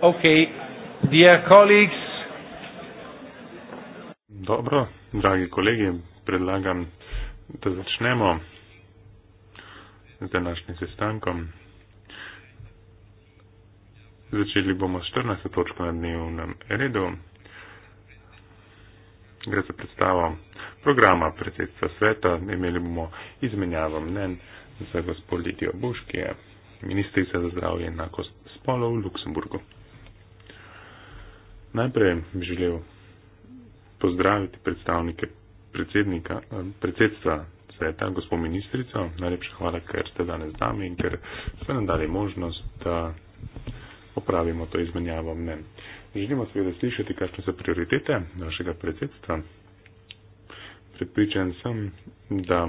Okay. Dear colleagues. Dobro, dragi kolegi, predlagam, da začnemo z današnjim sestankom. Začeli bomo s 14. točko na dnevnem redu. Gre za predstavo programa predsedstva sveta. Imeli bomo izmenjavo mnen za gospod Lidijo Buškije, ministrica za zdravje enakost spolov v Luksemburgu. Najprej bi želel pozdraviti predstavnike predsednika, eh, predsedstva sveta, gospod ministrico. Najlepša hvala, ker ste danes z nami in ker ste nam dali možnost, da opravimo to izmenjavo mnen. Želimo seveda slišati, kakšne so prioritete našega predsedstva. Pripričan sem, da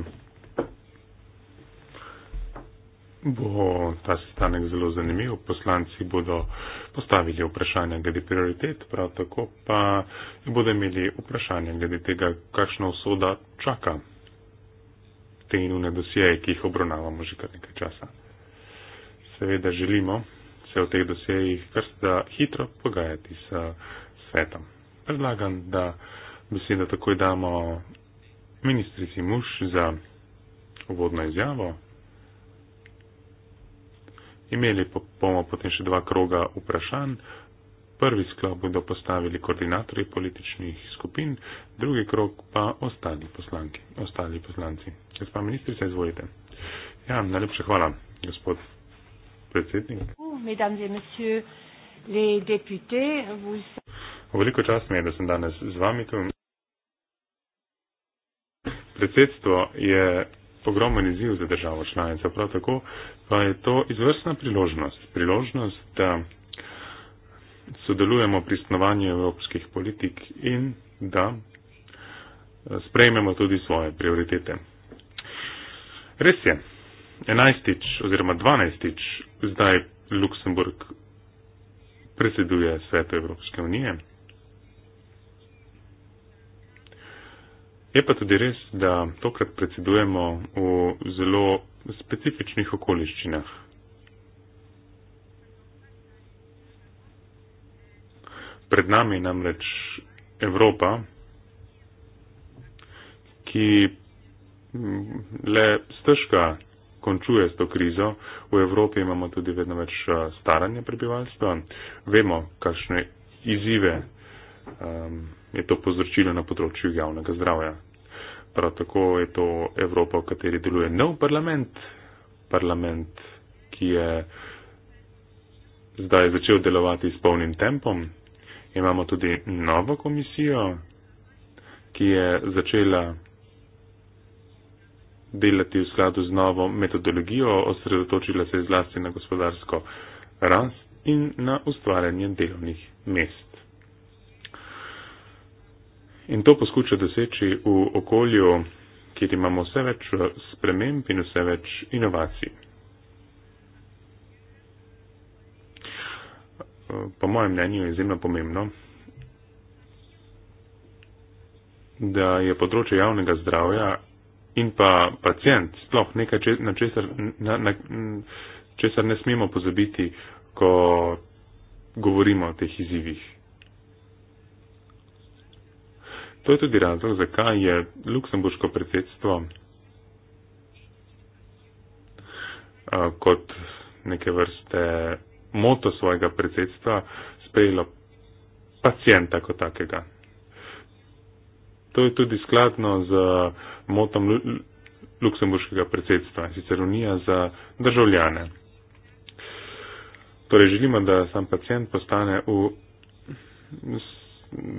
bo ta sestanek zelo zanimiv. Poslanci bodo postavili vprašanja glede prioritet, prav tako pa bodo imeli vprašanja glede tega, kakšna usoda čaka te inune dosjeje, ki jih obravnavamo že kar nekaj časa. Seveda želimo se v teh dosjejih kar da hitro pogajati s svetom. Predlagam, da besedo takoj damo ministrici Muš za uvodno izjavo. Imeli pa bomo potem še dva kroga vprašanj. Prvi sklop bodo postavili koordinatorji političnih skupin, drugi krog pa ostali, poslanki, ostali poslanci. Gospa ministrica, izvolite. Ja, najlepša hvala, gospod predsednik. Oh, veliko čast mi je, da sem danes z vami tu. Predsedstvo je ogromen izziv za državo članico. Prav tako pa je to izvrstna priložnost. Priložnost, da sodelujemo pri snovanju evropskih politik in da eh, sprejmemo tudi svoje prioritete. Res je, enajstič oziroma dvanajstič zdaj Luksemburg predseduje svetu Evropske unije. Je pa tudi res, da tokrat predsedujemo v zelo specifičnih okoliščinah. Pred nami je namreč Evropa, ki mm, le stežka končuje s to krizo. V Evropi imamo tudi vedno več staranja prebivalstva. Vemo, kakšne izzive um, je to povzročilo na področju javnega zdravja. Prav tako je to Evropa, v kateri deluje nov parlament, parlament, ki je zdaj začel delovati s polnim tempom. Imamo tudi novo komisijo, ki je začela delati v skladu z novo metodologijo, osredotočila se zlasti na gospodarsko rast in na ustvarjanje delovnih mest. In to poskuša doseči v okolju, kjer imamo vse več eh, sprememb in vse več inovacij. Eh, po mojem mnenju je izjemno pomembno, da je področje javnega zdravja in pa pacijent sploh nekaj, na česar, na, na, česar ne smemo pozabiti, ko govorimo o teh izzivih. To je tudi razlog, zakaj je luksemburško predsedstvo eh, kot neke vrste moto svojega predsedstva sprejelo pacijenta kot takega. To je tudi skladno z motom luksemburškega predsedstva, sicer unija za državljane. Torej želimo, da sam pacijent postane v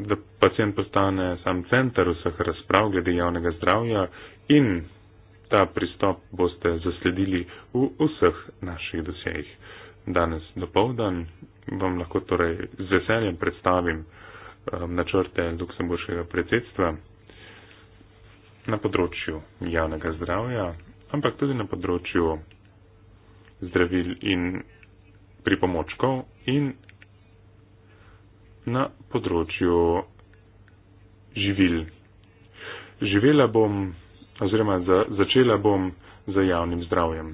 da pacijent postane sam center vseh razprav glede javnega zdravja in ta pristop boste zasledili v vseh naših dosejih. Danes dopoldan vam lahko torej z veseljem predstavim um, načrte luksemburškega predsedstva na področju javnega zdravja, ampak tudi na področju zdravil in pripomočkov in na področju živil. Živela bom oziroma za, začela bom za javnim zdravjem.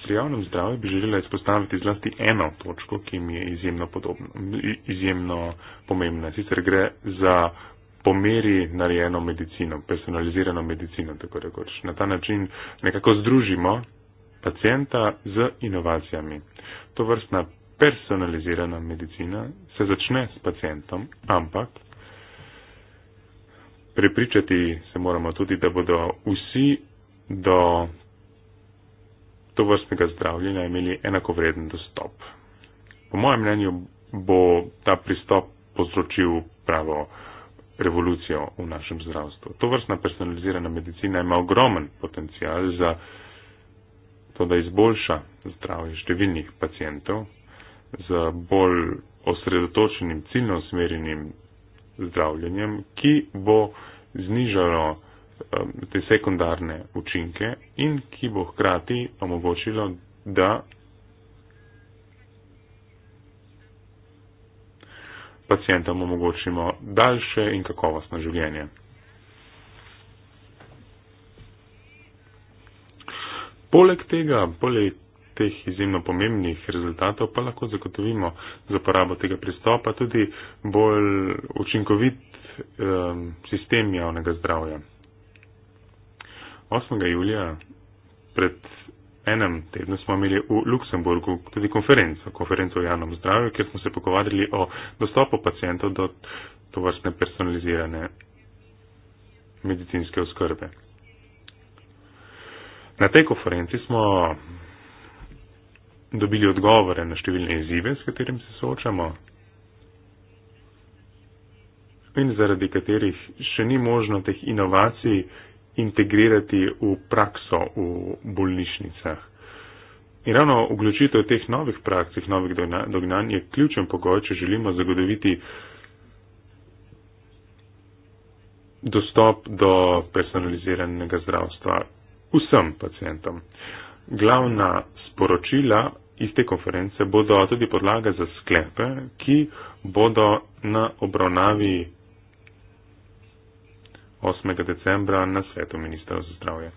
Pri javnem zdravju bi želela izpostaviti zlasti eno točko, ki mi je izjemno, podobno, izjemno pomembna. Sicer gre za pomeri narejeno medicino, personalizirano medicino, tako rekoč. Na ta način nekako združimo pacijenta z inovacijami. To vrstna personalizirana medicina se začne s pacijentom, ampak prepričati se moramo tudi, da bodo vsi do to vrstnega zdravljenja imeli enakovreden dostop. Po mojem mnenju bo ta pristop povzročil pravo revolucijo v našem zdravstvu. To vrstna personalizirana medicina ima ogromen potencial za to, da izboljša zdravje številnih pacijentov z bolj osredotočenim, ciljno usmerjenim zdravljenjem, ki bo znižalo um, te sekundarne učinke in ki bo hkrati omogočilo, da pacijentom omogočimo daljše in kakovostno življenje. Poleg tega, poleg teh izjemno pomembnih rezultatov, pa lahko zagotovimo z uporabo tega pristopa tudi bolj učinkovit um, sistem javnega zdravja. 8. julija pred enem tednu smo imeli v Luksemburgu tudi konferenco, konferenco o javnem zdravju, kjer smo se pogovarjali o dostopu pacijentov do tovrstne personalizirane medicinske oskrbe. Na tej konferenci smo dobili odgovore na številne izzive, s katerim se soočamo in zaradi katerih še ni možno teh inovacij integrirati v prakso v bolnišnicah. In ravno vključitev teh novih praks, teh novih dognanj je ključen pogoj, če želimo zagotoviti dostop do personaliziranega zdravstva, vsem pacijentom. Glavna sporočila iz te konference bodo tudi podlaga za sklepe, ki bodo na obravnavi 8. decembra na svetu ministra za zdravje.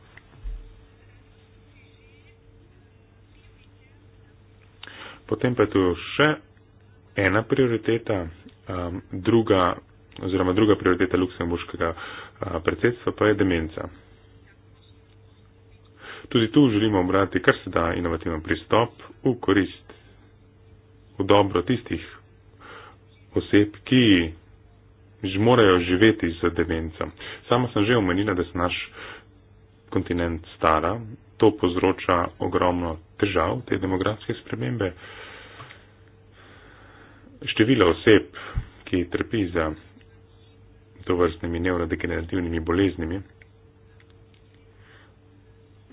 Potem pa je tu še ena prioriteta, um, druga, oziroma druga prioriteta luksemburškega uh, predsedstva pa je demenca tudi tu želimo obrati kar se da inovativen pristop v korist, v dobro tistih oseb, ki morajo živeti z demencem. Sama sem že omenila, da se naš kontinent stara, to povzroča ogromno težav, te demografske spremembe. Število oseb, ki trpi za to vrstnimi nevrodegenerativnimi boleznimi,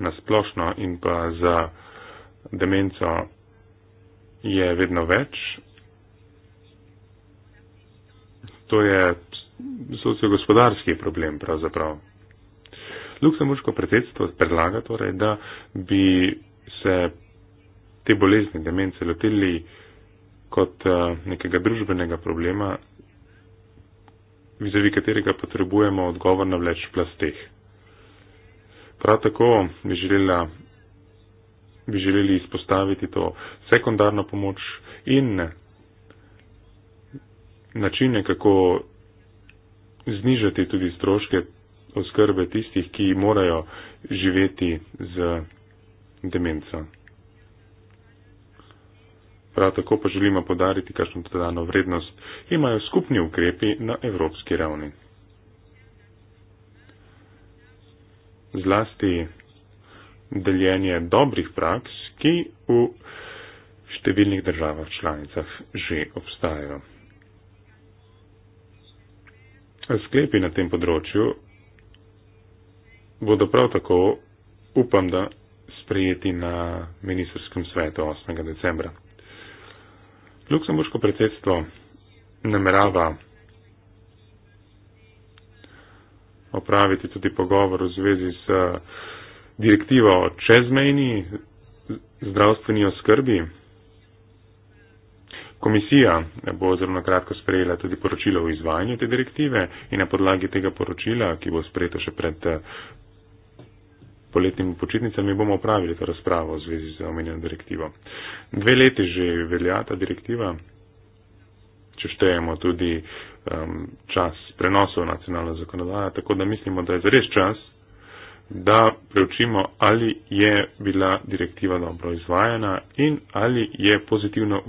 na splošno in pa za demenco je vedno več. To je sociogospodarski problem pravzaprav. Luksemburško predsedstvo predlaga torej, da bi se te bolezni demence lotili kot eh, nekega družbenega problema, vizavi katerega potrebujemo odgovor na več plasteh. Prav tako bi, želila, bi želeli izpostaviti to sekundarno pomoč in načine, kako znižati tudi stroške oskrbe tistih, ki morajo živeti z demenco. Prav tako pa želimo podariti, kakšno dodano vrednost imajo skupni ukrepi na evropski ravni. zlasti deljenje dobrih praks, ki v številnih državah članicah že obstajajo. Sklepi na tem področju bodo prav tako, upam, da sprejeti na ministerskem svetu 8. decembra. Luksemburško predsedstvo namerava opraviti tudi pogovor v zvezi s eh, direktivo o čezmejni zdravstveni oskrbi. Komisija eh, bo zelo na kratko sprejela tudi poročilo o izvajanju te direktive in na podlagi tega poročila, ki bo sprejeto še pred eh, poletnimi počitnicami, bomo opravili to razpravo v zvezi z omenjeno direktivo. Dve leti že velja ta direktiva, če štejemo tudi uh, um, čas prenosov nacionalne zakonodaje, tako da mislimo, da je zares čas, da preučimo, ali je bila direktiva dobro izvajana in ali je pozitivno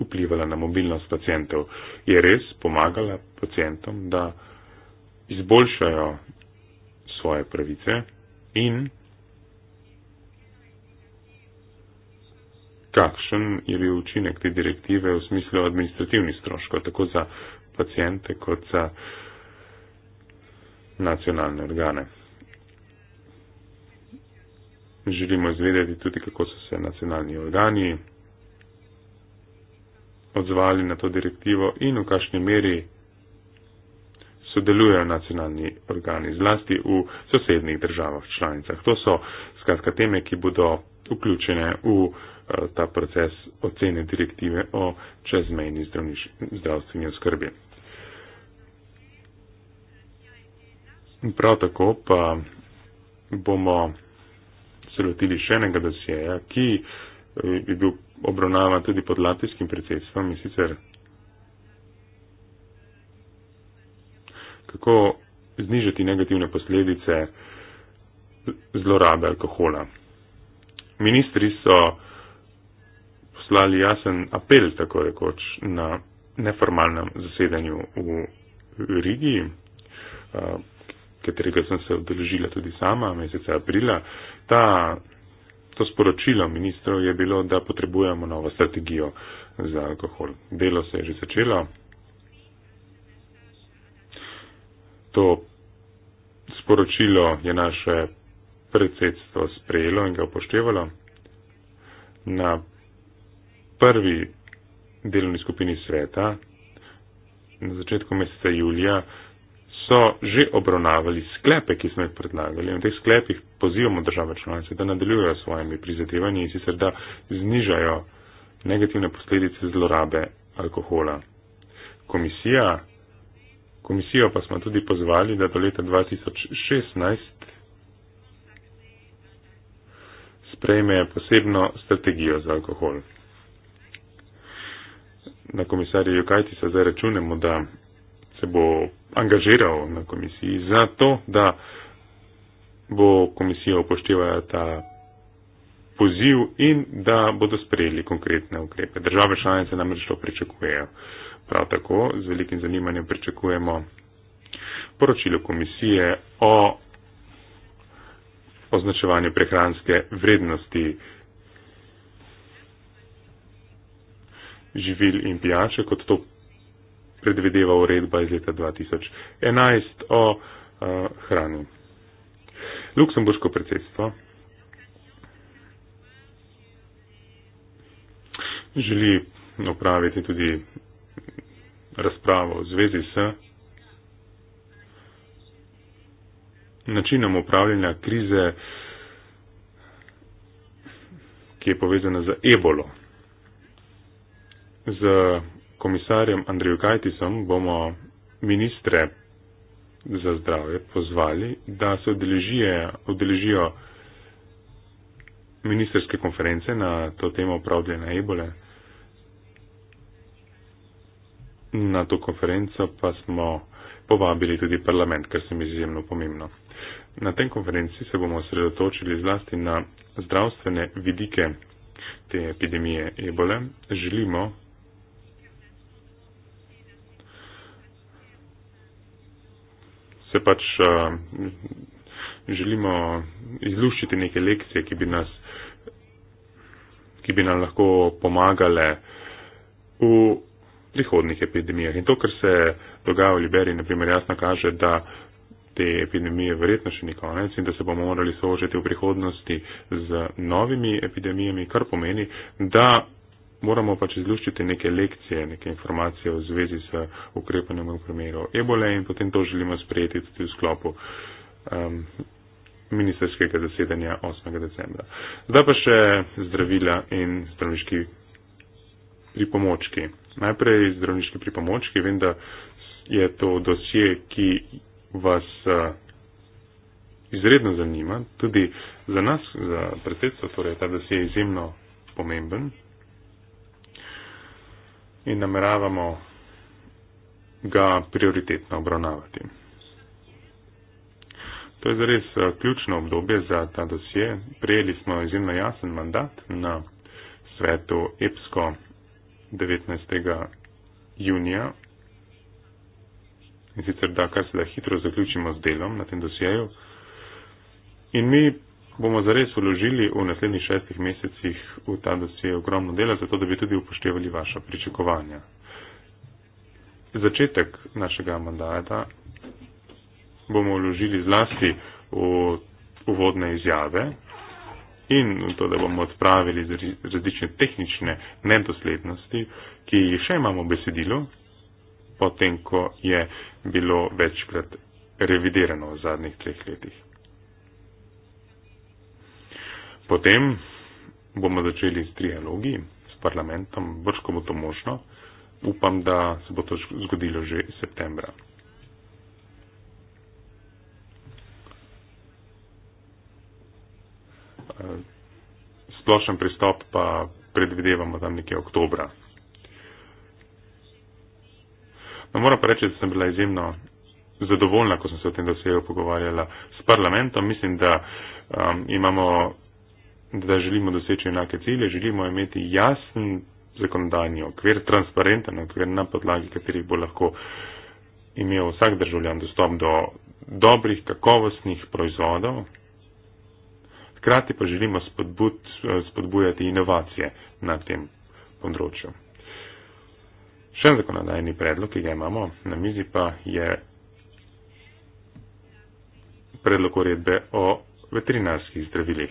vplivala na mobilnost pacijentov. Je res pomagala pacijentom, da izboljšajo svoje pravice in kakšen je bil učinek te direktive v smislu administrativnih stroškov, tako za pacijente kot za nacionalne organe. Želimo izvedeti tudi, kako so se nacionalni organi odzvali na to direktivo in v kakšni meri sodelujejo nacionalni organi, zlasti v sosednjih državah članicah. To so skratka teme, ki bodo vključene v eh, ta proces ocene direktive o čezmejni zdravstveni oskrbi. Prav tako pa bomo se lotili še enega dosjeja, ki bi eh, bil obravnavan tudi pod latvijskim predsedstvom in sicer kako znižati negativne posledice zlorabe alkohola. Ministri so poslali jasen apel, tako rekoč, na neformalnem zasedanju v Rigi, katerega sem se odeležila tudi sama meseca aprila. Ta, to sporočilo ministrov je bilo, da potrebujemo novo strategijo za alkohol. Delo se je že začelo. To sporočilo je naše predsedstvo sprejelo in ga upoštevalo. Na prvi delovni skupini sveta na začetku meseca julija so že obravnavali sklepe, ki smo jih predlagali in v teh sklepih pozivamo države članice, da nadaljujejo svojimi prizadevanji in sicer da znižajo negativne posledice zlorabe alkohola. Komisija, komisijo pa smo tudi pozvali, da do leta 2016 sprejme posebno strategijo za alkohol. Na komisarju Jukajti se zdaj računemo, da se bo angažiral na komisiji za to, da bo komisija upoštevala ta poziv in da bodo sprejeli konkretne ukrepe. Države članice namreč to pričakujejo. Prav tako z velikim zanimanjem pričakujemo poročilo komisije o označevanju prehranske vrednosti živil in pijače, kot to predvedeva uredba iz leta 2011 o uh, hrani. Luksemburško predsedstvo želi opraviti tudi razpravo v zvezi s načinom upravljanja krize, ki je povezana z ebolo. Z komisarjem Andriju Kajtisom bomo ministre za zdravje pozvali, da se odeležijo ministerske konference na to temo upravljanja ebole. Na to konferenco pa smo povabili tudi parlament, kar se mi zdi izjemno pomembno. Na tem konferenci se bomo sredotočili zlasti na zdravstvene vidike te epidemije ebole. Želimo, se pač, uh, želimo izluščiti neke lekcije, ki bi, nas, ki bi nam lahko pomagale v prihodnih epidemijah. In to, kar se dogaja v Liberiji, naprimer, jasno kaže, da te epidemije verjetno še ni konec in da se bomo morali soočiti v prihodnosti z novimi epidemijami, kar pomeni, da moramo pač izluščiti neke lekcije, neke informacije v zvezi s ukrepanjem v primeru ebole in potem to želimo sprejeti tudi v sklopu um, ministerskega zasedanja 8. decembra. Zdaj pa še zdravila in zdravniški pripomočki. Najprej zdravniški pripomočki, vem, da je to dosje, ki vas eh, izredno zanima, tudi za nas, za predsedstvo, torej ta dosje je izjemno pomemben in nameravamo ga prioritetno obravnavati. To je zares eh, ključno obdobje za ta dosje. Prejeli smo izjemno jasen mandat na svetu EPSCO 19. junija. In sicer da kar se da hitro zaključimo z delom na tem dosjeju. In mi bomo zares uložili v naslednjih šestih mesecih v ta dosje ogromno dela, zato da bi tudi upoštevali vaša pričakovanja. Začetek našega mandata bomo uložili zlasti v uvodne izjave, in to, da bomo odpravili različne tehnične nedoslednosti, ki še imamo besedilo, potem, ko je bilo večkrat revidirano v zadnjih treh letih. Potem bomo začeli s trialogi, s parlamentom, brško bo to možno, upam, da se bo to zgodilo že septembra. Eh, splošen pristop pa predvidevamo tam nekje oktobra. No, moram pa reči, da sem bila izjemno zadovoljna, ko sem se o tem dosegu pogovarjala s parlamentom. Mislim, da um, imamo, da želimo doseči enake cilje, želimo imeti jasen zakonodajni okvir, transparenten okvir, na podlagi katerih bo lahko imel vsak državljan dostop do dobrih, kakovostnih proizvodov, hkrati pa želimo spodbud, eh, spodbujati inovacije na tem področju. Še en zakonodajni predlog, ki ga imamo na mizi, pa je predlog uredbe o veterinarskih zdravilih.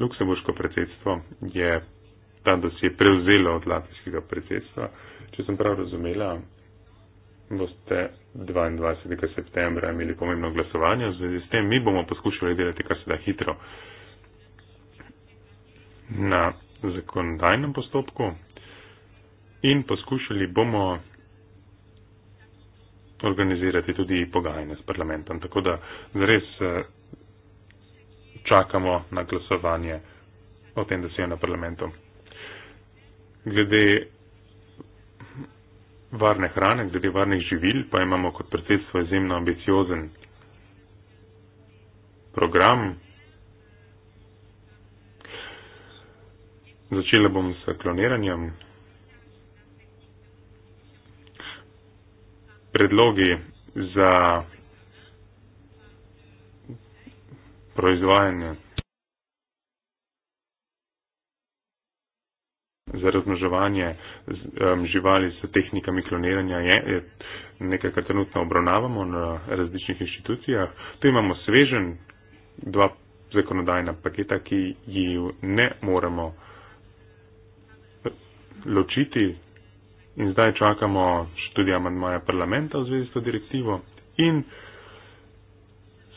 Luksemburško predsedstvo je ta dosje prevzelo od latvijskega predsedstva. Če sem prav razumela, boste 22. septembra imeli pomembno glasovanje. V zvezi s tem mi bomo poskušali delati kar se da hitro na zakonodajnem postopku in poskušali bomo organizirati tudi pogajanje s parlamentom. Tako da res eh, čakamo na glasovanje o tem, da se je na parlamentu. Glede varne hrane, glede varnih živil, pa imamo kot predsedstvo izjemno ambiciozen program. Začela bom s kloniranjem. Predlogi za proizvajanje za razmnoževanje um, živali s tehnikami kloniranja je, je nekaj, kar trenutno obravnavamo na različnih inštitucijah. Tu imamo svežen dva zakonodajna paketa, ki ji ne moremo eh, ločiti in zdaj čakamo študija amandmaja parlamenta v zvezi s to direktivo in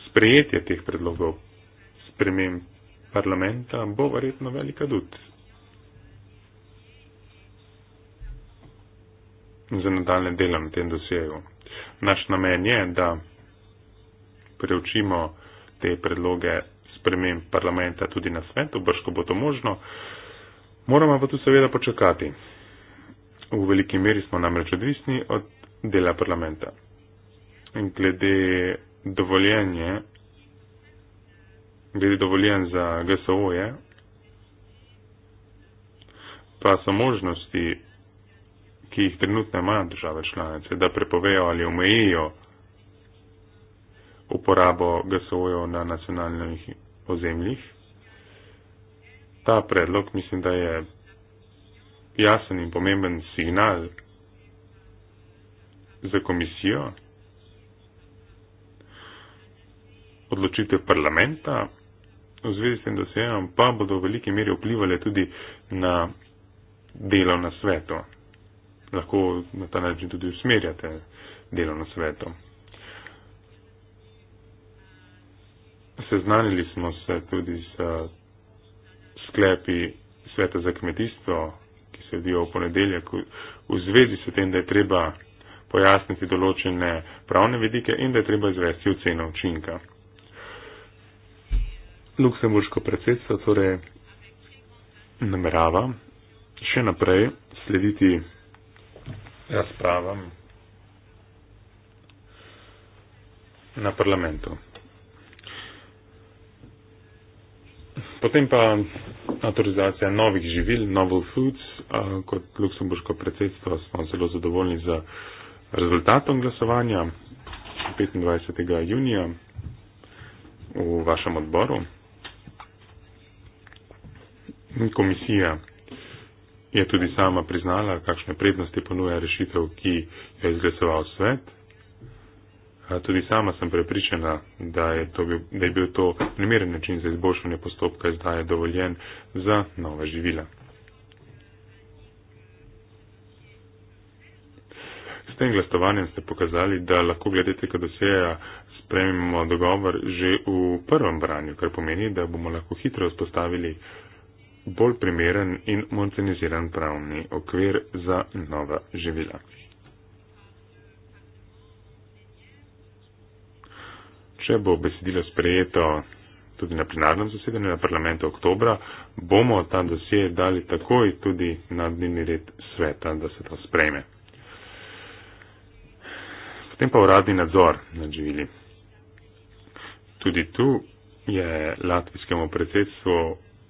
sprejetje teh predlogov sprememb parlamenta bo verjetno velika dud. za nadaljne delo na tem dosjeju. Naš namen je, da preučimo te predloge spremem parlamenta tudi na svetu, brško bo to možno. Moramo pa tu seveda počakati. V veliki meri smo namreč odvisni od dela parlamenta. In glede dovoljenje, glede dovoljen za GSO-je, pa so možnosti ki jih trenutno ima države članice, da prepovejo ali omejijo uporabo GSO-jo na nacionalnih ozemljih. Ta predlog mislim, da je jasen in pomemben signal za komisijo, odločitev parlamenta v zvezi s tem dosejem, pa bodo v veliki meri vplivali tudi na delo na svetu, lahko na ta način tudi usmerjate delovno sveto. Seznanili smo se tudi s sklepi sveta za kmetijstvo, ki se dijo v ponedeljek, v zvezi s tem, da je treba pojasniti določene pravne vidike in da je treba izvesti oceno učinka. Luksemburško predsedstvo torej namerava še naprej slediti razpravam na parlamentu. Potem pa autorizacija novih živil, novel foods, kot luksemburško predsedstvo smo zelo zadovoljni z rezultatom glasovanja 25. junija v vašem odboru. Komisija je tudi sama priznala, kakšne prednosti ponuja rešitev, ki je izglasoval svet. Tudi sama sem prepričana, da je, to bil, da je bil to primeren način za izboljšanje postopka izdaje dovoljen za nove živila. S tem glasovanjem ste pokazali, da lahko glede tega doseja sprememo dogovor že v prvem branju, kar pomeni, da bomo lahko hitro vzpostavili bolj primeren in moderniziran pravni okvir za nova živila. Če bo besedilo sprejeto tudi na plenarnem zasedanju na parlamentu oktobra, bomo ta dosje dali takoj tudi na dnevni red sveta, da se to sprejme. Potem pa uradni nadzor nad živili. Tudi tu je latvijskemu predsedstvu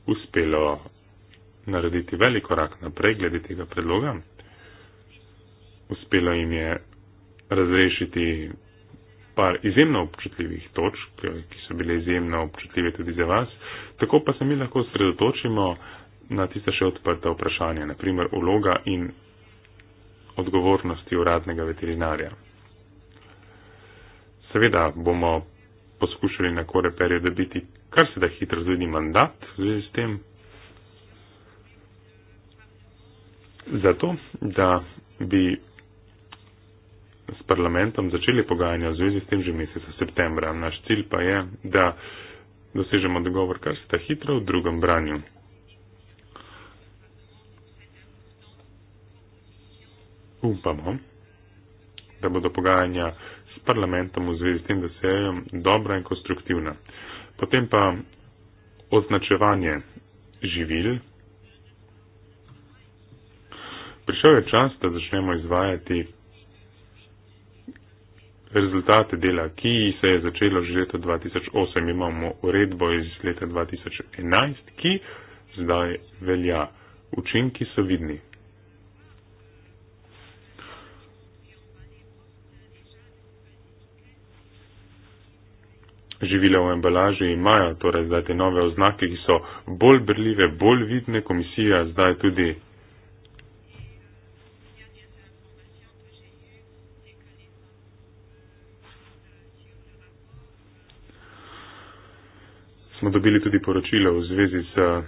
uspelo narediti velik korak naprej glede tega predloga. Uspelo jim je razrešiti par izjemno občutljivih točk, ki so bile izjemno občutljive tudi za vas. Tako pa se mi lahko sredotočimo na tiste še odprte vprašanje, naprimer uloga in odgovornosti uradnega veterinarja. Seveda bomo poskušali na koreperju dobiti kar se da hitro zgodi mandat v zvezi s tem. Zato, da bi s parlamentom začeli pogajanja v zvezi s tem že meseca septembra. Naš cilj pa je, da dosežemo dogovor kar se da hitro v drugem branju. Upamo, da bodo pogajanja s parlamentom v zvezi s tem, da se je dobra in konstruktivna. Uh, Potem pa označevanje živil. Prišel je čas, da začnemo izvajati rezultate dela, ki se je začelo že leta 2008. Imamo uredbo iz leta 2011, ki zdaj velja. Učinki so vidni. Živile v embalaži imajo torej zdaj te nove oznake, ki so bolj brljive, bolj vidne, komisija zdaj tudi. Smo dobili tudi poročilo v zvezi z eh,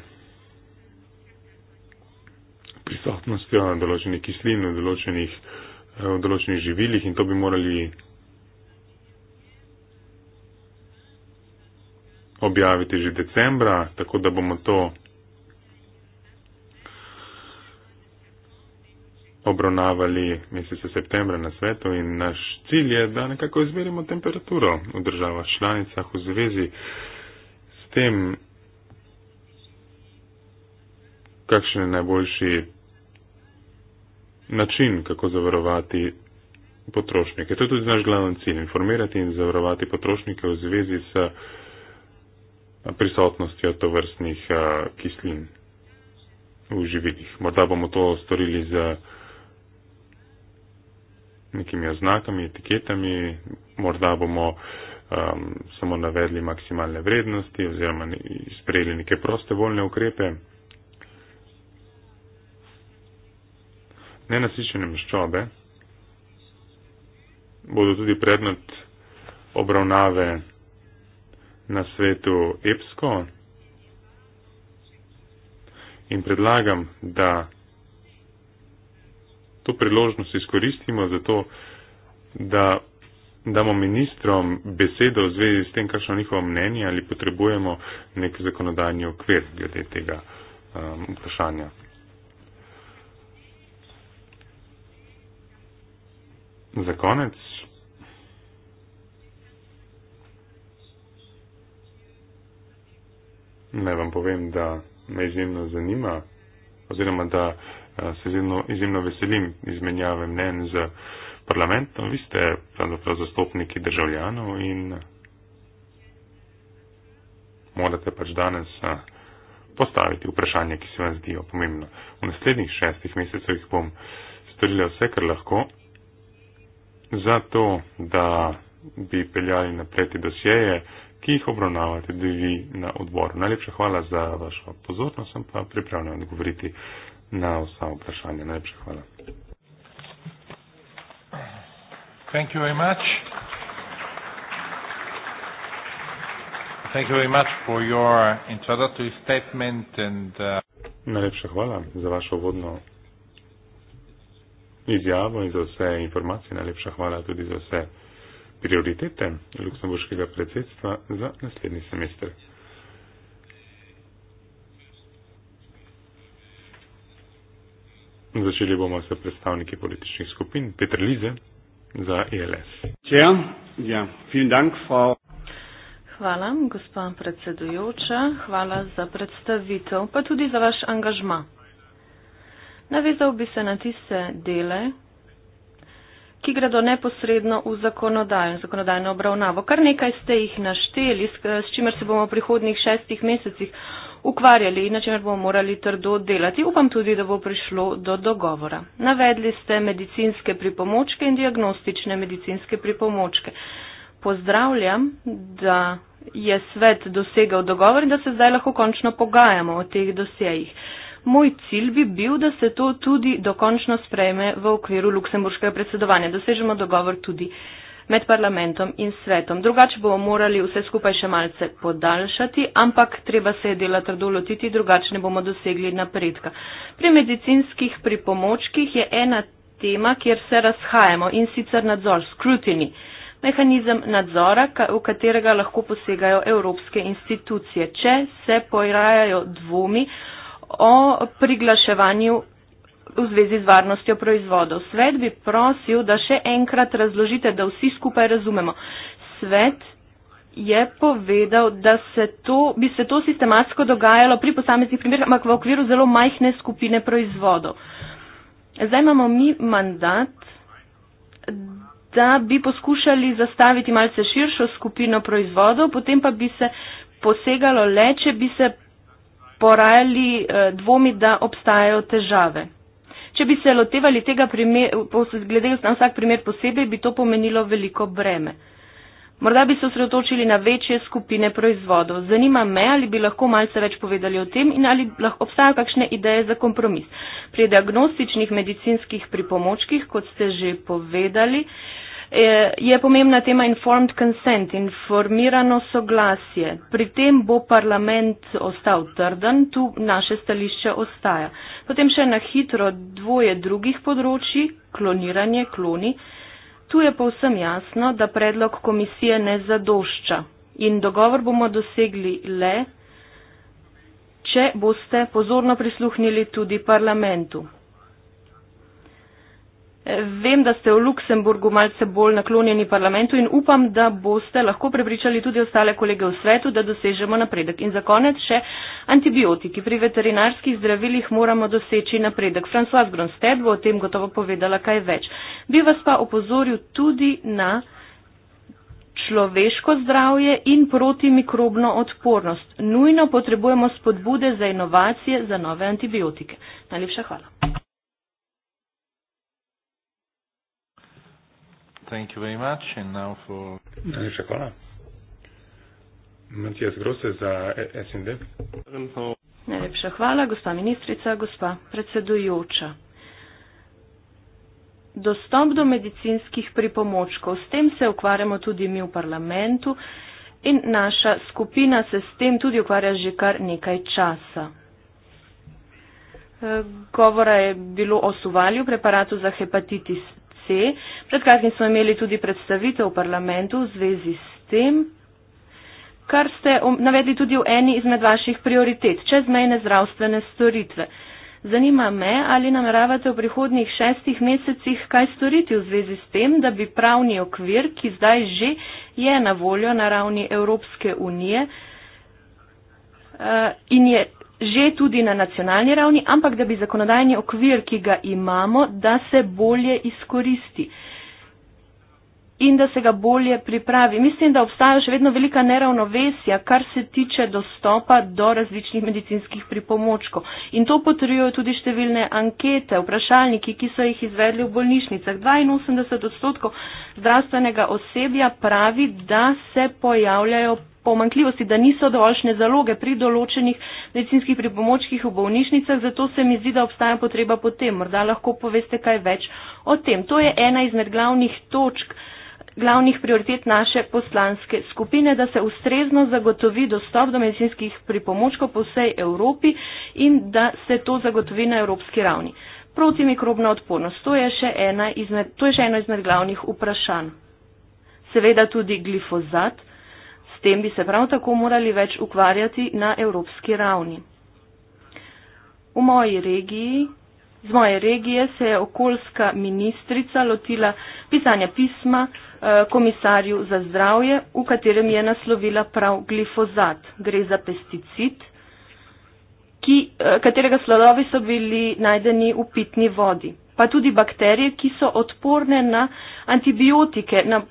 prisotnostjo določenih kislin v določenih, eh, v določenih živilih in to bi morali objaviti že decembra, tako da bomo to obravnavali meseca septembra na svetu in naš cilj je, da nekako izmerimo temperaturo v državah članicah v zvezi s tem, kakšen je najboljši način, kako zavarovati potrošnike. To je tudi naš glavni cilj, informirati in zavarovati potrošnike v zvezi s prisotnostjo tovrstnih eh, kislin v živilih. Morda bomo to storili z nekimi oznakami, etiketami, morda bomo um, samo navedli maksimalne vrednosti oziroma sprejeli neke proste voljne ukrepe. Nenasičene maščobe bodo tudi predmet obravnave na svetu Epsko in predlagam, da to priložnost izkoristimo za to, da damo ministrom besedo v zvezi s tem, kakšno njihovo mnenje ali potrebujemo nek zakonodajni okvir glede tega um, vprašanja. Za konec naj vam povem, da me izjemno zanima oziroma da eh, se izjemno, izjemno veselim izmenjave mnen z parlamentom. Vi ste pravzaprav zastopniki državljanov in morate pač danes eh, postaviti vprašanje, ki se vam zdijo pomembno. V naslednjih šestih mesecih bom storila vse, kar lahko, zato da bi peljali naprej te dosjeje ki jih obravnavate tudi vi na odboru. Najlepša hvala za vašo pozornost, sem pa pripravljen odgovoriti na vsa vprašanja. Najlepša hvala. Thank you very much. Thank you very much for your introductory statement and uh... Najlepša hvala za vašo vodno izjavo in za vse informacije. Najlepša hvala tudi za vse prioritete luksemburškega predsedstva za naslednji semester. Začeli bomo s predstavniki političnih skupin. Petr Lize za ILS. E ja, ja. Dank, frau... Hvala, gospa predsedujoča. Hvala za predstavitev, pa tudi za vaš angažma. Navezal bi se na tiste dele, ki gredo neposredno v zakonodajo, zakonodajno obravnavo. Kar nekaj ste jih našteli, s, s čimer se bomo v prihodnih šestih mesecih ukvarjali in na čemer bomo morali trdo delati. Upam tudi, da bo prišlo do dogovora. Navedli ste medicinske pripomočke in diagnostične medicinske pripomočke. Pozdravljam, da je svet dosegal dogovor in da se zdaj lahko končno pogajamo o teh dosejih moj cilj bi bil, da se to tudi dokončno sprejme v okviru luksemburškega predsedovanja, da sežemo dogovor tudi med parlamentom in svetom. Drugače bomo morali vse skupaj še malce podaljšati, ampak treba se je dela trdo lotiti, drugače ne bomo dosegli napredka. Pri medicinskih pripomočkih je ena tema, kjer se razhajamo in sicer nadzor, scrutiny, mehanizem nadzora, v katerega lahko posegajo evropske institucije, če se pojrajajo dvomi o priglaševanju v zvezi z varnostjo proizvodov. Svet bi prosil, da še enkrat razložite, da vsi skupaj razumemo. Svet je povedal, da se to, bi se to sistematsko dogajalo pri posameznih primerih, ampak v okviru zelo majhne skupine proizvodov. Zdaj imamo mi mandat, da bi poskušali zastaviti malce širšo skupino proizvodov, potem pa bi se posegalo le, če bi se porajali eh, dvomi, da obstajajo težave. Če bi se lotevali tega primer, glede na vsak primer posebej, bi to pomenilo veliko breme. Morda bi se osredotočili na večje skupine proizvodov. Zanima me, ali bi lahko malce več povedali o tem in ali lahko obstajajo kakšne ideje za kompromis. Pri diagnostičnih medicinskih pripomočkih, kot ste že povedali, uh, Eh, je pomembna tema informed consent, informirano soglasje. Pri tem bo parlament ostal trden, tu naše stališče ostaja. Potem še na hitro dvoje drugih področji, kloniranje, kloni. Tu je povsem jasno, da predlog komisije ne zadošča in dogovor bomo dosegli le, če boste pozorno prisluhnili tudi parlamentu. Vem, da ste v Luksemburgu malce bolj naklonjeni parlamentu in upam, da boste lahko prepričali tudi ostale kolege v svetu, da dosežemo napredek. In za konec še antibiotiki. Pri veterinarskih zdravilih moramo doseči napredek. François Gronsted bo o tem gotovo povedala kaj več. Bi vas pa opozoril tudi na človeško zdravje in protimikrobno odpornost. Nujno potrebujemo spodbude za inovacije za nove antibiotike. Najlepša hvala. Thank you very much. And now for. Najlepša hvala. Matijas Grose za SND. Najlepša hvala, gospa ministrica, gospa predsedujoča. Dostop do medicinskih pripomočkov, s tem se ukvarjamo tudi mi v parlamentu in naša skupina se s tem tudi ukvarja že kar nekaj časa. Eh, govora je bilo o suvalju preparatu za hepatitis C. Pred kratkim smo imeli tudi predstavitev v parlamentu v zvezi s tem, kar ste navedli tudi v eni izmed vaših prioritet, čezmejne zdravstvene storitve. Zanima me, ali nameravate v prihodnjih šestih mesecih kaj storiti v zvezi s tem, da bi pravni okvir, ki zdaj že je na voljo na ravni Evropske unije eh, in je že tudi na nacionalni ravni, ampak da bi zakonodajni okvir, ki ga imamo, da se bolje izkoristi in da se ga bolje pripravi. Mislim, da obstajajo še vedno velika neravnovesja, kar se tiče dostopa do različnih medicinskih pripomočkov. In to potrjujo tudi številne ankete, vprašalniki, ki so jih izvedli v bolnišnicah. 82 odstotkov zdravstvenega osebja pravi, da se pojavljajo pomankljivosti, da niso dovoljšne zaloge pri določenih medicinskih pripomočkih v bolnišnicah, zato se mi zdi, da obstaja potreba po tem. Morda lahko poveste kaj več o tem. To je ena izmed glavnih točk, glavnih prioritet naše poslanske skupine, da se ustrezno zagotovi dostop do medicinskih pripomočkov po vsej Evropi in da se to zagotovi na evropski ravni. Protimikrobna odpornost, to je še ena izmed, to je še eno izmed glavnih vprašanj. Seveda tudi glifozat tem bi se prav tako morali več ukvarjati na evropski ravni. V moji regiji, z moje regije se je okoljska ministrica lotila pisanja pisma eh, komisarju za zdravje, v katerem je naslovila prav glifozat. Gre za pesticid, ki, eh, katerega sladovi so bili najdeni v pitni vodi, pa tudi bakterije, ki so odporne na antibiotike, na,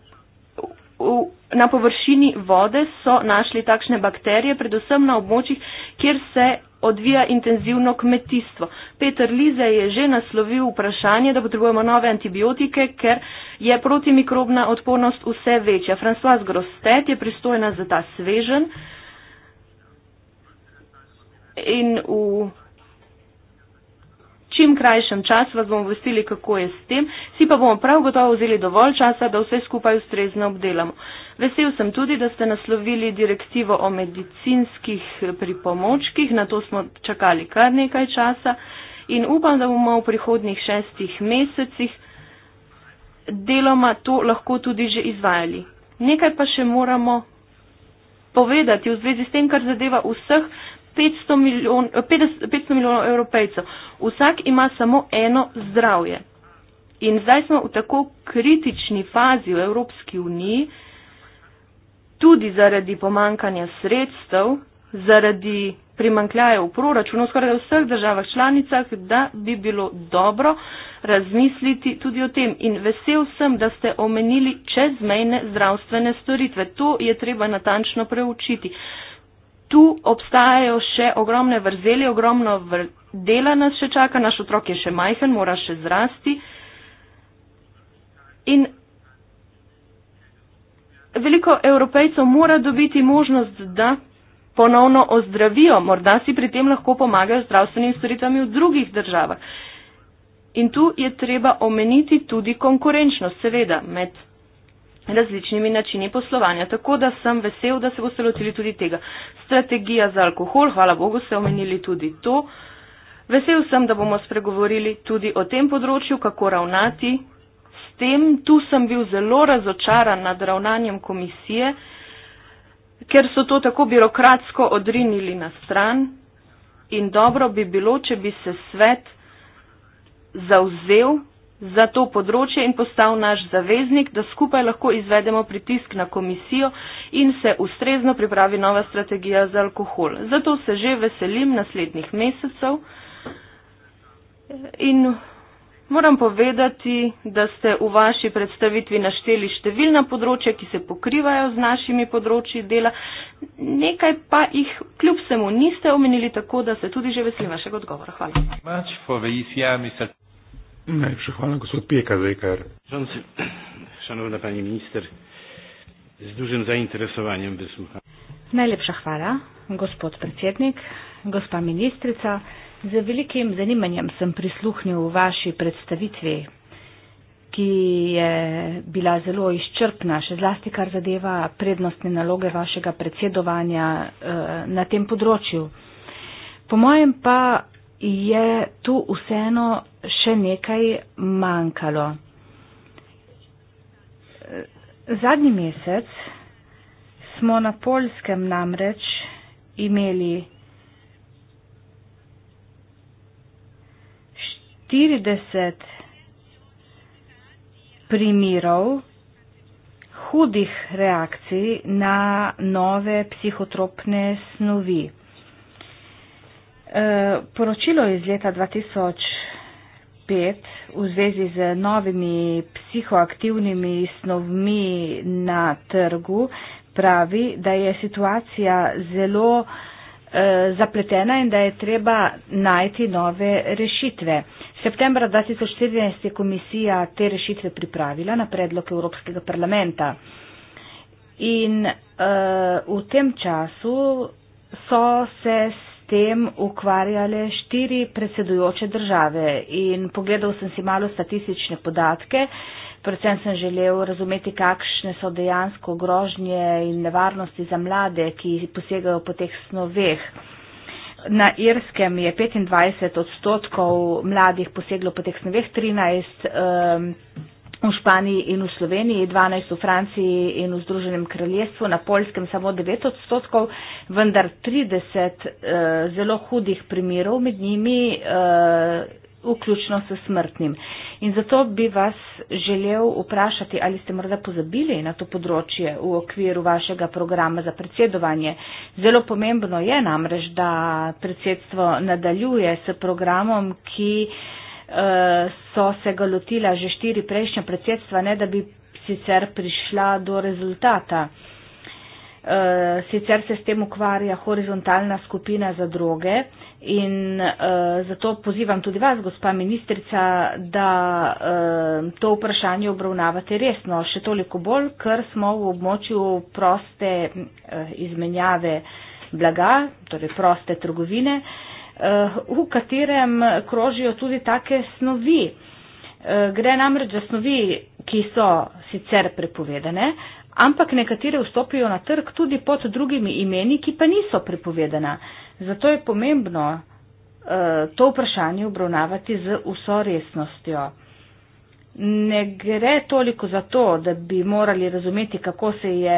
na površini vode so našli takšne bakterije, predvsem na območjih, kjer se odvija intenzivno kmetijstvo. Peter Lize je že naslovil vprašanje, da potrebujemo nove antibiotike, ker je protimikrobna odpornost vse večja. François Grostet je pristojna za ta svežen in v čim krajšem času vas bomo obvestili, kako je s tem, si pa bomo prav gotovo vzeli dovolj časa, da vse skupaj ustrezno obdelamo. Vesel sem tudi, da ste naslovili direktivo o medicinskih pripomočkih, na to smo čakali kar nekaj časa in upam, da bomo v prihodnih šestih mesecih deloma to lahko tudi že izvajali. Nekaj pa še moramo povedati v zvezi s tem, kar zadeva vseh 500 milijonov, 500 milijonov evropejcev. Vsak ima samo eno zdravje. In zdaj smo v tako kritični fazi v Evropski uniji, tudi zaradi pomankanja sredstev, zaradi primankljaja v proračunu, skoraj v vseh državah članicah, da bi bilo dobro razmisliti tudi o tem. In vesel sem, da ste omenili čezmejne zdravstvene storitve. To je treba natančno preučiti tu obstajajo še ogromne vrzeli, ogromno vr dela nas še čaka, naš otrok je še majhen, mora še zrasti. In veliko evropejcev mora dobiti možnost, da ponovno ozdravijo, morda si pri tem lahko pomagajo zdravstvenimi storitvami v drugih državah. In tu je treba omeniti tudi konkurenčnost, seveda, med različnimi načini poslovanja. Tako da sem vesel, da se boste lotili tudi tega. Strategija za alkohol, hvala Bogu, ste omenili tudi to. Vesel sem, da bomo spregovorili tudi o tem področju, kako ravnati s tem. Tu sem bil zelo razočaran nad ravnanjem komisije, ker so to tako birokratsko odrinili na stran in dobro bi bilo, če bi se svet zauzel za to področje in postal naš zaveznik, da skupaj lahko izvedemo pritisk na komisijo in se ustrezno pripravi nova strategija za alkohol. Zato se že veselim naslednjih mesecev in moram povedati, da ste v vaši predstavitvi našteli številna področja, ki se pokrivajo z našimi področji dela, nekaj pa jih kljub vsemu niste omenili tako, da se tudi že veselim vašega odgovora. Hvala. Najlepša hvala, gospod Pieka, zdaj kar. Šanci, šanovna pani minister, z dužim zainteresovanjem bi sluha. Najlepša hvala, gospod predsednik, gospa ministrica. Z velikim zanimanjem sem prisluhnil v vaši predstavitvi, ki je bila zelo izčrpna, še zlasti kar zadeva prednostne naloge vašega predsedovanja eh, na tem področju. Po mojem pa je tu vseeno še nekaj manjkalo. Zadnji mesec smo na polskem namreč imeli 40 primirov hudih reakcij na nove psihotropne snovi poročilo iz leta 2005 v zvezi z novimi psihoaktivnimi snovmi na trgu pravi, da je situacija zelo eh, zapletena in da je treba najti nove rešitve. Septembra 2014 je komisija te rešitve pripravila na predlog Evropskega parlamenta in uh, v tem času so se tem ukvarjale štiri predsedujoče države in pogledal sem si malo statistične podatke. Predvsem sem želel razumeti, kakšne so dejansko grožnje in nevarnosti za mlade, ki posegajo po teh snoveh. Na Irskem je 25 odstotkov mladih poseglo po teh snoveh, 13 um, ehm, v Španiji in v Sloveniji, 12 v Franciji in v Združenem kraljestvu, na Poljskem samo 9 odstotkov, vendar 30 eh, zelo hudih primerov med njimi, eh, vključno s smrtnim. In zato bi vas želel vprašati, ali ste morda pozabili na to področje v okviru vašega programa za predsedovanje. Zelo pomembno je namreč, da predsedstvo nadaljuje s programom, ki. Eh, so se ga lotila že štiri prejšnja predsedstva, ne da bi sicer prišla do rezultata. E, sicer se s tem ukvarja horizontalna skupina za droge in e, zato pozivam tudi vas, gospa ministrica, da e, to vprašanje obravnavate resno. Še toliko bolj, ker smo v območju proste izmenjave blaga, torej proste trgovine. Eh, v katerem krožijo tudi take snovi. Eh, gre namreč za snovi, ki so sicer prepovedane, ampak nekatere vstopijo na trg tudi pod drugimi imeni, ki pa niso prepovedana. Zato je pomembno eh, to vprašanje obravnavati z vso resnostjo. Ne gre toliko za to, da bi morali razumeti, kako se je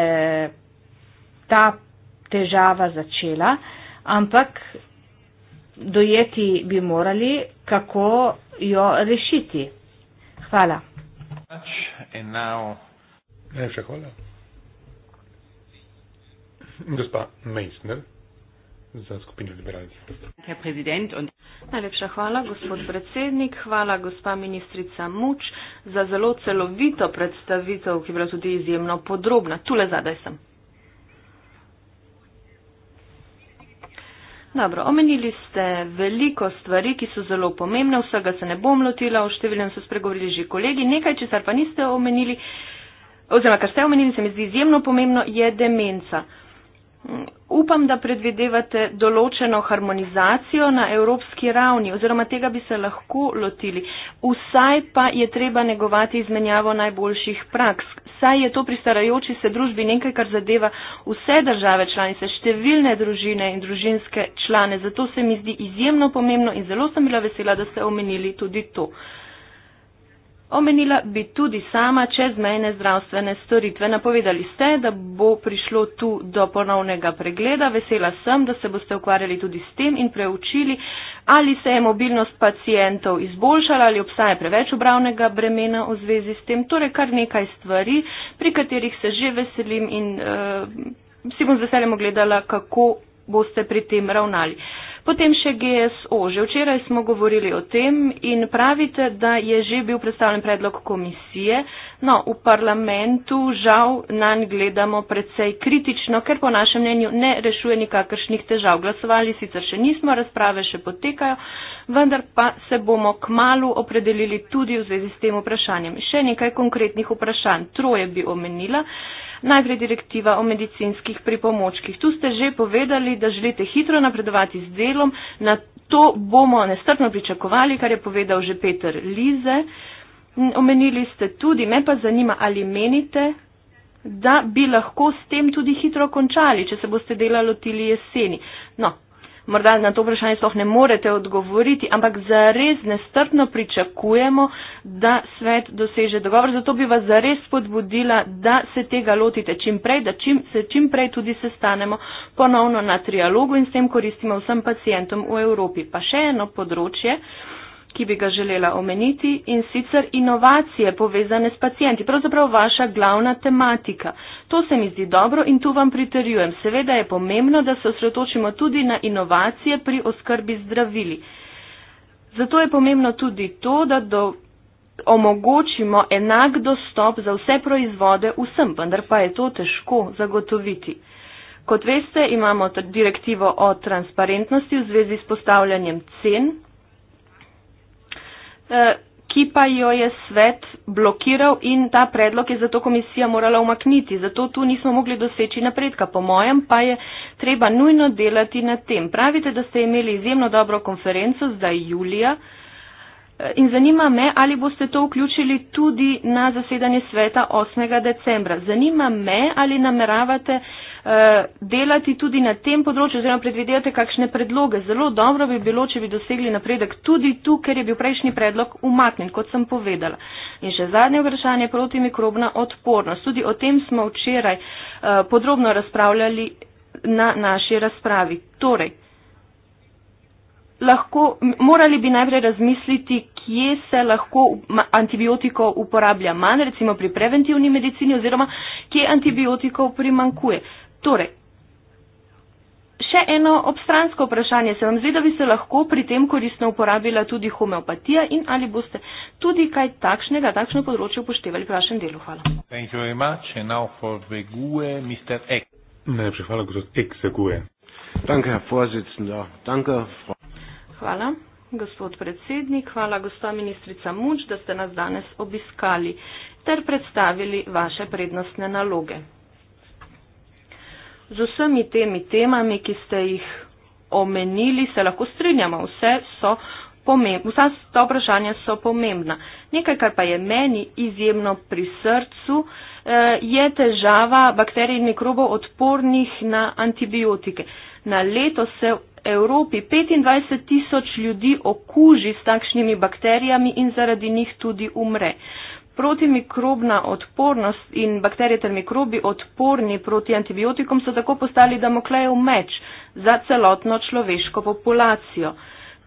ta težava začela, ampak dojeti bi morali, kako jo rešiti. Hvala. Najlepša hvala. Gospa Meissner za skupino liberalcev. Najlepša hvala, gospod predsednik. Hvala, gospa ministrica Muč, za zelo celovito predstavitev, ki je bila tudi izjemno podrobna. Tule zadaj sem. Dobro, omenili ste veliko stvari, ki so zelo pomembne, vsega se ne bom lotila, o številnem so spregovorili že kolegi. Nekaj, česar pa niste omenili, oziroma kar ste omenili, se mi zdi izjemno pomembno, je demenca. Uh, Upam, da predvidevate določeno harmonizacijo na evropski ravni, oziroma tega bi se lahko lotili. Vsaj pa je treba negovati izmenjavo najboljših praks. Saj je to pri starajoči se družbi nekaj, kar zadeva vse države članice, številne družine in družinske člane. Zato se mi zdi izjemno pomembno in zelo sem bila vesela, da ste omenili tudi to. Uh, Omenila bi tudi sama čezmejne zdravstvene storitve. Napovedali ste, da bo prišlo tu do ponovnega pregleda. Vesela sem, da se boste ukvarjali tudi s tem in preučili, ali se je mobilnost pacijentov izboljšala, ali obstaja preveč obravnega bremena v zvezi s tem. Torej, kar nekaj stvari, pri katerih se že veselim in uh, si bom z veseljem ogledala, kako boste pri tem ravnali. Uh, Potem še GSO. Že včeraj smo govorili o tem in pravite, da je že bil predstavljen predlog komisije. No, v parlamentu žal nanj gledamo predvsej kritično, ker po našem mnenju ne rešuje nikakršnih težav. Glasovali sicer še nismo, razprave še potekajo, vendar pa se bomo k malu opredelili tudi v zvezi s tem vprašanjem. Še nekaj konkretnih vprašanj. Troje bi omenila. Najprej direktiva o medicinskih pripomočkih. Tu ste že povedali, da želite hitro napredovati z delom. Na to bomo nestrpno pričakovali, kar je povedal že Peter Lize. Omenili ste tudi, me pa zanima, ali menite, da bi lahko s tem tudi hitro končali, če se boste dela lotili jeseni. No, morda na to vprašanje sploh ne morete odgovoriti, ampak zares nestrpno pričakujemo, da svet doseže dogovor. Zato bi vas zares spodbudila, da se tega lotite čim prej, da čim, se čim prej tudi sestanemo ponovno na trialogu in s tem koristimo vsem pacijentom v Evropi. Pa še eno področje. Uh, ki bi ga želela omeniti in sicer inovacije povezane s pacijenti, pravzaprav vaša glavna tematika. To se mi zdi dobro in tu vam priterjujem. Seveda je pomembno, da se osredotočimo tudi na inovacije pri oskrbi zdravili. Zato je pomembno tudi to, da do, omogočimo enak dostop za vse proizvode vsem, vendar pa je to težko zagotoviti. Kot veste, imamo direktivo o transparentnosti v zvezi s postavljanjem cen Eh, ki pa jo je svet blokiral in ta predlog je zato komisija morala umakniti. Zato tu nismo mogli doseči napredka. Po mojem pa je treba nujno delati na tem. Pravite, da ste imeli izjemno dobro konferenco zdaj julija eh, in zanima me, ali boste to vključili tudi na zasedanje sveta 8. decembra. Zanima me, ali nameravate. Uh, Eh, delati tudi na tem področju oziroma predvidevate kakšne predloge. Zelo dobro bi bilo, če bi dosegli napredek tudi tu, ker je bil prejšnji predlog umaknjen, kot sem povedala. In še zadnje vprašanje, protimikrobna odpornost. Tudi o tem smo včeraj eh, podrobno razpravljali na naši razpravi. Torej, lahko, morali bi najprej razmisliti, kje se lahko antibiotiko uporablja manj, recimo pri preventivni medicini oziroma kje antibiotikov primankuje. Torej, še eno obstransko vprašanje se vam zdi, da bi se lahko pri tem koristno uporabila tudi homeopatija in ali boste tudi kaj takšnega, takšno področje upoštevali pri vašem delu. Hvala. E, hvala. E. Hvala, gospod predsednik, hvala, gospa ministrica Muč, da ste nas danes obiskali ter predstavili vaše prednostne naloge z vsemi temi temami, ki ste jih omenili, se lahko strinjamo, vse so pomembne, vsa ta vprašanja so pomembna. Nekaj, kar pa je meni izjemno pri srcu, eh, je težava bakterij mikrobov odpornih na antibiotike. Na leto se v Evropi 25 tisoč ljudi okuži s takšnimi bakterijami in zaradi njih tudi umre. Protimikrobna odpornost in bakterije ter mikrobi odporni proti antibiotikom so tako postali damoklejev meč za celotno človeško populacijo.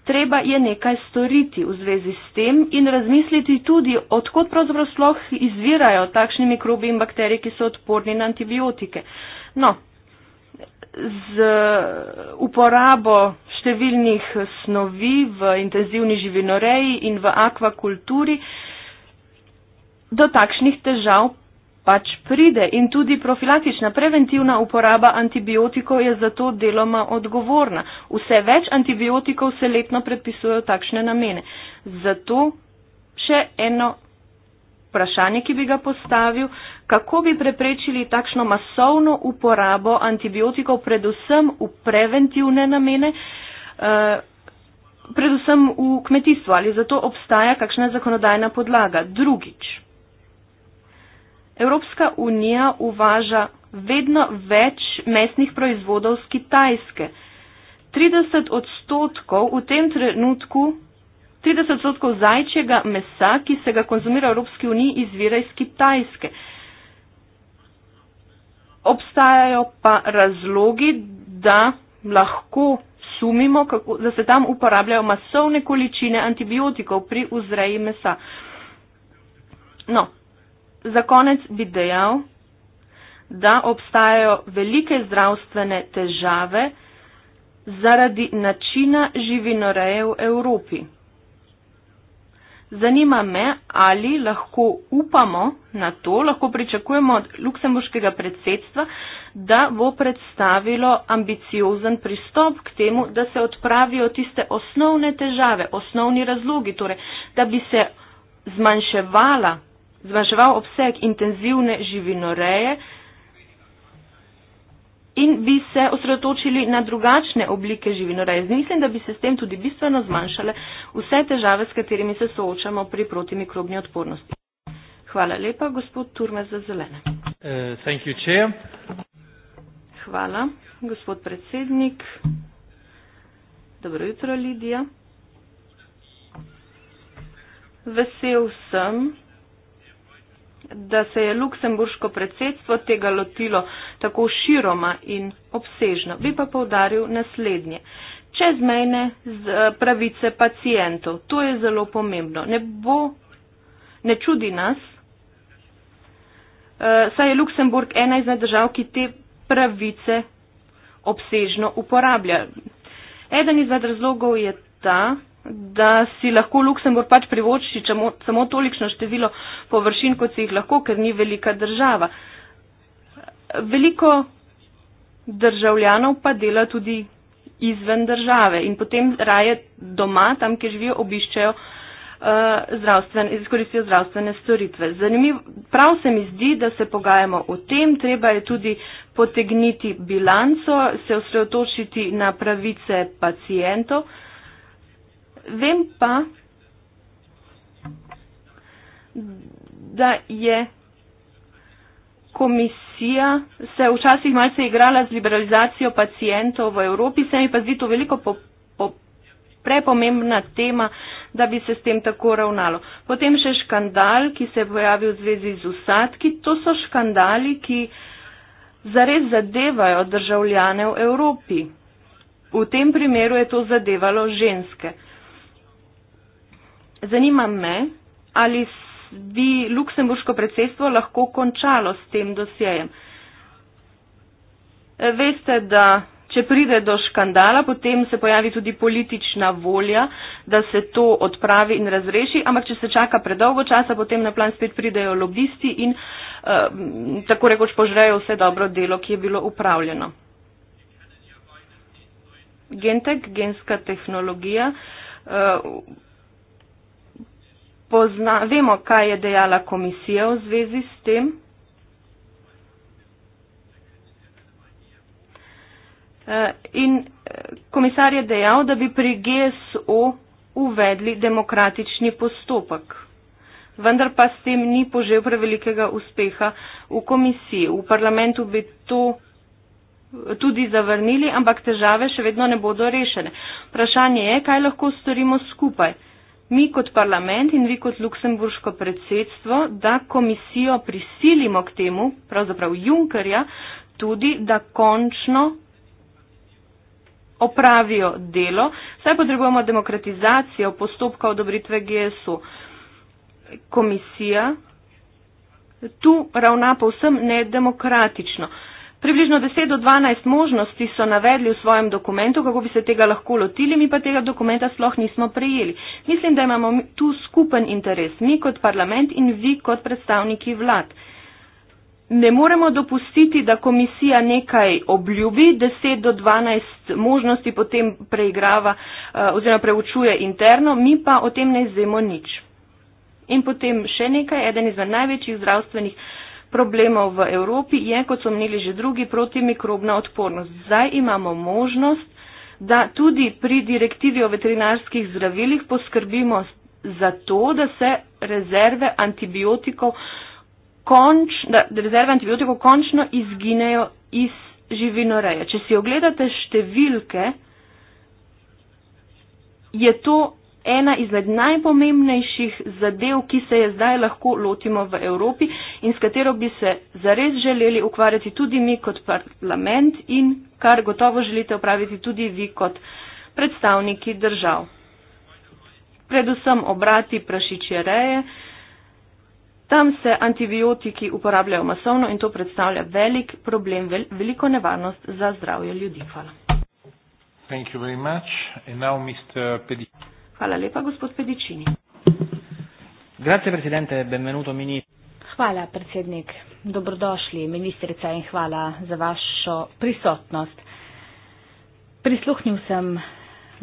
Treba je nekaj storiti v zvezi s tem in razmisliti tudi, odkot pravzaprav sloh izvirajo takšni mikrobi in bakterije, ki so odporni na antibiotike. No, z uporabo številnih snovi v intenzivni živinoreji in v akvakulturi do takšnih težav pač pride in tudi profilaktična preventivna uporaba antibiotikov je zato deloma odgovorna. Vse več antibiotikov se letno predpisujejo takšne namene. Zato še eno vprašanje, ki bi ga postavil, kako bi preprečili takšno masovno uporabo antibiotikov, predvsem v preventivne namene, eh, predvsem v kmetijstvu ali zato obstaja kakšna zakonodajna podlaga. Drugič. Evropska unija uvaža vedno več mesnih proizvodov z Kitajske. 30 odstotkov v tem trenutku, 30 odstotkov zajčjega mesa, ki se ga konzumira v Evropski uniji, izvira iz Kitajske. Obstajajo pa razlogi, da lahko sumimo, kako, da se tam uporabljajo masovne količine antibiotikov pri vzreji mesa. No, Za konec bi dejal, da obstajajo velike zdravstvene težave zaradi načina živinoreje v Evropi. Zanima me, ali lahko upamo na to, lahko pričakujemo od luksemburškega predsedstva, da bo predstavilo ambiciozen pristop k temu, da se odpravijo tiste osnovne težave, osnovni razlogi, torej, da bi se zmanjševala zmanjševal obseg intenzivne živinoreje in bi se osredotočili na drugačne oblike živinoreje. Mislim, da bi se s tem tudi bistveno zmanjšale vse težave, s katerimi se soočamo pri protimikrobni odpornosti. Hvala lepa, gospod Turme za zelene. Uh, thank you, chair. Hvala, gospod predsednik. Dobro jutro, Lidija. Vesel sem, da se je luksemburško predsedstvo tega lotilo tako široma in obsežno. Bi pa povdaril naslednje. Čezmejne eh, pravice pacijentov. To je zelo pomembno. Ne, bo, ne čudi nas, eh, saj je Luksemburg ena izmed držav, ki te pravice obsežno uporablja. Eden izmed razlogov je ta, da si lahko Luksemburg pač privoči čemo, samo tolikšno število površin, kot si jih lahko, ker ni velika država. Veliko državljanov pa dela tudi izven države in potem raje doma, tam, kjer živijo, obiščejo eh, zdravstvene, izkoristijo zdravstvene storitve. Zanimiv, prav se mi zdi, da se pogajamo o tem, treba je tudi potegniti bilanco, se osredotočiti na pravice pacijentov vem pa, da je komisija se včasih malce igrala z liberalizacijo pacijentov v Evropi, se mi pa zdi to veliko po, po, prepomembna tema, da bi se s tem tako ravnalo. Potem še škandal, ki se je pojavil v zvezi z usadki. To so škandali, ki zares zadevajo državljane v Evropi. V tem primeru je to zadevalo ženske. Zanima me, ali bi luksemburško predsedstvo lahko končalo s tem dosjejem. E, veste, da če pride do škandala, potem se pojavi tudi politična volja, da se to odpravi in razreši, ampak če se čaka predolgo časa, potem na plan spet pridejo lobisti in e, tako rekoč požrejo vse dobro delo, ki je bilo upravljeno. Gentek, genska tehnologija. E, pozna, vemo, kaj je dejala komisija v zvezi s tem. Eh, in eh, komisar je dejal, da bi pri GSO uvedli demokratični postopek. Vendar pa s tem ni požel prevelikega uspeha v komisiji. V parlamentu bi to eh, tudi zavrnili, ampak težave še vedno ne bodo rešene. Vprašanje je, kaj lahko storimo skupaj mi kot parlament in vi kot luksemburško predsedstvo, da komisijo prisilimo k temu, pravzaprav Junkerja, tudi da končno opravijo delo. Saj potrebujemo demokratizacijo postopka odobritve GSO. Komisija tu ravna povsem nedemokratično. Približno 10 do 12 možnosti so navedli v svojem dokumentu, kako bi se tega lahko lotili, mi pa tega dokumenta sploh nismo prejeli. Mislim, da imamo tu skupen interes, mi kot parlament in vi kot predstavniki vlad. Ne moremo dopustiti, da komisija nekaj obljubi, 10 do 12 možnosti potem preigrava eh, oziroma preučuje interno, mi pa o tem ne izvemo nič. In potem še nekaj, eden izmed največjih zdravstvenih problemov v Evropi je, kot so omenili že drugi, protimikrobna odpornost. Zdaj imamo možnost, da tudi pri direktivi o veterinarskih zdravilih poskrbimo za to, da se rezerve antibiotikov, konč, da rezerve antibiotikov končno izginejo iz živinoreje. Če si ogledate številke, je to ena izmed najpomembnejših zadev, ki se je zdaj lahko lotimo v Evropi in s katero bi se zares želeli ukvarjati tudi mi kot parlament in kar gotovo želite upraviti tudi vi kot predstavniki držav. Predvsem obrati prašičje reje. Tam se antibiotiki uporabljajo masovno in to predstavlja velik problem, vel, veliko nevarnost za zdravje ljudi. Hvala. Thank you very much. And now Mr. Pedic. Hvala lepa, gospod Pedičini. Grazie, presidente, benvenuto, ministr. Hvala, predsednik. Dobrodošli, ministrica, in hvala za vašo prisotnost. Prisluhnil sem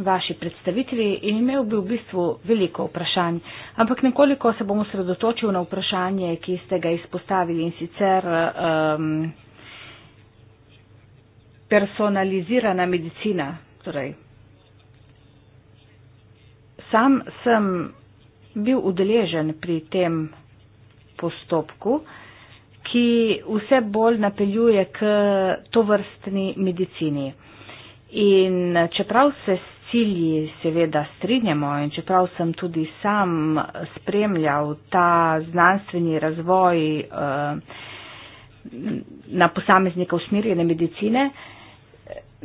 vaši predstavitvi in imel bi v bistvu veliko vprašanj, ampak nekoliko se bom osredotočil na vprašanje, ki ste ga izpostavili in sicer um, personalizirana medicina, torej Sam sem bil udeležen pri tem postopku, ki vse bolj napeljuje k tovrstni medicini. In čeprav se s cilji seveda strinjamo in čeprav sem tudi sam spremljal ta znanstveni razvoj eh, na posameznika usmirjene medicine, eh,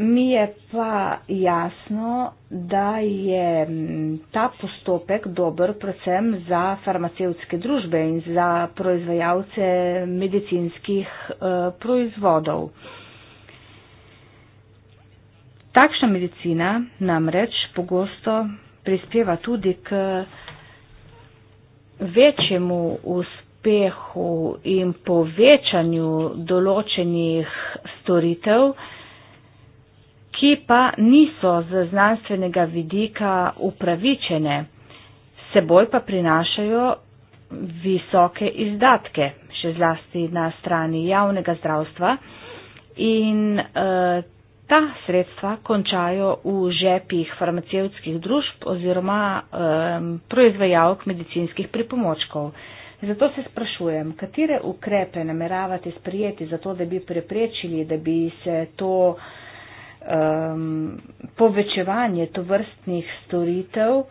Mi je pa jasno, da je mm, ta postopek dober predvsem za farmacevtske družbe in za proizvajalce medicinskih eh, proizvodov. Takšna medicina namreč pogosto prispeva tudi k večjemu uspehu in povečanju določenih storitev, ki pa niso z znanstvenega vidika upravičene, seboj pa prinašajo visoke izdatke, še zlasti na strani javnega zdravstva in e, ta sredstva končajo v žepih farmacevtskih družb oziroma e, proizvajalk medicinskih pripomočkov. Zato se sprašujem, katere ukrepe nameravate sprijeti za to, da bi preprečili, da bi se to uh, um, povečevanje tovrstnih storitev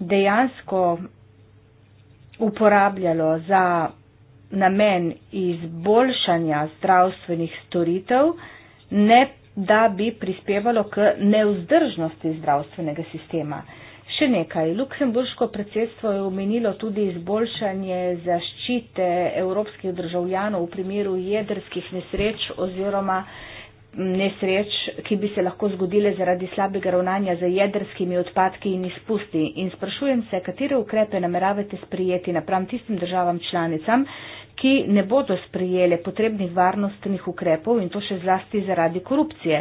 dejansko uporabljalo za namen izboljšanja zdravstvenih storitev, ne da bi prispevalo k neuzdržnosti zdravstvenega sistema. Še nekaj, Luksemburško predsedstvo je omenilo tudi izboljšanje zaščite evropskih državljanov v primeru jedrskih nesreč oziroma uh, nesreč, ki bi se lahko zgodile zaradi slabega ravnanja z jedrskimi odpadki in izpusti. In sprašujem se, katere ukrepe nameravate sprijeti napram tistim državam članicam, ki ne bodo sprijele potrebnih varnostnih ukrepov in to še zlasti zaradi korupcije.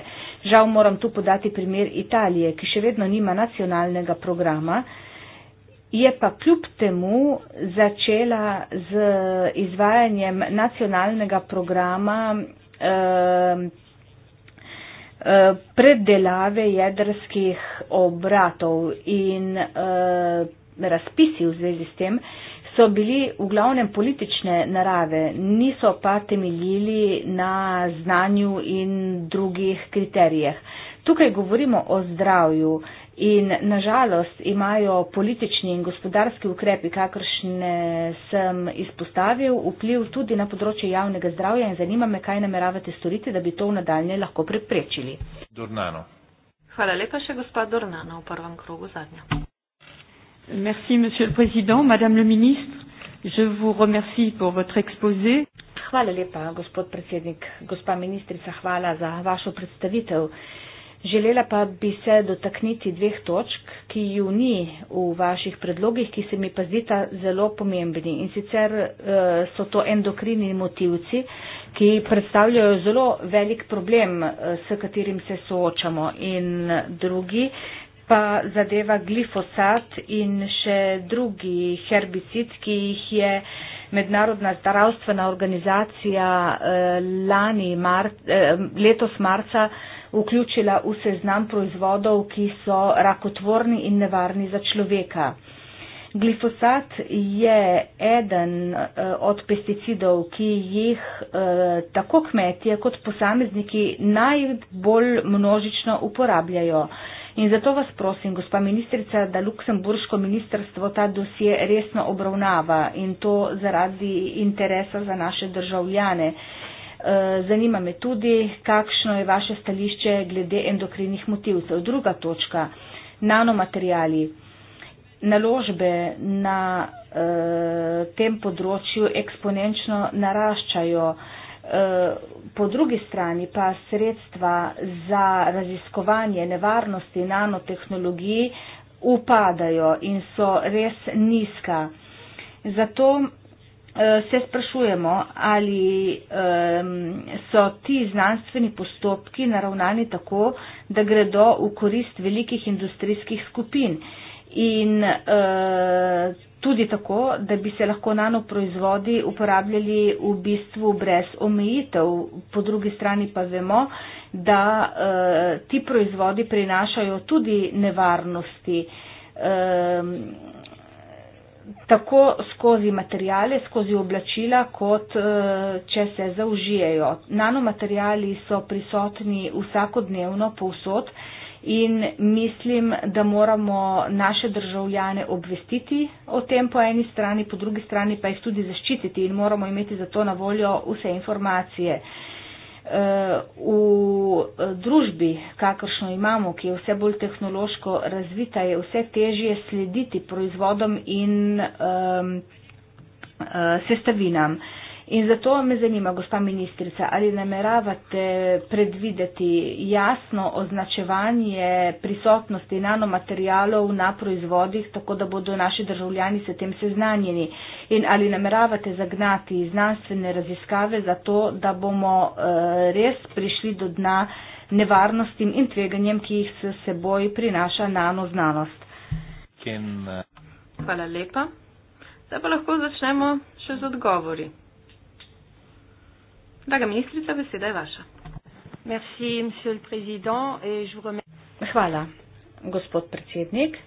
Žal moram tu podati primer Italije, ki še vedno nima nacionalnega programa. Je pa kljub temu začela z izvajanjem nacionalnega programa eh, Eh, predelave jedrskih obratov in eh, razpisi v zvezi s tem so bili v glavnem politične narave, niso pa temeljili na znanju in drugih kriterijih. Tukaj govorimo o zdravju, In nažalost imajo politični in gospodarski ukrepi, kakršne sem izpostavil, vpliv tudi na področje javnega zdravja in zanima me, kaj nameravate storiti, da bi to v nadaljne lahko preprečili. Dornano. Hvala lepa še gospa Dornano v prvem krogu zadnja. Merci, monsieur le président, madame le ministre. Je vous remercie pour votre exposé. Hvala lepa, gospod predsednik, gospa ministrica, hvala za vašo predstavitev. Želela pa bi se dotakniti dveh točk, ki ju ni v vaših predlogih, ki se mi pa zdita zelo pomembni. In sicer eh, so to endokrini motivci, ki predstavljajo zelo velik problem, eh, s katerim se soočamo. In drugi pa zadeva glifosat in še drugi herbicid, ki jih je. Mednarodna zdravstvena organizacija eh, lani, mar, eh, letos marca eh, vključila v seznam proizvodov, ki so rakotvorni in nevarni za človeka. Glifosat je eden eh, od pesticidov, ki jih eh, tako kmetje kot posamezniki najbolj množično uporabljajo. In zato vas prosim, gospa ministrica, da Luksemburško ministrstvo ta dosje resno obravnava in to zaradi interesa za naše državljane. Eh, zanima me tudi, kakšno je vaše stališče glede endokrinih motivcev. Druga točka, nanomaterijali, naložbe na eh, tem področju eksponenčno naraščajo. Eh, po drugi strani pa sredstva za raziskovanje nevarnosti nanotehnologij upadajo in so res nizka. Zato Eh, se sprašujemo, ali so ti znanstveni postopki naravnani tako, da gredo v korist velikih industrijskih skupin in eh, tudi tako, da bi se lahko nanoproizvodi uporabljali v bistvu brez omejitev. Po drugi strani pa vemo, da eh, ti proizvodi prinašajo tudi nevarnosti tako skozi materijale, skozi oblačila, kot eh, če se zaužijejo. Nanomaterijali so prisotni vsakodnevno povsod in mislim, da moramo naše državljane obvestiti o tem po eni strani, po drugi strani pa jih tudi zaščititi in moramo imeti za to na voljo vse informacije v družbi, kakršno imamo, ki je vse bolj tehnološko razvita, je vse težje slediti proizvodom in um, uh, sestavinam. Uh, In zato me zanima, gospa ministrica, ali nameravate predvideti jasno označevanje prisotnosti nanomaterjalov na proizvodih, tako da bodo naši državljani se tem seznanjeni? In ali nameravate zagnati znanstvene raziskave za to, da bomo eh, res prišli do dna nevarnostim in tveganjem, ki jih s seboj prinaša nanoznanost? Eh. Hvala lepa. Zdaj pa lahko začnemo še z odgovori. Draga ministrica, beseda je vaša. Merci, et je Hvala, gospod predsednik.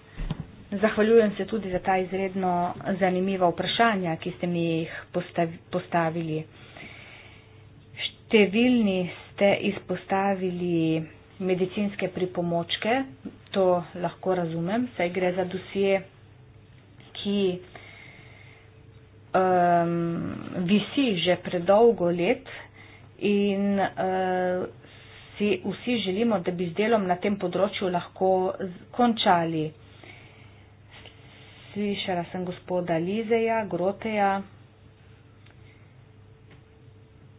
Zahvaljujem se tudi za ta izredno zanimiva vprašanja, ki ste mi jih postavili. Številni ste izpostavili medicinske pripomočke, to lahko razumem, saj gre za dosije, ki um, visi že predolgo let in uh, si vsi želimo, da bi z delom na tem področju lahko končali. Slišala sem gospoda Lizeja, Groteja,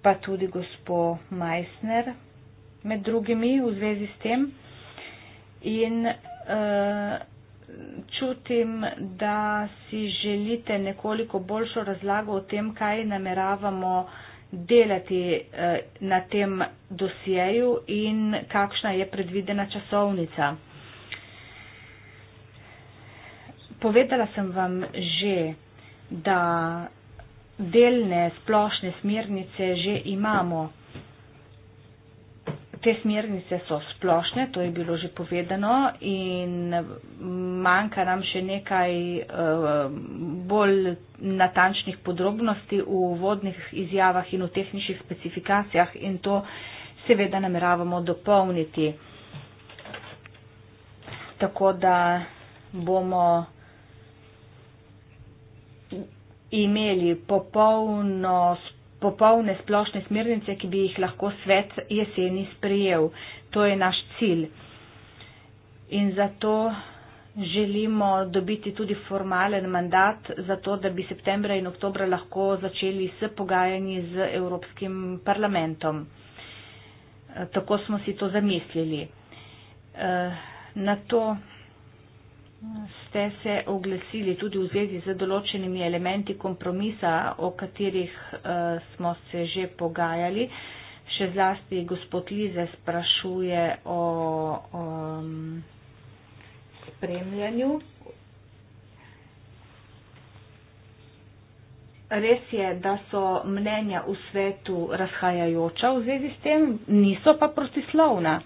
pa tudi gospod Meissner med drugimi v zvezi s tem. In uh, čutim, da si želite nekoliko boljšo razlago o tem, kaj nameravamo uh, delati eh, na tem dosjeju in kakšna je predvidena časovnica. Povedala sem vam že, da delne splošne smernice že imamo te smernice so splošne, to je bilo že povedano in manjka nam še nekaj eh, bolj natančnih podrobnosti v vodnih izjavah in v tehničnih specifikacijah in to seveda nameravamo dopolniti. Tako da bomo imeli popolno splošno popolne splošne smernice, ki bi jih lahko svet jeseni sprijel. To je naš cilj. In zato želimo dobiti tudi formalen mandat za to, da bi septembra in oktobra lahko začeli s pogajanji z Evropskim parlamentom. Tako smo si to zamislili. Eh, na to Ste se oglasili tudi v zvezi z določenimi elementi kompromisa, o katerih uh, smo se že pogajali. Še zlasti gospod Lize sprašuje o, o um, spremljanju. Res je, da so mnenja v svetu razhajajoča v zvezi s tem, niso pa protislovna.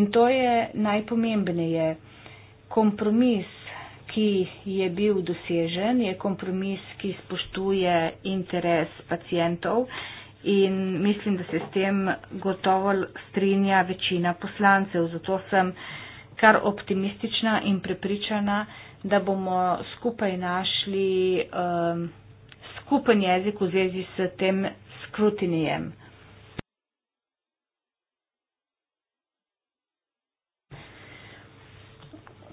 In to je najpomembnejše kompromis, ki je bil dosežen, je kompromis, ki spoštuje interes pacijentov in mislim, da se s tem gotovo strinja večina poslancev. Zato sem kar optimistična in prepričana, da bomo skupaj našli um, skupen jezik v zvezi s tem skrutinijem.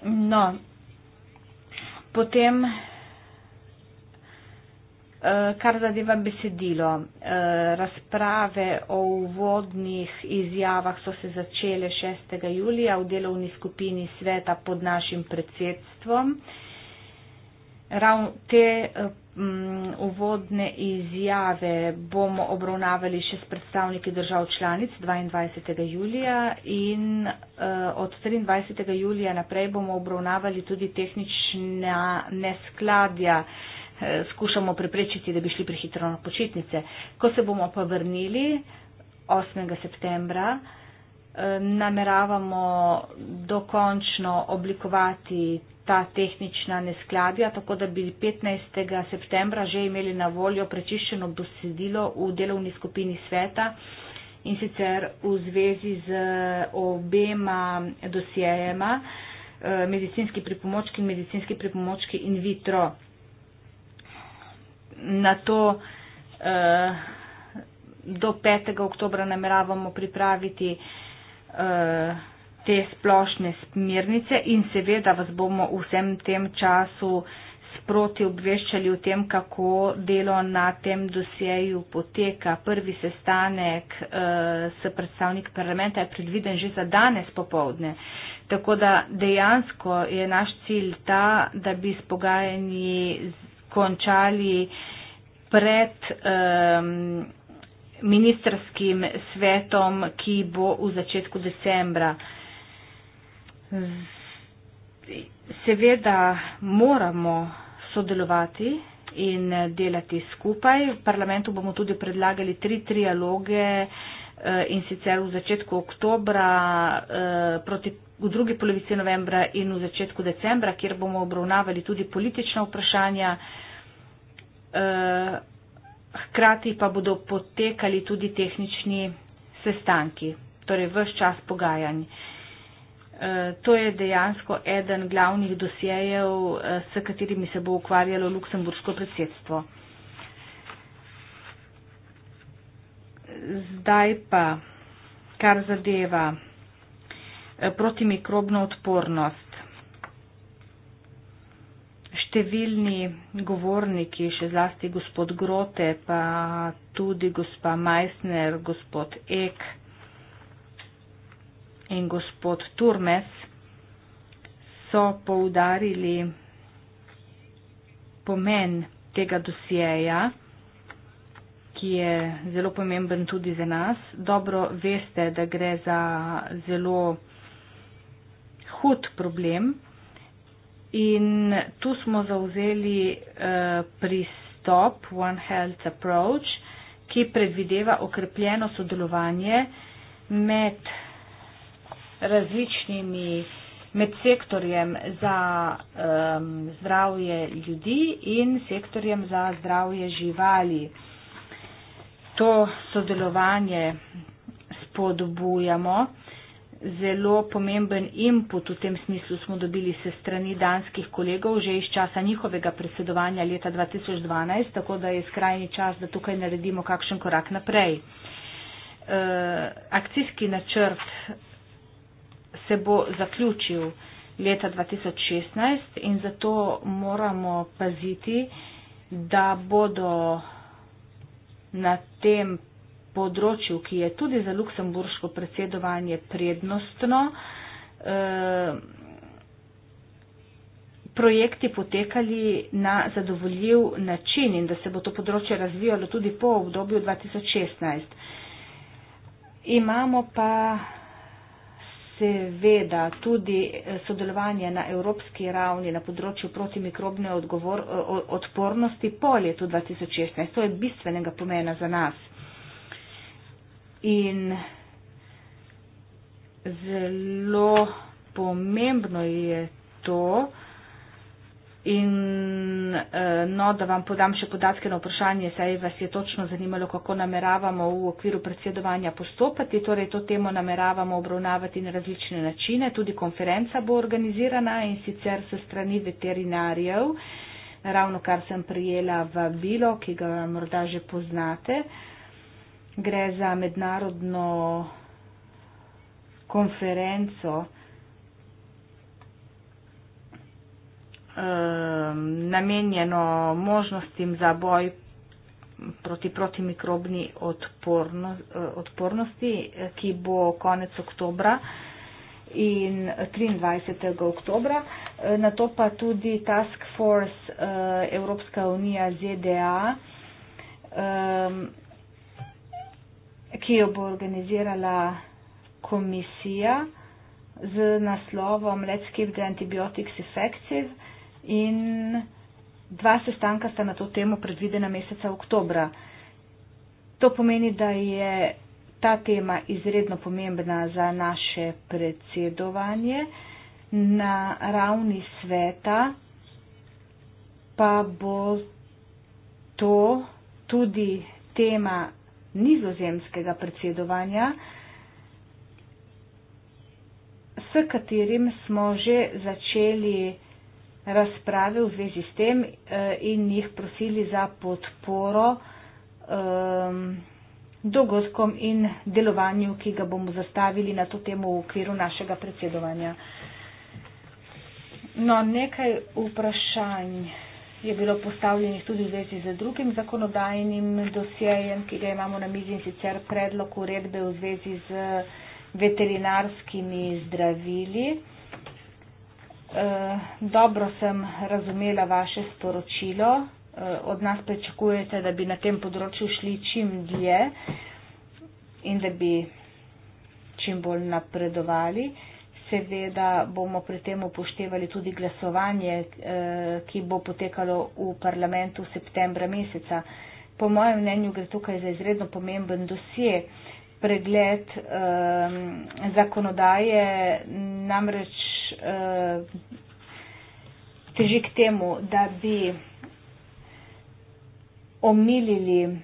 No, potem, eh, kar zadeva besedilo, eh, razprave o uvodnih izjavah so se začele 6. julija v delovni skupini sveta pod našim predsedstvom. Ravno te eh, Mm, uvodne izjave bomo obravnavali še s predstavniki držav članic 22. julija in eh, od 23. julija naprej bomo obravnavali tudi tehnična neskladja. Eh, skušamo preprečiti, da bi šli prehitro na počitnice. Ko se bomo pa vrnili 8. septembra, eh, nameravamo dokončno oblikovati ta tehnična neskladja, tako da bi 15. septembra že imeli na voljo prečiščeno besedilo v delovni skupini sveta in sicer v zvezi z obema dosjejema, eh, medicinski pripomočki in medicinski pripomočki in vitro. Na to eh, do 5. oktobra nameravamo pripraviti eh, te splošne smernice in seveda vas bomo v vsem tem času sproti obveščali o tem, kako delo na tem dosjeju poteka. Prvi sestanek uh, s predstavnik parlamenta je predviden že za danes popovdne. Tako da dejansko je naš cilj ta, da bi spogajanji končali pred um, ehm, ministerskim svetom, ki bo v začetku decembra. Uh, Seveda moramo sodelovati in delati skupaj. V parlamentu bomo tudi predlagali tri trialoge eh, in sicer v začetku oktobra, eh, proti, v drugi polovici novembra in v začetku decembra, kjer bomo obravnavali tudi politična vprašanja. Eh, hkrati pa bodo potekali tudi tehnični sestanki, torej vse čas pogajanj. Eh, to je dejansko eden glavnih dosjejev, eh, s katerimi se bo ukvarjalo luksemburško predsedstvo. Zdaj pa, kar zadeva eh, protimikrobno odpornost. Številni govorniki, še zlasti gospod Grote, pa tudi gospa Meissner, gospod Ek, eh, in gospod Turmes so poudarili pomen tega dosjeja, ki je zelo pomemben tudi za nas. Dobro veste, da gre za zelo hud problem in tu smo zauzeli eh, pristop One Health Approach, ki predvideva okrepljeno sodelovanje med različnimi med sektorjem za um, zdravje ljudi in sektorjem za zdravje živali. To sodelovanje spodbujamo. Zelo pomemben input v tem smislu smo dobili se strani danskih kolegov že iz časa njihovega predsedovanja leta 2012, tako da je skrajni čas, da tukaj naredimo kakšen korak naprej. Uh, akcijski načrt se bo zaključil leta 2016 in zato moramo paziti, da bodo na tem področju, ki je tudi za luksemburško predsedovanje prednostno, eh, projekti potekali na zadovoljiv način in da se bo to področje razvijalo tudi po obdobju 2016. Imamo pa seveda tudi eh, sodelovanje na evropski ravni na področju protimikrobne odgovor, odpornosti po letu 2016. To je bistvenega pomena za nas. In zelo pomembno je to, In eh, no, da vam podam še podatke na vprašanje, saj vas je točno zanimalo, kako nameravamo v okviru predsedovanja postopati. Torej, to temo nameravamo obravnavati na različne načine. Tudi konferenca bo organizirana in sicer se strani veterinarjev. Ravno kar sem prijela v Bilo, ki ga morda že poznate. Gre za mednarodno konferenco Ehm, namenjeno možnostim za boj proti protimikrobni eh, odpornosti, eh, ki bo konec oktobra in 23. oktobra. Eh, Na to pa tudi Task Force Evropska unija ZDA, ehm, ki jo bo organizirala komisija z naslovom Let's keep the antibiotics effective in dva sestanka sta na to temo predvidena meseca oktobra. To pomeni, da je ta tema izredno pomembna za naše predsedovanje. Na ravni sveta pa bo to tudi tema nizozemskega predsedovanja, s katerim smo že začeli razprave v zvezi s tem eh, in jih prosili za podporo ehm, dogodkom in delovanju, ki ga bomo zastavili na to temo v okviru našega predsedovanja. No, nekaj vprašanj je bilo postavljenih tudi v zvezi z drugim zakonodajnim dosjejem, ki ga imamo na mizi in sicer predlog uredbe v zvezi z veterinarskimi zdravili. Eh, dobro sem razumela vaše sporočilo. Eh, od nas pričakujete, da bi na tem področju šli čim dlje in da bi čim bolj napredovali. Seveda bomo pri tem upoštevali tudi glasovanje, eh, ki bo potekalo v parlamentu septembra meseca. Po mojem mnenju gre tukaj za izredno pomemben dosje. Pregled eh, zakonodaje namreč eh, uh, teži k temu, da bi omilili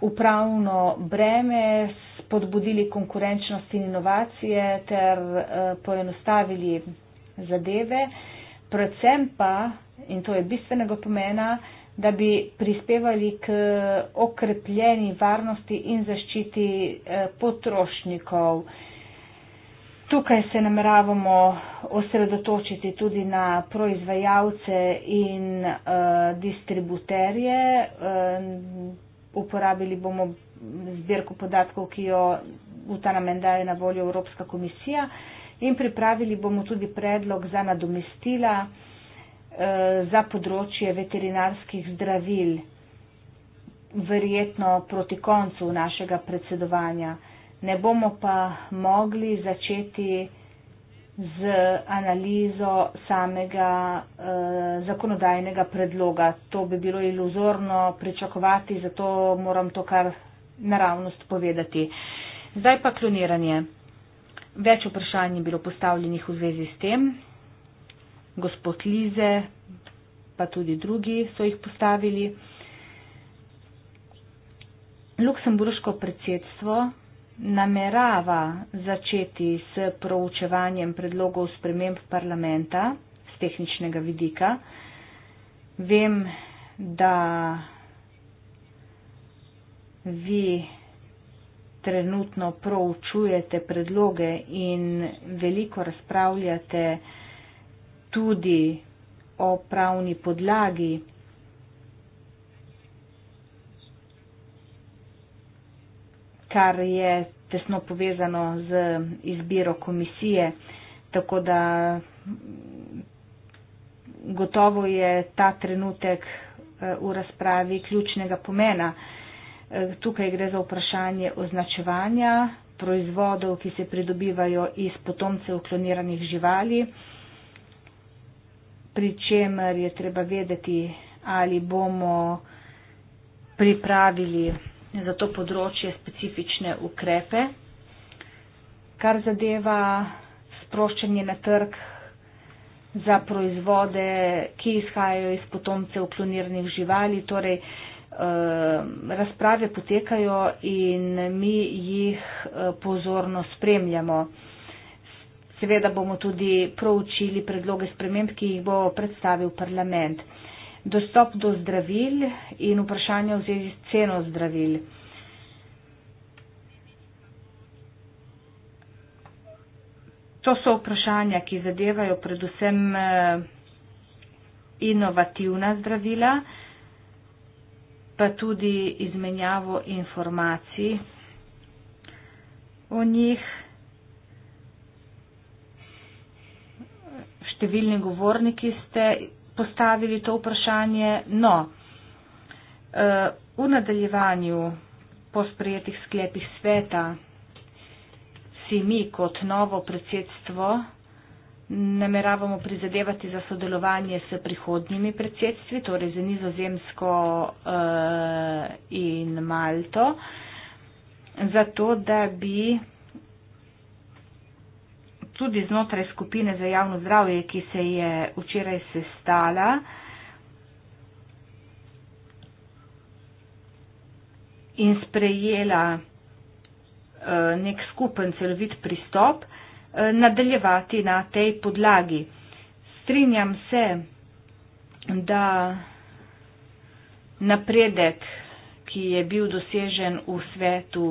upravno breme, spodbudili konkurenčnost in inovacije ter uh, poenostavili zadeve, predvsem pa, in to je bistvenega pomena, da bi prispevali k okrepljeni varnosti in zaščiti uh, potrošnikov. Uh, Tukaj se nameravamo osredotočiti tudi na proizvajalce in uh, distributerje. Uh, uporabili bomo zbirko podatkov, ki jo v ta namen daje na voljo Evropska komisija in pripravili bomo tudi predlog za nadomestila eh, za področje veterinarskih zdravil, verjetno proti koncu našega predsedovanja ne bomo pa mogli začeti z analizo samega eh, zakonodajnega predloga. To bi bilo iluzorno pričakovati, zato moram to kar naravnost povedati. Zdaj pa kloniranje. Več vprašanj je bilo postavljenih v zvezi s tem. Gospod Lize, pa tudi drugi so jih postavili. Luksemburško predsedstvo namerava začeti s proučevanjem predlogov sprememb parlamenta z tehničnega vidika. Vem, da vi trenutno proučujete predloge in veliko razpravljate tudi o pravni podlagi kar je tesno povezano z izbiro komisije. Tako da mm, gotovo je ta trenutek eh, v razpravi ključnega pomena. Eh, tukaj gre za vprašanje označevanja proizvodov, ki se pridobivajo iz potomcev kloniranih živali, pri čemer je treba vedeti, ali bomo pripravili za to področje specifične ukrepe. Kar zadeva sproščanje na trg za proizvode, ki izhajajo iz potomcev kloniranih živali, torej eh, razprave potekajo in mi jih eh, pozorno spremljamo. Seveda bomo tudi proučili predloge sprememb, ki jih bo predstavil parlament dostop do zdravil in vprašanje v zvezi s ceno zdravil. To so vprašanja, ki zadevajo predvsem eh, inovativna zdravila, pa tudi izmenjavo informacij o njih. Številni govorniki ste postavili to vprašanje. No, eh, v nadaljevanju po sprejetih sklepih sveta si mi kot novo predsedstvo nameravamo prizadevati za sodelovanje s prihodnjimi predsedstvi, torej za nizozemsko eh, in Malto, zato da bi tudi znotraj skupine za javno zdravje, ki se je včeraj sestala. In sprejela eh, nek skupen celovit pristop, eh, nadaljevati na tej podlagi. Strinjam se, da napredek ki je bil dosežen v svetu,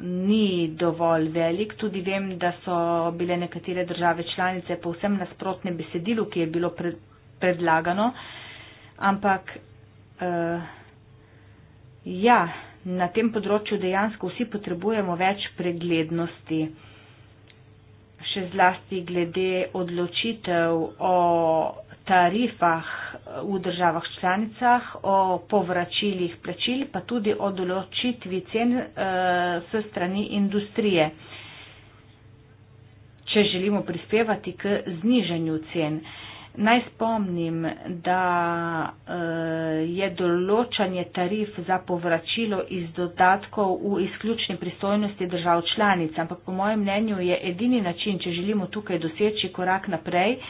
ni dovolj velik. Tudi vem, da so bile nekatere države članice povsem nasprotne besedilu, ki je bilo pred, predlagano. Ampak uh, ja, na tem področju dejansko vsi potrebujemo več preglednosti. Še zlasti glede odločitev o tarifah eh, v državah članicah, o povračilih plačil, pa tudi o določitvi cen eh, s strani industrije, če želimo prispevati k znižanju cen. Naj spomnim, da eh, je določanje tarif za povračilo iz dodatkov v izključni pristojnosti držav članic, ampak po mojem mnenju je edini način, če želimo tukaj doseči korak naprej,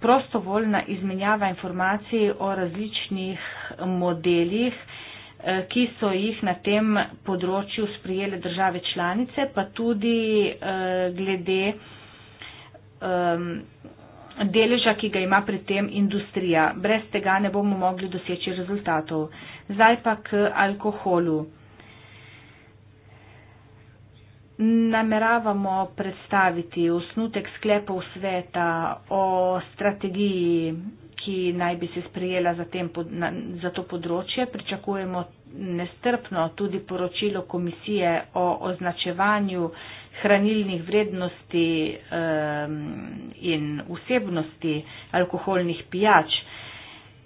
prostovoljna izmenjava informacij o različnih modelih, eh, ki so jih na tem področju sprijele države članice, pa tudi eh, glede deleža, ki ga ima pri tem industrija. Brez tega ne bomo mogli doseči rezultatov. Zdaj pa k alkoholu nameravamo predstaviti osnutek sklepov sveta o strategiji, ki naj bi se sprijela za, tem, za to področje. Pričakujemo nestrpno tudi poročilo komisije o označevanju hranilnih vrednosti ehm, in vsebnosti alkoholnih pijač.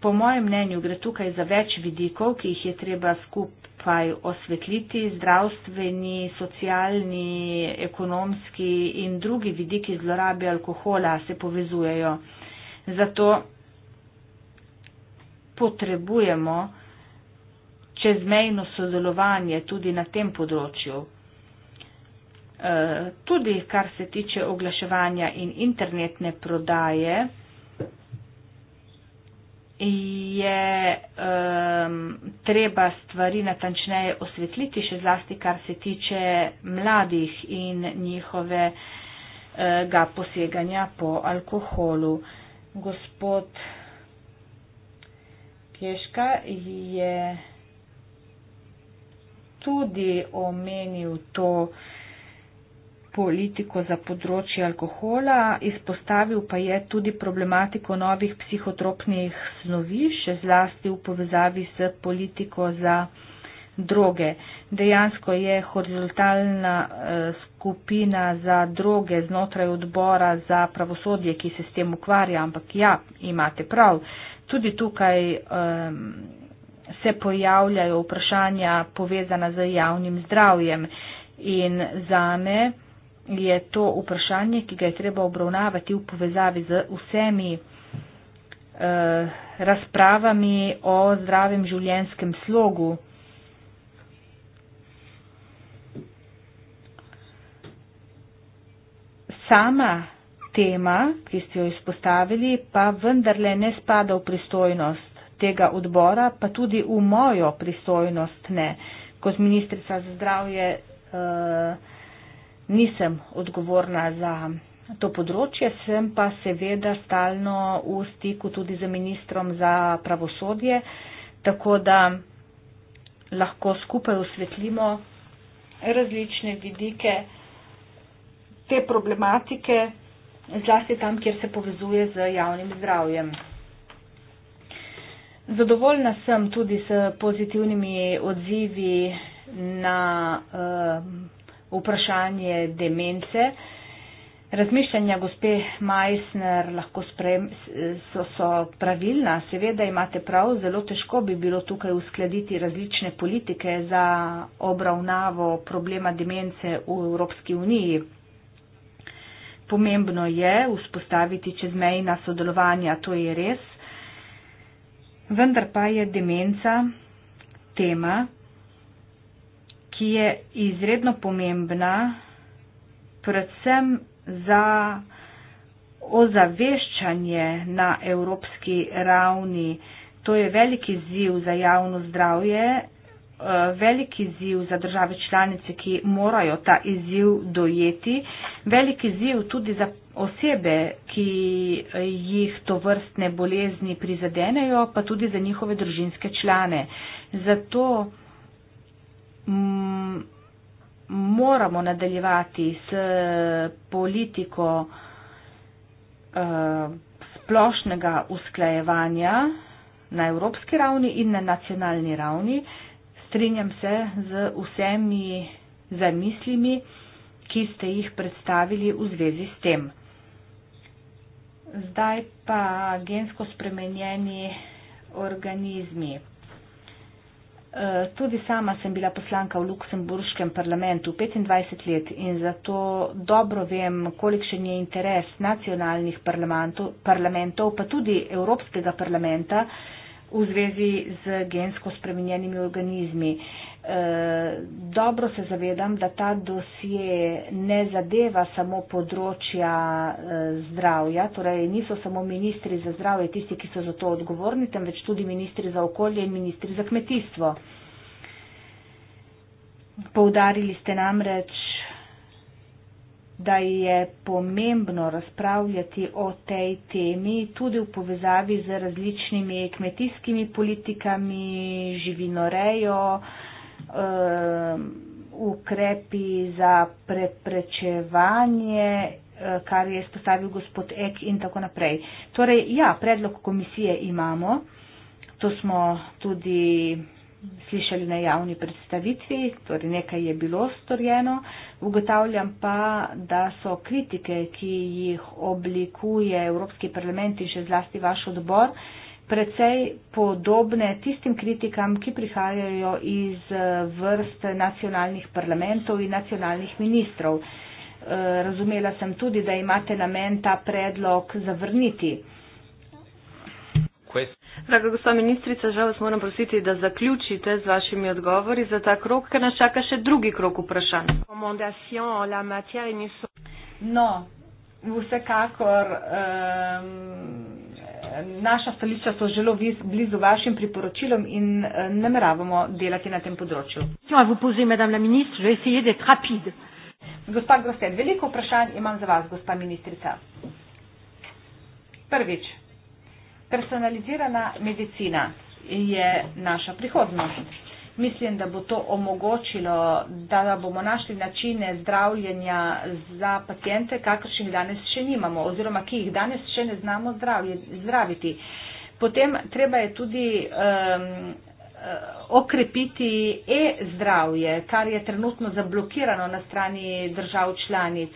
Po mojem mnenju gre tukaj za več vidikov, ki jih je treba skupaj osvetliti, zdravstveni, socialni, ekonomski in drugi vidiki zlorabe alkohola se povezujejo. Zato potrebujemo čezmejno sodelovanje tudi na tem področju. Eh, tudi kar se tiče oglaševanja in internetne prodaje, je um, treba stvari natančneje osvetliti, še zlasti kar se tiče mladih in njihovega uh, poseganja po alkoholu. Gospod Pješka je tudi omenil to, uh, politiko za področje alkohola, izpostavil pa je tudi problematiko novih psihotropnih snovi, še zlasti v povezavi s politiko za droge. Dejansko je horizontalna eh, skupina za droge znotraj odbora za pravosodje, ki se s tem ukvarja, ampak ja, imate prav. Tudi tukaj um, se pojavljajo vprašanja povezana z javnim zdravjem in za me je to vprašanje, ki ga je treba obravnavati v povezavi z vsemi eh, razpravami o zdravem življenskem slogu. Sama tema, ki ste jo izpostavili, pa vendarle ne spada v pristojnost tega odbora, pa tudi v mojo pristojnost ne. Kot ministrica za zdravje. Eh, nisem odgovorna za to področje, sem pa seveda stalno v stiku tudi z ministrom za pravosodje, tako da lahko skupaj osvetlimo različne vidike te problematike, zlasti tam, kjer se povezuje z javnim zdravjem. Zadovoljna sem tudi s pozitivnimi odzivi na uh, vprašanje demence. Razmišljanja gospe Majsner lahko sprem, so, so pravilna, seveda imate prav, zelo težko bi bilo tukaj uskladiti različne politike za obravnavo problema demence v Evropski uniji. Pomembno je vzpostaviti čezmejna sodelovanja, to je res. Vendar pa je demenca tema, ki je izredno pomembna, predvsem za ozaveščanje na evropski ravni. To je veliki ziv za javno zdravje, eh, veliki ziv za države članice, ki morajo ta izziv dojeti, veliki ziv tudi za osebe, ki eh, jih to vrstne bolezni prizadenejo, pa tudi za njihove družinske člane. Zato moramo nadaljevati s eh, politiko eh, splošnega usklajevanja na evropski ravni in na nacionalni ravni. Strinjam se z vsemi zamislimi, ki ste jih predstavili v zvezi s tem. Zdaj pa gensko spremenjeni organizmi. Eh, tudi sama sem bila poslanka v Luksemburškem parlamentu 25 let in zato dobro vem, kolikšen je interes nacionalnih parlamentov, pa tudi Evropskega parlamenta, v zvezi z gensko spremenjenimi organizmi. E, dobro se zavedam, da ta dosje ne zadeva samo področja e, zdravja, torej niso samo ministri za zdravje tisti, ki so za to odgovorni, temveč tudi ministri za okolje in ministri za kmetijstvo. Poudarili ste namreč, da je pomembno razpravljati o tej temi tudi v povezavi z različnimi kmetijskimi politikami, živinorejo, ehm, ukrepi za preprečevanje, eh, kar je spostavil gospod Ek in tako naprej. Torej, ja, predlog komisije imamo, to smo tudi slišali na javni predstavitvi, torej nekaj je bilo storjeno. Ugotavljam pa, da so kritike, ki jih oblikuje Evropski parlament in še zlasti vaš odbor, precej podobne tistim kritikam, ki prihajajo iz vrst nacionalnih parlamentov in nacionalnih ministrov. E, razumela sem tudi, da imate namen ta predlog zavrniti. Questo. Draga gospa ministrica, žal vas moram prositi, da zaključite z vašimi odgovori za ta krok, ker nas čaka še drugi krok vprašanj. No, vsekakor um, naša stališča so zelo blizu vašim priporočilom in nameravamo delati na tem področju. Gospa Grosted, veliko vprašanj imam za vas, gospa ministrica. Prvič. Personalizirana medicina je naša prihodnost. Mislim, da bo to omogočilo, da bomo našli načine zdravljenja za pacijente, kakršnih danes še nimamo oziroma ki jih danes še ne znamo zdraviti. Potem treba je tudi um, okrepiti e-zdravje, kar je trenutno zablokirano na strani držav članic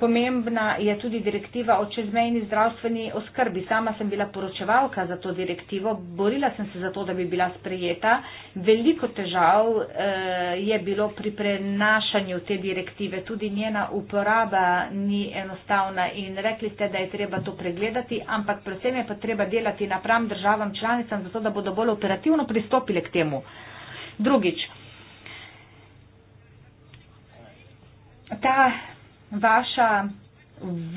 pomembna je tudi direktiva o čezmejni zdravstveni oskrbi. Sama sem bila poročevalka za to direktivo, borila sem se za to, da bi bila sprejeta. Veliko težav eh, je bilo pri prenašanju te direktive, tudi njena uporaba ni enostavna in rekli ste, da je treba to pregledati, ampak predvsem je pa treba delati napram državam članicam, zato da bodo bolj operativno pristopile k temu. Drugič. Ta vaša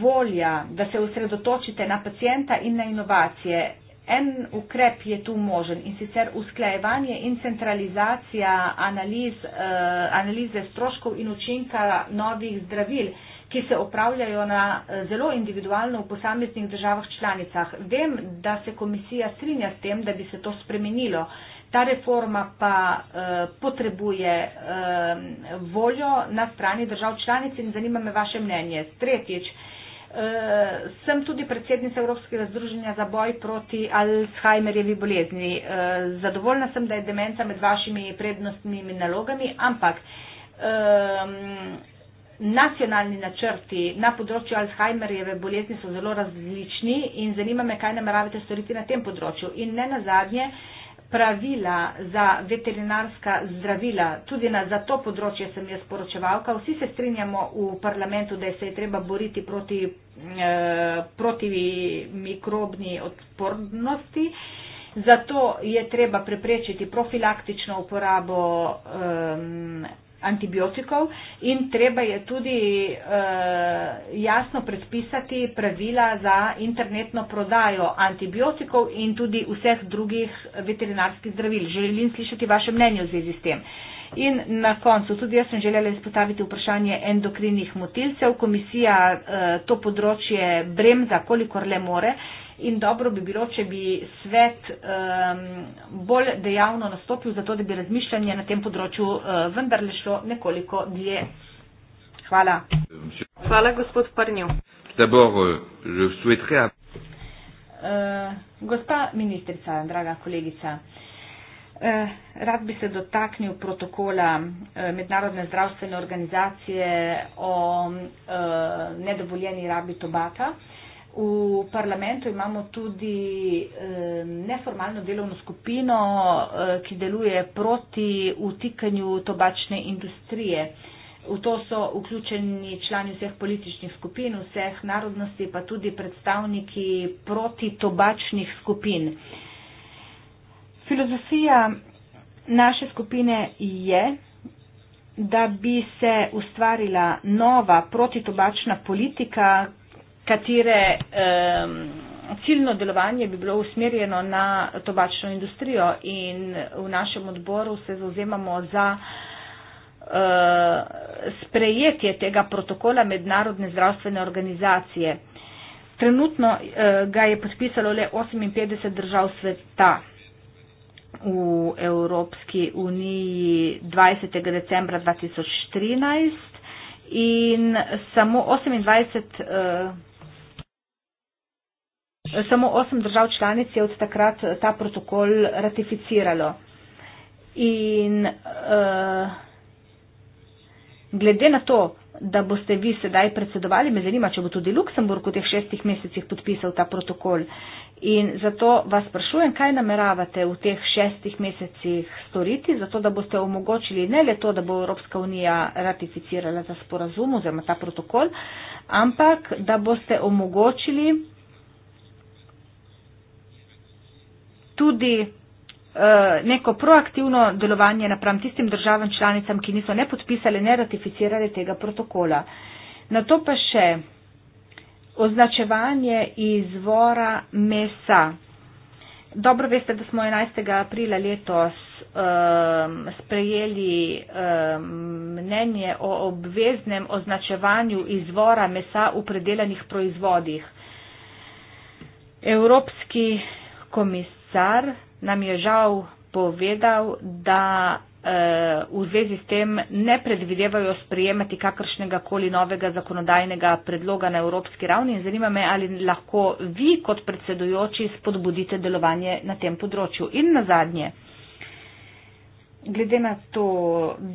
volja, da se osredotočite na pacijenta in na inovacije. En ukrep je tu možen in sicer usklajevanje in centralizacija analiz, eh, analize stroškov in učinka novih zdravil, ki se opravljajo na eh, zelo individualno v posameznih državah članicah. Vem, da se komisija strinja s tem, da bi se to spremenilo. Ta reforma pa eh, potrebuje eh, voljo na strani držav članic in zanima me vaše mnenje. Tretjič, eh, sem tudi predsednica Evropskega združenja za boj proti Alzheimerjevi bolezni. Eh, zadovoljna sem, da je demenca med vašimi prednostnimi nalogami, ampak eh, nacionalni načrti na področju Alzheimerjeve bolezni so zelo različni in zanima me, kaj nameravate storiti na tem področju. In ne nazadnje, eh, pravila za veterinarska zdravila. Tudi na za to področje sem jaz poročevalka. Vsi se strinjamo v parlamentu, da se je treba boriti proti, eh, proti mikrobni odpornosti. Zato je treba preprečiti profilaktično uporabo eh, antibiotikov in treba je tudi uh, jasno predpisati pravila za internetno prodajo antibiotikov in tudi vseh drugih veterinarskih zdravil. Želim slišati vaše mnenje v zvezi s tem. In na koncu, tudi jaz sem želela izpostaviti vprašanje endokrinih motilcev. Komisija uh, to področje bremza, kolikor le more. Uh, in dobro bi bilo, če bi svet um, bolj dejavno nastopil za to, da bi razmišljanje na tem področju uh, vendarle šlo nekoliko dlje. Hvala. Hvala, gospod Prnjo. Uh, eh, gospa ministrica, draga kolegica. Eh, rad bi se dotaknil protokola Mednarodne zdravstvene organizacije o nedovoljeni rabi tobaka. V parlamentu imamo tudi eh, neformalno delovno skupino, eh, ki deluje proti utikanju tobačne industrije. V to so vključeni člani vseh političnih skupin, vseh narodnosti, pa tudi predstavniki proti tobačnih skupin. Filozofija naše skupine je, da bi se ustvarila nova protitobačna politika, katere um, ciljno delovanje bi bilo usmerjeno na tobačno industrijo in v našem odboru se zauzemamo za e, sprejetje tega protokola Mednarodne zdravstvene organizacije. Trenutno e, ga je podpisalo le 58 držav sveta. V Evropski uniji 20. decembra 2013 in samo 28 Samo osem držav članic je od takrat eh, ta protokol ratificiralo. In uh, glede na to, da boste vi sedaj predsedovali, me zanima, če bo tudi Luksemburg v teh šestih mesecih podpisal ta protokol. In zato vas sprašujem, kaj nameravate v teh šestih mesecih storiti, zato da boste omogočili ne le to, da bo Evropska unija ratificirala ta sporazum oziroma ta protokol, ampak da boste omogočili tudi eh, neko proaktivno delovanje napram tistim državam članicam, ki niso ne podpisali, ne ratificirali tega protokola. Na to pa še označevanje izvora mesa. Dobro veste, da smo 11. aprila letos um, sprejeli um, mnenje o obveznem označevanju izvora mesa v predelanih proizvodih. Evropski komisar car nam je žal povedal, da eh, v zvezi s tem ne predvidevajo sprejemati kakršnega koli novega zakonodajnega predloga na evropski ravni in zanima me, ali lahko vi kot predsedujoči spodbudite delovanje na tem področju. In na zadnje, glede na to,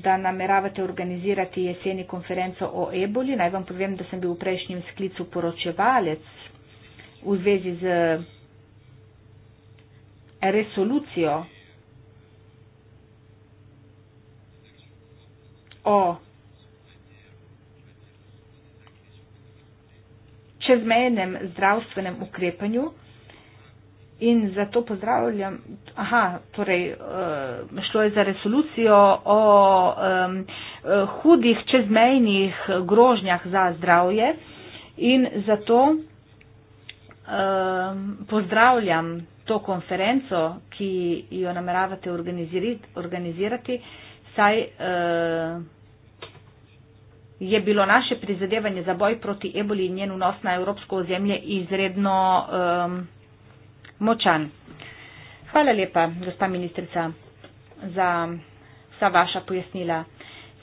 da nameravate organizirati jeseni konferenco o eboli, naj vam povem, da sem bil v prejšnjem sklicu poročevalec v zvezi z resolucijo o čezmejnem zdravstvenem ukrepanju in zato pozdravljam, aha, torej eh, šlo je za resolucijo o um, hudih čezmejnih grožnjah za zdravje in zato um, pozdravljam to konferenco, ki jo nameravate organizirati, saj uh, je bilo naše prizadevanje za boj proti eboli in njen vnos na evropsko ozemlje izredno um, močan. Hvala lepa, gospa ministrica, za vsa vaša pojasnila.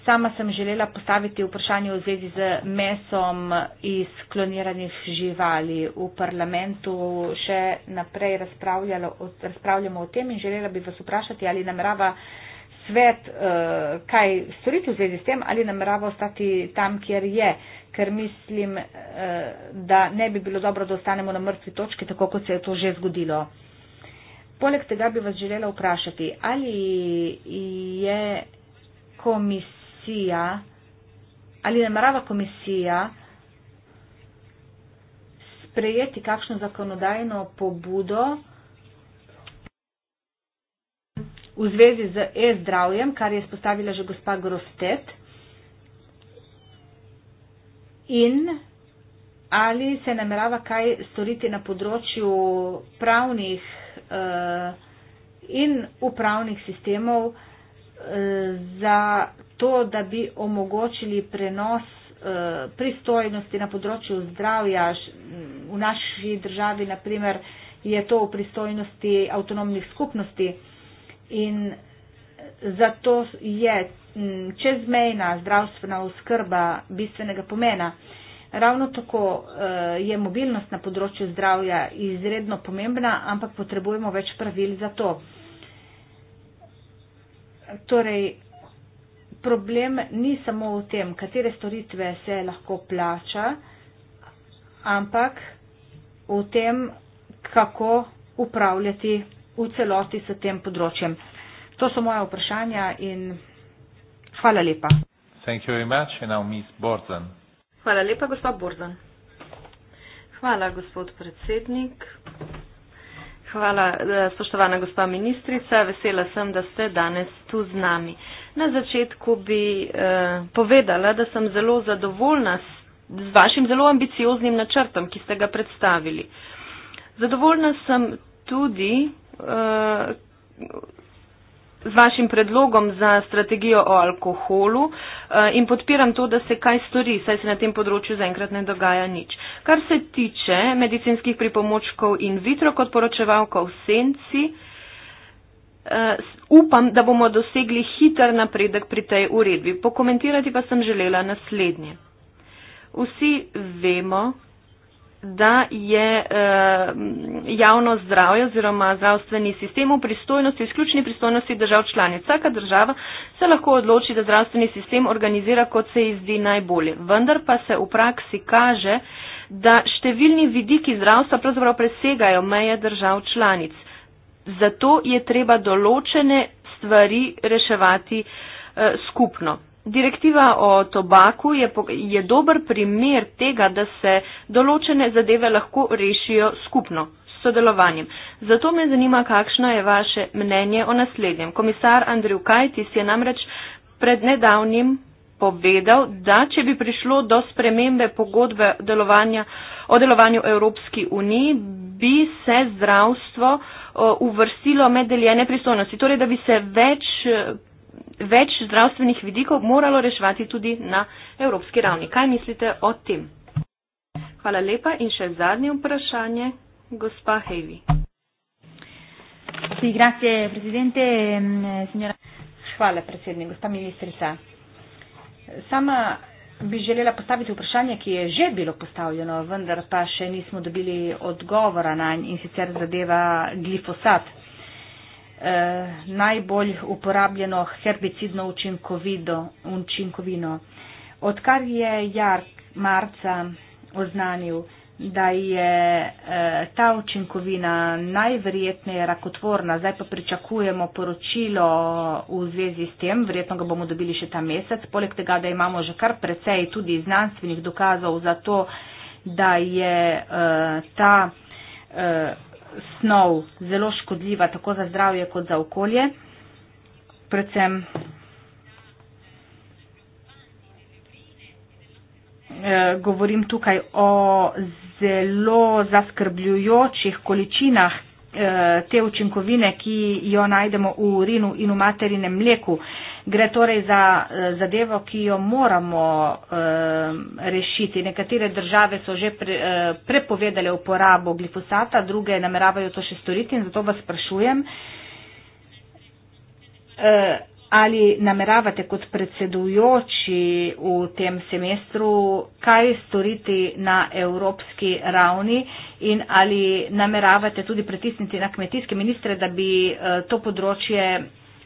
Sama sem želela postaviti vprašanje v zvezi z mesom iz kloniranih živali v parlamentu. Še naprej razpravljamo o tem in želela bi vas vprašati, ali namerava svet eh, kaj storiti v zvezi s tem, ali namerava ostati tam, kjer je. Ker mislim, eh, da ne bi bilo dobro, da ostanemo na mrtvi točki, tako kot se je to že zgodilo. Poleg tega bi vas želela vprašati, ali je komisija komisija ali namerava komisija sprejeti kakšno zakonodajno pobudo v zvezi z e-zdravjem, kar je spostavila že gospa Grostet. In ali se namerava kaj storiti na področju pravnih eh, in upravnih sistemov eh, za to, da bi omogočili prenos eh, pristojnosti na področju zdravja. Mm, v naši državi, naprimer, je to v pristojnosti avtonomnih skupnosti in zato je mm, čezmejna zdravstvena oskrba bistvenega pomena. Ravno tako eh, je mobilnost na področju zdravja izredno pomembna, ampak potrebujemo več pravil za to. Torej, problem ni samo v tem, katere storitve se lahko plača, ampak v tem, kako upravljati v celoti s tem področjem. To so moja vprašanja in hvala lepa. Hvala lepa, gospa Borzan. Hvala, gospod predsednik. Hvala, eh, spoštovana gospa ministrica. Vesela sem, da ste danes tu z nami. Na začetku bi eh, povedala, da sem zelo zadovoljna s, z vašim zelo ambicioznim načrtom, ki ste ga predstavili. Zadovoljna sem tudi eh, z vašim predlogom za strategijo o alkoholu eh, in podpiram to, da se kaj stori, saj se na tem področju zaenkrat ne dogaja nič. Kar se tiče medicinskih pripomočkov in vitro kot poročevalka v senci, eh, Eh, upam, da bomo dosegli hiter napredek pri tej uredbi. Pokomentirati pa sem želela naslednje. Vsi vemo, da je eh, javno zdravje oziroma zdravstveni sistem v pristojnosti, v izključni pristojnosti držav članic. Vsaka država se lahko odloči, da zdravstveni sistem organizira, kot se ji zdi najbolje. Vendar pa se v praksi kaže, da številni vidiki zdravstva pravzaprav presegajo meje držav članic zato je treba določene stvari reševati eh, skupno. Direktiva o tobaku je, je dober primer tega, da se določene zadeve lahko rešijo skupno, s sodelovanjem. Zato me zanima, kakšno je vaše mnenje o naslednjem. Komisar Andrew Kajtis je namreč pred nedavnim povedal, da če bi prišlo do spremembe pogodbe delovanja, o delovanju Evropski uniji, bi se zdravstvo. Eh, Eh, uvrstilo med deljene pristojnosti. Torej, da bi se več, eh, več zdravstvenih vidikov moralo reševati tudi na evropski ravni. Kaj mislite o tem? Hvala lepa in še zadnje vprašanje, gospa Hevi. Sì, grazie Presidente. Signora... Hvala, predsednik, gospa ministrica. Sama bi želela postaviti vprašanje, ki je že bilo postavljeno, vendar pa še nismo dobili odgovora na nj in sicer zadeva glifosat. E, najbolj uporabljeno herbicidno učinkovino. Odkar je Jark marca oznanil, da je eh, ta učinkovina najverjetneje rakotvorna. Zdaj pa pričakujemo poročilo v zvezi s tem, verjetno ga bomo dobili še ta mesec, poleg tega, da imamo že kar precej tudi znanstvenih dokazov za to, da je eh, ta eh, snov zelo škodljiva tako za zdravje kot za okolje. Predvsem Eh, govorim tukaj o zelo zaskrbljujočih količinah eh, te učinkovine, ki jo najdemo v urinu in v materinem mleku. Gre torej za eh, zadevo, ki jo moramo rešiti. Nekatere države so že prepovedale uporabo glifosata, druge nameravajo to še storiti in zato vas sprašujem ali nameravate kot predsedujoči v tem semestru kaj storiti na evropski ravni in ali nameravate tudi pritisniti na kmetijske ministre, da bi eh, to področje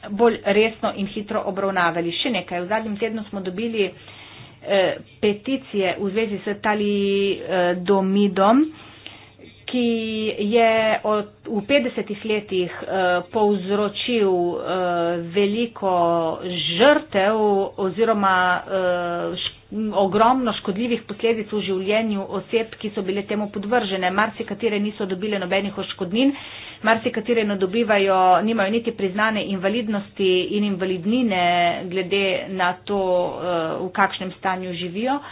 bolj resno in hitro obravnavali. Še nekaj, v zadnjem tednu smo dobili eh, peticije v zvezi s talidomidom. domidom ki je od, v 50-ih letih eh, povzročil eh, veliko žrtev oziroma eh, šk ogromno škodljivih posledic v življenju oseb, ki so bile temu podvržene. Marsi katere niso dobile nobenih oškodnin, marsi katere nadobivajo, nimajo niti priznane invalidnosti in invalidnine glede na to, eh, v kakšnem stanju živijo. Uh,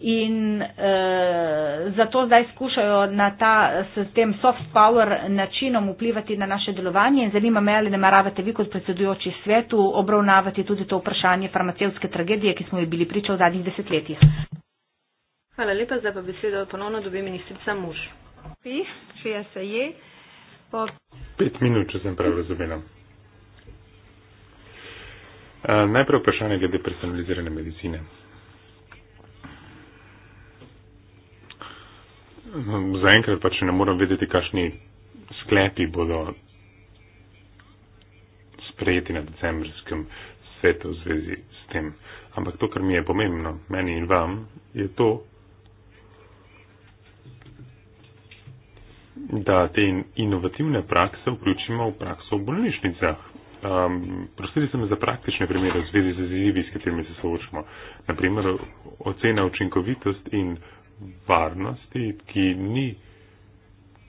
in uh, zato zdaj skušajo na ta, s tem soft power načinom vplivati na naše delovanje in zanima me, ali nameravate vi kot predsedujoči svetu obravnavati tudi to vprašanje farmacevske tragedije, ki smo jo bili priča v zadnjih desetletjih. Hvala lepa, zdaj pa besedo ponovno dobi ministrica Muž. Pi, če jaz se je, po... Pet minut, če sem prav razumela. Uh, najprej vprašanje glede personalizirane medicine. zaenkrat pač ne moram vedeti, kakšni sklepi bodo sprejeti na decembrskem svetu v zvezi s tem. Ampak to, kar mi je pomembno, meni in vam, je to, da te inovativne prakse vključimo v prakso v bolnišnicah. Um, prosili ste me za praktične primere v zvezi z izzivi, s katerimi se soočamo. Naprimer, ocena učinkovitost in varnosti, ki ni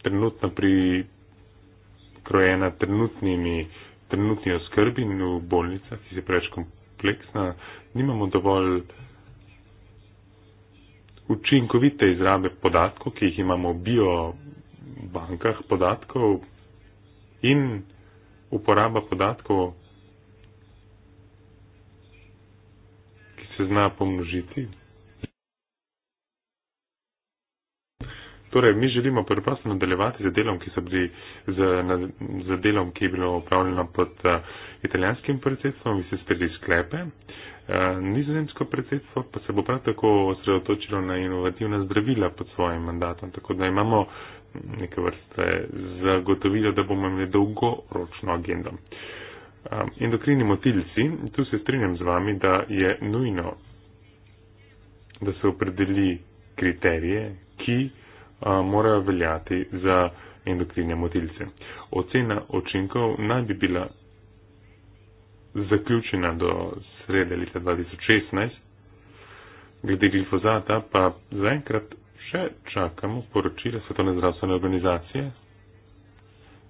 trenutno prikrojena trenutnimi, trenutni oskrbi in v bolnicah, ki se preveč kompleksna, nimamo dovolj učinkovite izrabe podatkov, ki jih imamo v biobankah podatkov in uporaba podatkov, ki se zna pomnožiti. Torej, mi želimo preprosto nadaljevati z delom, ki, bili, z, na, z delom, ki je bilo upravljeno pod uh, italijanskim predsedstvom in se sprejeli sklepe. Uh, nizozemsko predsedstvo pa se bo prav tako osredotočilo na inovativna zdravila pod svojim mandatom. Tako da imamo mm, neke vrste zagotovilo, da bomo imeli dolgoročno agendo. Um, endokrini motilci, tu se strinjam z vami, da je nujno, da se opredeli kriterije, ki morajo veljati za endokrine motilce. Ocena očinkov naj bi bila zaključena do srede leta 2016, glede glifozata pa zaenkrat še čakamo poročila Svetovne zdravstvene organizacije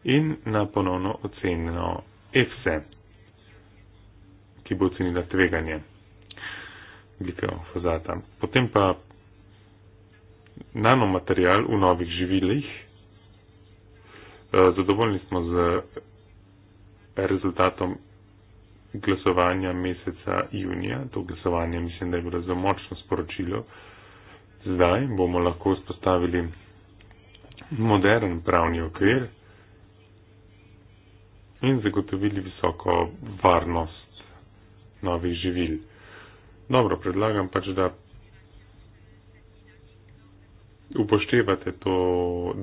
in na ponovno oceno EFSE, ki bo ocenila tveganje glifozata. Potem pa nanomaterial v novih živilih. E, zadovoljni smo z rezultatom glasovanja meseca junija. To glasovanje mislim, da je bilo zelo močno sporočilo. Zdaj bomo lahko spostavili modern pravni okvir in zagotovili visoko varnost novih živil. Dobro, predlagam pač, da upoštevate to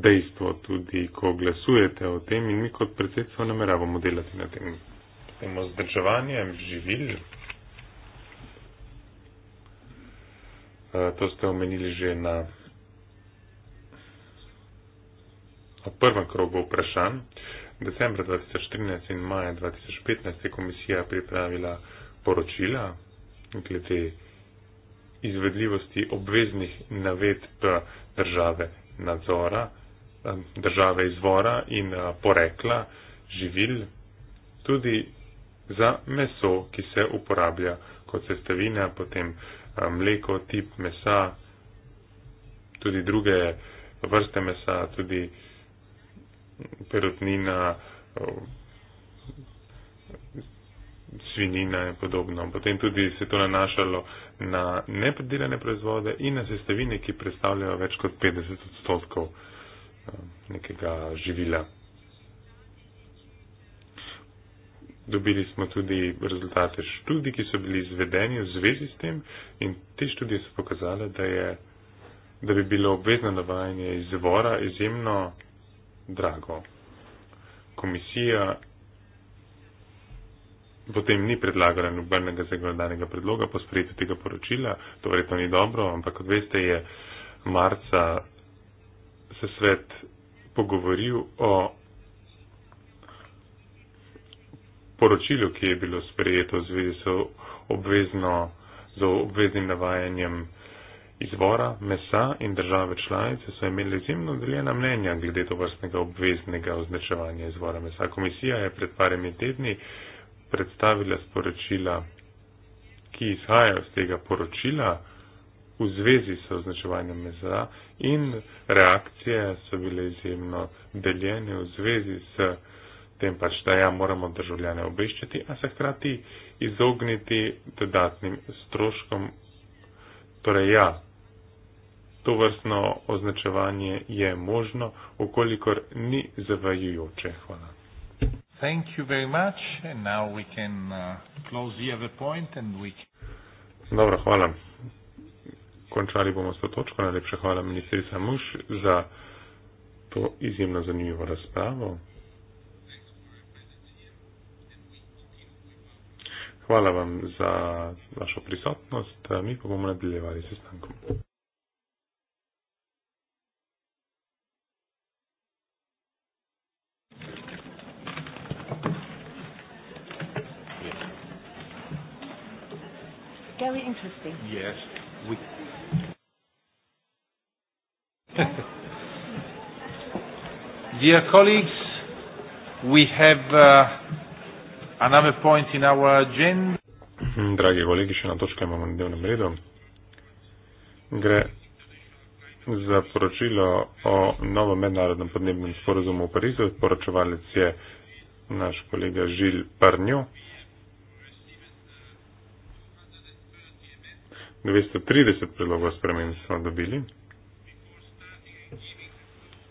dejstvo tudi, ko glasujete o tem in mi kot predsedstvo nameravamo delati na tem. Temo zdržovanjem živil. To ste omenili že na prvem krogu vprašanj. Decembra 2013 in maja 2015 je komisija pripravila poročila glede izvedljivosti obveznih navedb države nadzora, eh, države izvora in eh, porekla živil, tudi za meso, ki se uporablja kot sestavina, potem eh, mleko, tip mesa, tudi druge vrste mesa, tudi perutnina, svinina in podobno. Potem tudi se to nanašalo na nepredelane proizvode in na sestavine, ki predstavljajo več kot 50 odstotkov eh, nekega živila. Dobili smo tudi rezultate študij, ki so bili izvedeni v zvezi s tem in te študije so pokazale, da, je, da bi bilo obvezno navajanje izvora izjemno drago. Komisija potem ni predlagala nobenega zagledanega predloga po sprejetju tega poročila. To verjetno ni dobro, ampak kot veste, je marca se svet pogovoril o poročilu, ki je bilo sprejeto v zvezi z obvezno, z obveznim navajanjem izvora mesa in države članice so imeli izjemno deljena mnenja glede to vrstnega obveznega označevanja izvora mesa. Komisija je pred parimi tedni uh, predstavila sporočila, ki izhajajo z tega poročila v zvezi s označevanjem meza in reakcije so bile izjemno deljene v zvezi s tem pač, da ja, moramo državljane obveščati, a se hkrati izogniti dodatnim stroškom. Torej ja, to vrstno označevanje je možno, ukolikor ni zavajujoče. Hvala. Thank you very much. Now we can uh, close here the point and we Dobro, hvala. Končali bomo s to točko. Najlepša hvala ministrica Muš za to izjemno zanimivo razpravo. Hvala vam za vašo prisotnost. Mi pa bomo nadaljevali s stankom. very interesting. Yes. We Dear colleagues, we have uh, another point in our agenda. Mhm, dragi colleghi, c'è una tosca, ma non devo nemmeno. Gre za poročilo o novom mednarodnem podnebnem sporozumu v Parizu. Poročevalec je naš kolega Žil Parnjo. 230 predlogov spremenj smo dobili.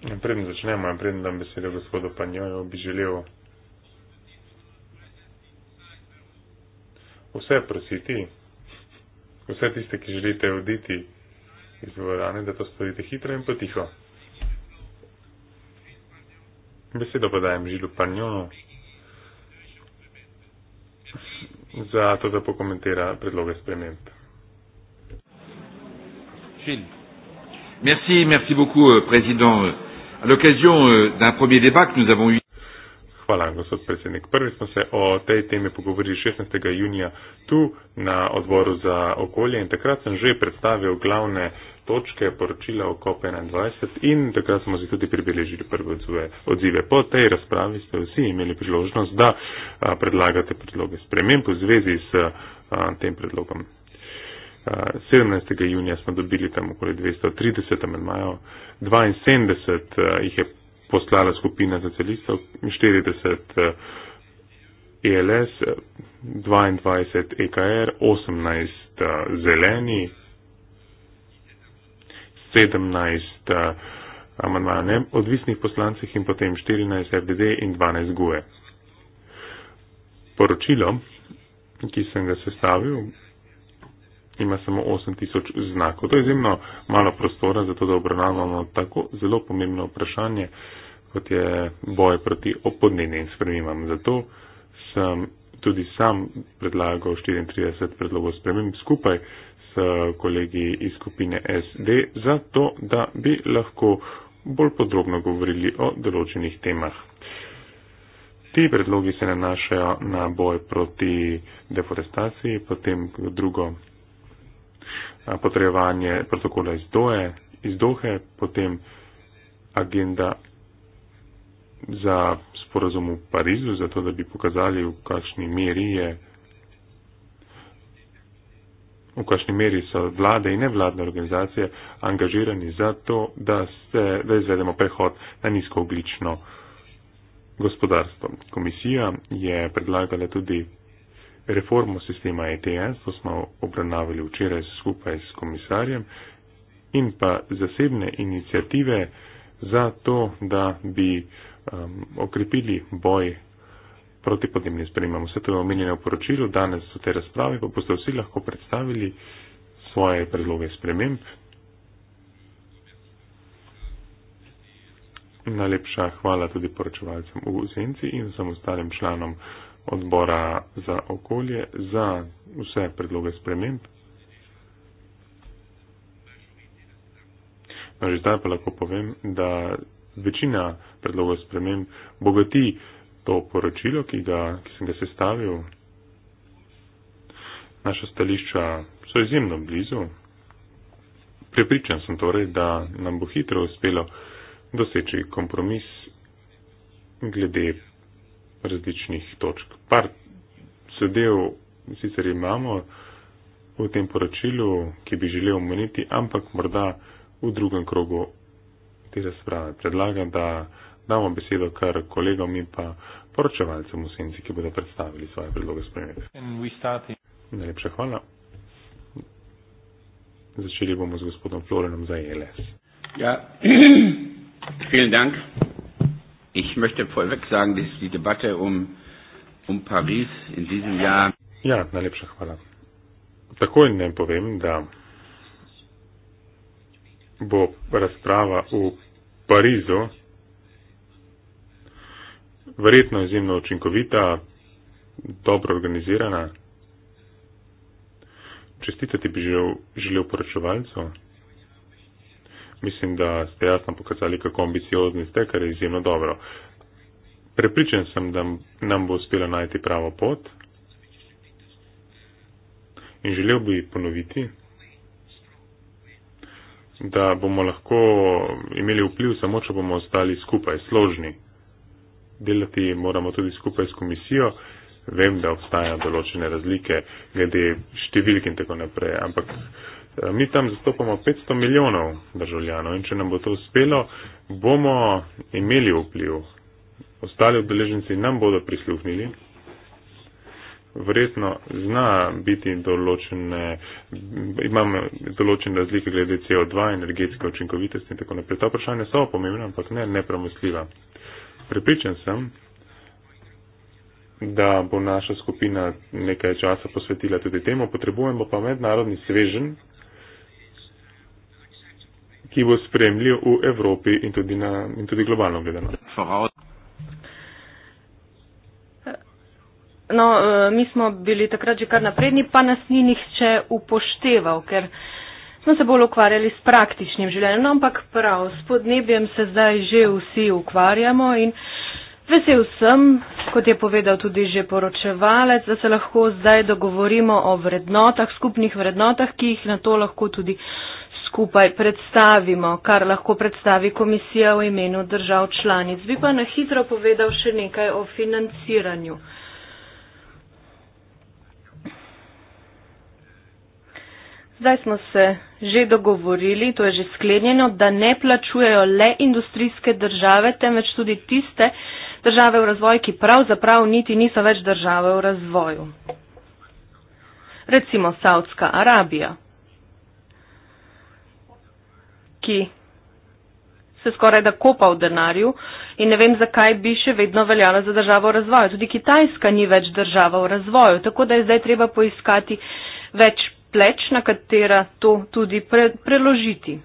In predem začnemo, in predem dam besedo gospodu Panjojo, bi želel vse prositi, vse tiste, ki želite oditi iz dvorane, da to storite hitro in potiho. Besedo pa dajem Žilu Panjonu za to, da pokomentira predloge sprememb. Chine. Merci, merci beaucoup, euh, Président. Euh, à l'occasion euh, d'un premier débat que nous avons eu. Hvala, gospod predsednik. Prvi smo se o tej temi pogovorili 16. junija tu na odboru za okolje in takrat sem že predstavil glavne točke poročila o COP21 in takrat smo si tudi pribeležili prve odzive. odzive. Po tej razpravi ste vsi imeli priložnost, da predlagate predloge sprememb v zvezi s tem predlogom. 17. junija smo dobili tam okoli 230 amendmajev, 72 jih je poslala skupina socialistov, 40 ELS, 22 EKR, 18 zeleni, 17 eh, amendmajev neodvisnih poslancih in potem 14 FDD in 12 GUE. Poročilo, ki sem ga sestavil, ima samo 8000 znakov. To je izjemno malo prostora, zato da obravnavamo tako zelo pomembno vprašanje, kot je boj proti opodnebnim spremembam. Zato sem tudi sam predlagal 34 predlogov sprememb skupaj s kolegi iz skupine SD, zato da bi lahko bolj podrobno govorili o določenih temah. Ti predlogi se nanašajo na boj proti deforestaciji, potem drugo Eh, potrejevanje protokola iz, Doe, iz Dohe, potem agenda za sporazum v Parizu, zato da bi pokazali, v kakšni meri je. V kakšni meri so vlade in nevladne organizacije angažirani za to, da, se, da izvedemo prehod na nizkooglično gospodarstvo. Komisija je predlagala tudi reformo sistema ETS, to smo obravnavali včeraj skupaj s komisarjem, in pa zasebne inicijative za to, da bi um, okrepili boj proti podnebnim spremembam. Vse to je omenjeno v poročilu, danes so te razprave, pa boste vsi lahko predstavili svoje predloge sprememb. Najlepša hvala tudi poročevalcem v Senci in samostalim članom odbora za okolje za vse predloge sprememb. No, že zdaj pa lahko povem, da večina predlogov sprememb bogati to poročilo, ki, ga, ki sem ga sestavil. Naša stališča so izjemno blizu. Pripričan sem torej, da nam bo hitro uspelo doseči kompromis glede različnih točk. Par zadev sicer imamo v tem poročilu, ki bi želel omeniti, ampak morda v drugem krogu te razprave predlagam, da damo besedo kar kolegom in pa poročevalcem v senci, ki bodo predstavili svoje predloge spremembe. Najlepša hvala. Začeli bomo z gospodom Florenom za ELS. Ja, vielen Dank. Ich möchte vorweg sagen, dass die Debatte um, um Paris in diesem Jahr. Ja, najlepša hvala. Takoj ne povem, da bo razprava v Parizu verjetno izjemno učinkovita, dobro organizirana. Čestitati bi želel poročevalcu mislim, da ste jasno pokazali, kako ambiciozni ste, kar je izjemno dobro. Prepričan sem, da nam bo uspelo najti pravo pot. In želel bi ponoviti, da bomo lahko imeli vpliv samo, če bomo ostali skupaj, složni. Delati moramo tudi skupaj s komisijo. Vem, da obstajajo določene razlike glede številk in tako naprej, ampak Eh, mi tam zastopamo 500 milijonov državljanov in če nam bo to uspelo, bomo imeli vpliv. Ostali udeleženci nam bodo prisluhnili. Verjetno zna biti določene, imamo določene razlike glede CO2, energetske učinkovitosti in tako naprej. Ta vprašanja so pomembna, ampak ne nepremostljiva. Prepričan sem, da bo naša skupina nekaj časa posvetila tudi temu, potrebujemo pa mednarodni svežen ki bo spremljiv v Evropi in tudi, na, in tudi globalno gledano. No, eh, mi smo bili takrat že kar napredni, pa nas ni nihče upošteval, ker smo se bolj ukvarjali s praktičnim življenjem, no, ampak prav, s podnebjem se zdaj že vsi ukvarjamo in vesel sem, kot je povedal tudi že poročevalec, da se lahko zdaj dogovorimo o vrednotah, skupnih vrednotah, ki jih na to lahko tudi skupaj predstavimo, kar lahko predstavi komisija v imenu držav članic. Bi pa na hitro povedal še nekaj o financiranju. Zdaj smo se že dogovorili, to je že sklenjeno, da ne plačujejo le industrijske države, temveč tudi tiste države v razvoju, ki pravzaprav niti niso več države v razvoju. Recimo Saudska Arabija ki se skoraj da kopa v denarju in ne vem, zakaj bi še vedno veljala za državo v razvoju. Tudi Kitajska ni več država v razvoju, tako da je zdaj treba poiskati več pleč, na katera to tudi pre preložiti.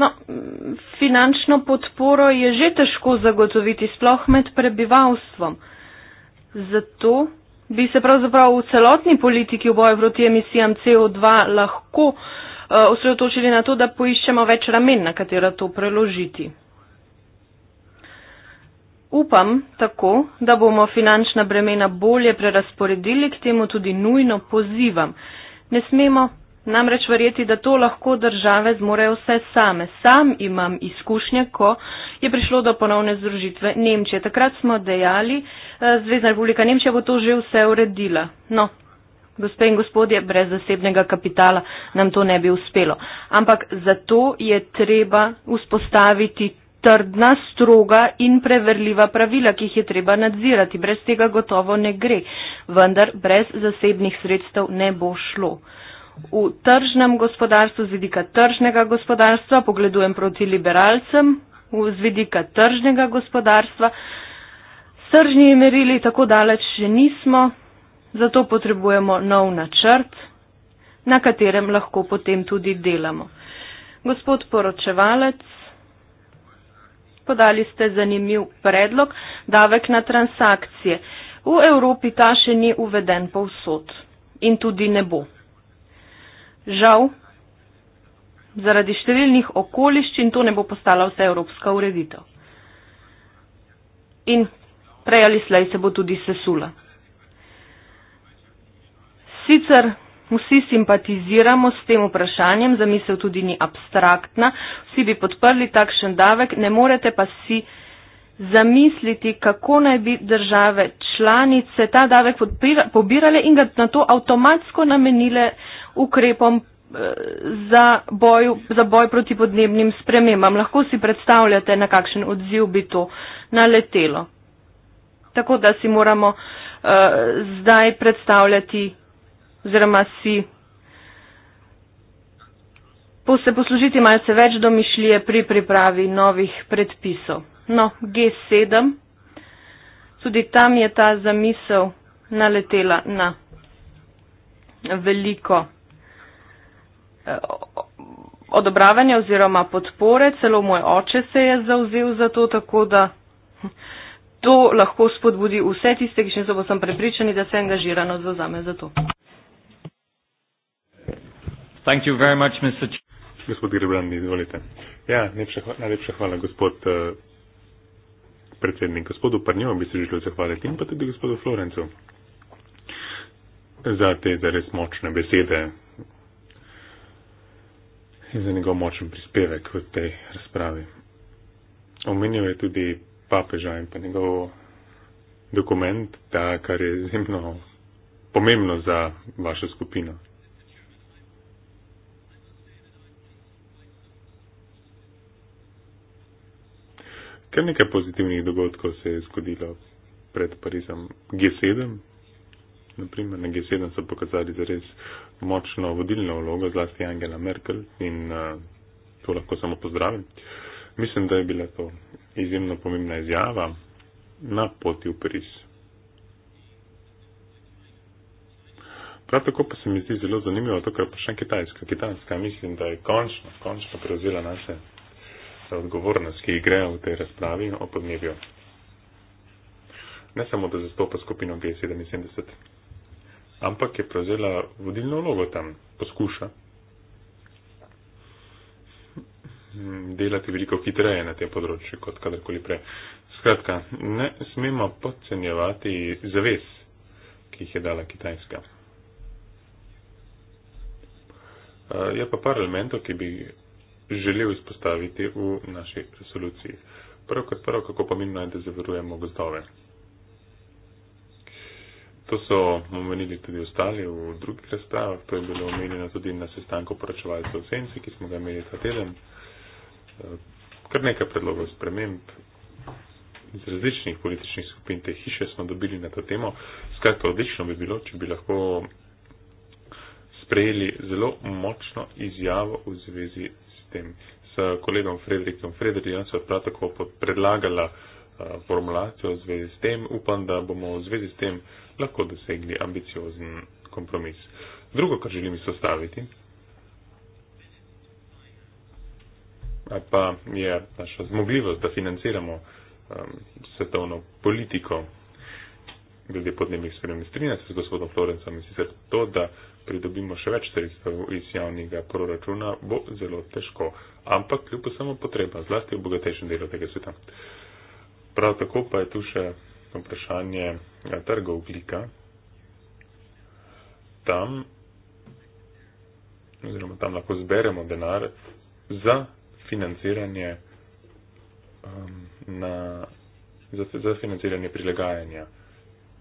No, finančno podporo je že težko zagotoviti sploh med prebivalstvom. Zato bi se pravzaprav v celotni politiki v boju proti emisijam CO2 lahko eh, osredotočili na to, da poiščemo več ramen, na katera to preložiti. Upam tako, da bomo finančna bremena bolje prerasporedili, k temu tudi nujno pozivam. Ne smemo Namreč verjeti, da to lahko države zmorejo vse same. Sam imam izkušnje, ko je prišlo do ponovne združitve Nemčije. Takrat smo dejali, eh, Zvezdna republika Nemčija bo to že vse uredila. No, gospe in gospodje, brez zasebnega kapitala nam to ne bi uspelo. Ampak zato je treba vzpostaviti trdna, stroga in preverljiva pravila, ki jih je treba nadzirati. Brez tega gotovo ne gre. Vendar brez zasebnih sredstev ne bo šlo v tržnem gospodarstvu, z vidika tržnega gospodarstva, pogledujem proti liberalcem, z vidika tržnega gospodarstva. Tržni merili tako daleč še nismo, zato potrebujemo nov načrt, na katerem lahko potem tudi delamo. Gospod poročevalec, podali ste zanimiv predlog, davek na transakcije. V Evropi ta še ni uveden povsod in tudi ne bo. Žal, zaradi številnih okoliščin to ne bo postala vse evropska ureditev. In prej ali slej se bo tudi sesula. Sicer vsi simpatiziramo s tem vprašanjem, zamisel tudi ni abstraktna, vsi bi podprli takšen davek, ne morete pa si zamisliti, kako naj bi države članice ta davek pobirale in ga na to avtomatsko namenile ukrepom eh, za boj, za boj proti podnebnim spremembam. Lahko si predstavljate, na kakšen odziv bi to naletelo. Tako da si moramo uh, zdaj predstavljati, oziroma si se poslužiti malce več domišljije pri pripravi novih predpisov. No, G7, tudi tam je ta zamisel naletela na veliko. Eh, odobravanja oziroma podpore, celo moj oče se je zauzel za to, tako da to lahko spodbudi vse tiste, ki še niso, pa sem prepričani, da se angažirano zauzame za to. Thank you very much, Mr. Ch gospod Grebran, izvolite. Ja, najlepša hvala, gospod uh, predsednik. Gospodu Parnjovu bi se želel zahvaliti in pa tudi gospodu Florencu za te zares močne besede, in za njegov močen prispevek v tej razpravi. Omenil je tudi papeža in pa njegov dokument, ta, kar je izjemno pomembno za vašo skupino. Kar nekaj pozitivnih dogodkov se je zgodilo pred Parizom G7. Naprimer, na G7 so pokazali zares močno vodilno vlogo, zlasti Angela Merkel in uh, to lahko samo pozdravim. Mislim, da je bila to izjemno pomembna izjava na poti v Pariz. Prav tako pa se mi zdi zelo zanimivo to, kar je vprašanje Kitajska. Kitajska mislim, da je končno, končno prevzela naše odgovornost, ki gre v tej razpravi o podnebju. Ne samo, da zastopa skupino G77, ampak je prevzela vodilno vlogo tam, poskuša delati veliko hitreje na tem področju kot kadarkoli prej. Skratka, ne smemo podcenjevati zavez, ki jih je dala Kitajska. Je pa par elementov, ki bi želel izpostaviti v naši resoluciji. Prvo kot prvo, kako pomembno je, da zavarujemo gozdove. To so omenili tudi ostali v drugih razpravah, to je bilo omenjeno tudi na sestanku poročevalcev v Senci, ki smo ga imeli ta teden. Eh, kar nekaj predlogov sprememb iz različnih političnih skupin te hiše smo dobili na to temo. Skratka, odlično bi bilo, če bi lahko sprejeli zelo močno izjavo v zvezi s tem. S kolegom Frederikom Frederikom so prav tako predlagala eh, formulacijo v zvezi s tem. Upam, da bomo v zvezi s tem uh, lahko dosegli ambiciozen kompromis. Drugo, kar želim izpostaviti, pa je naša zmogljivost, da financiramo um, svetovno politiko glede podnebnih sprememb. Strinjam se z gospodom Florencem in sicer to, da pridobimo še več sredstev iz javnega proračuna, bo zelo težko. Ampak kljub samo potreba, zlasti v bogatejšem delu tega sveta. Prav tako pa je tu še na vprašanje ja, trga oglika. Tam, oziroma tam lahko zberemo denar za financiranje, um, na, za, za financiranje prilagajanja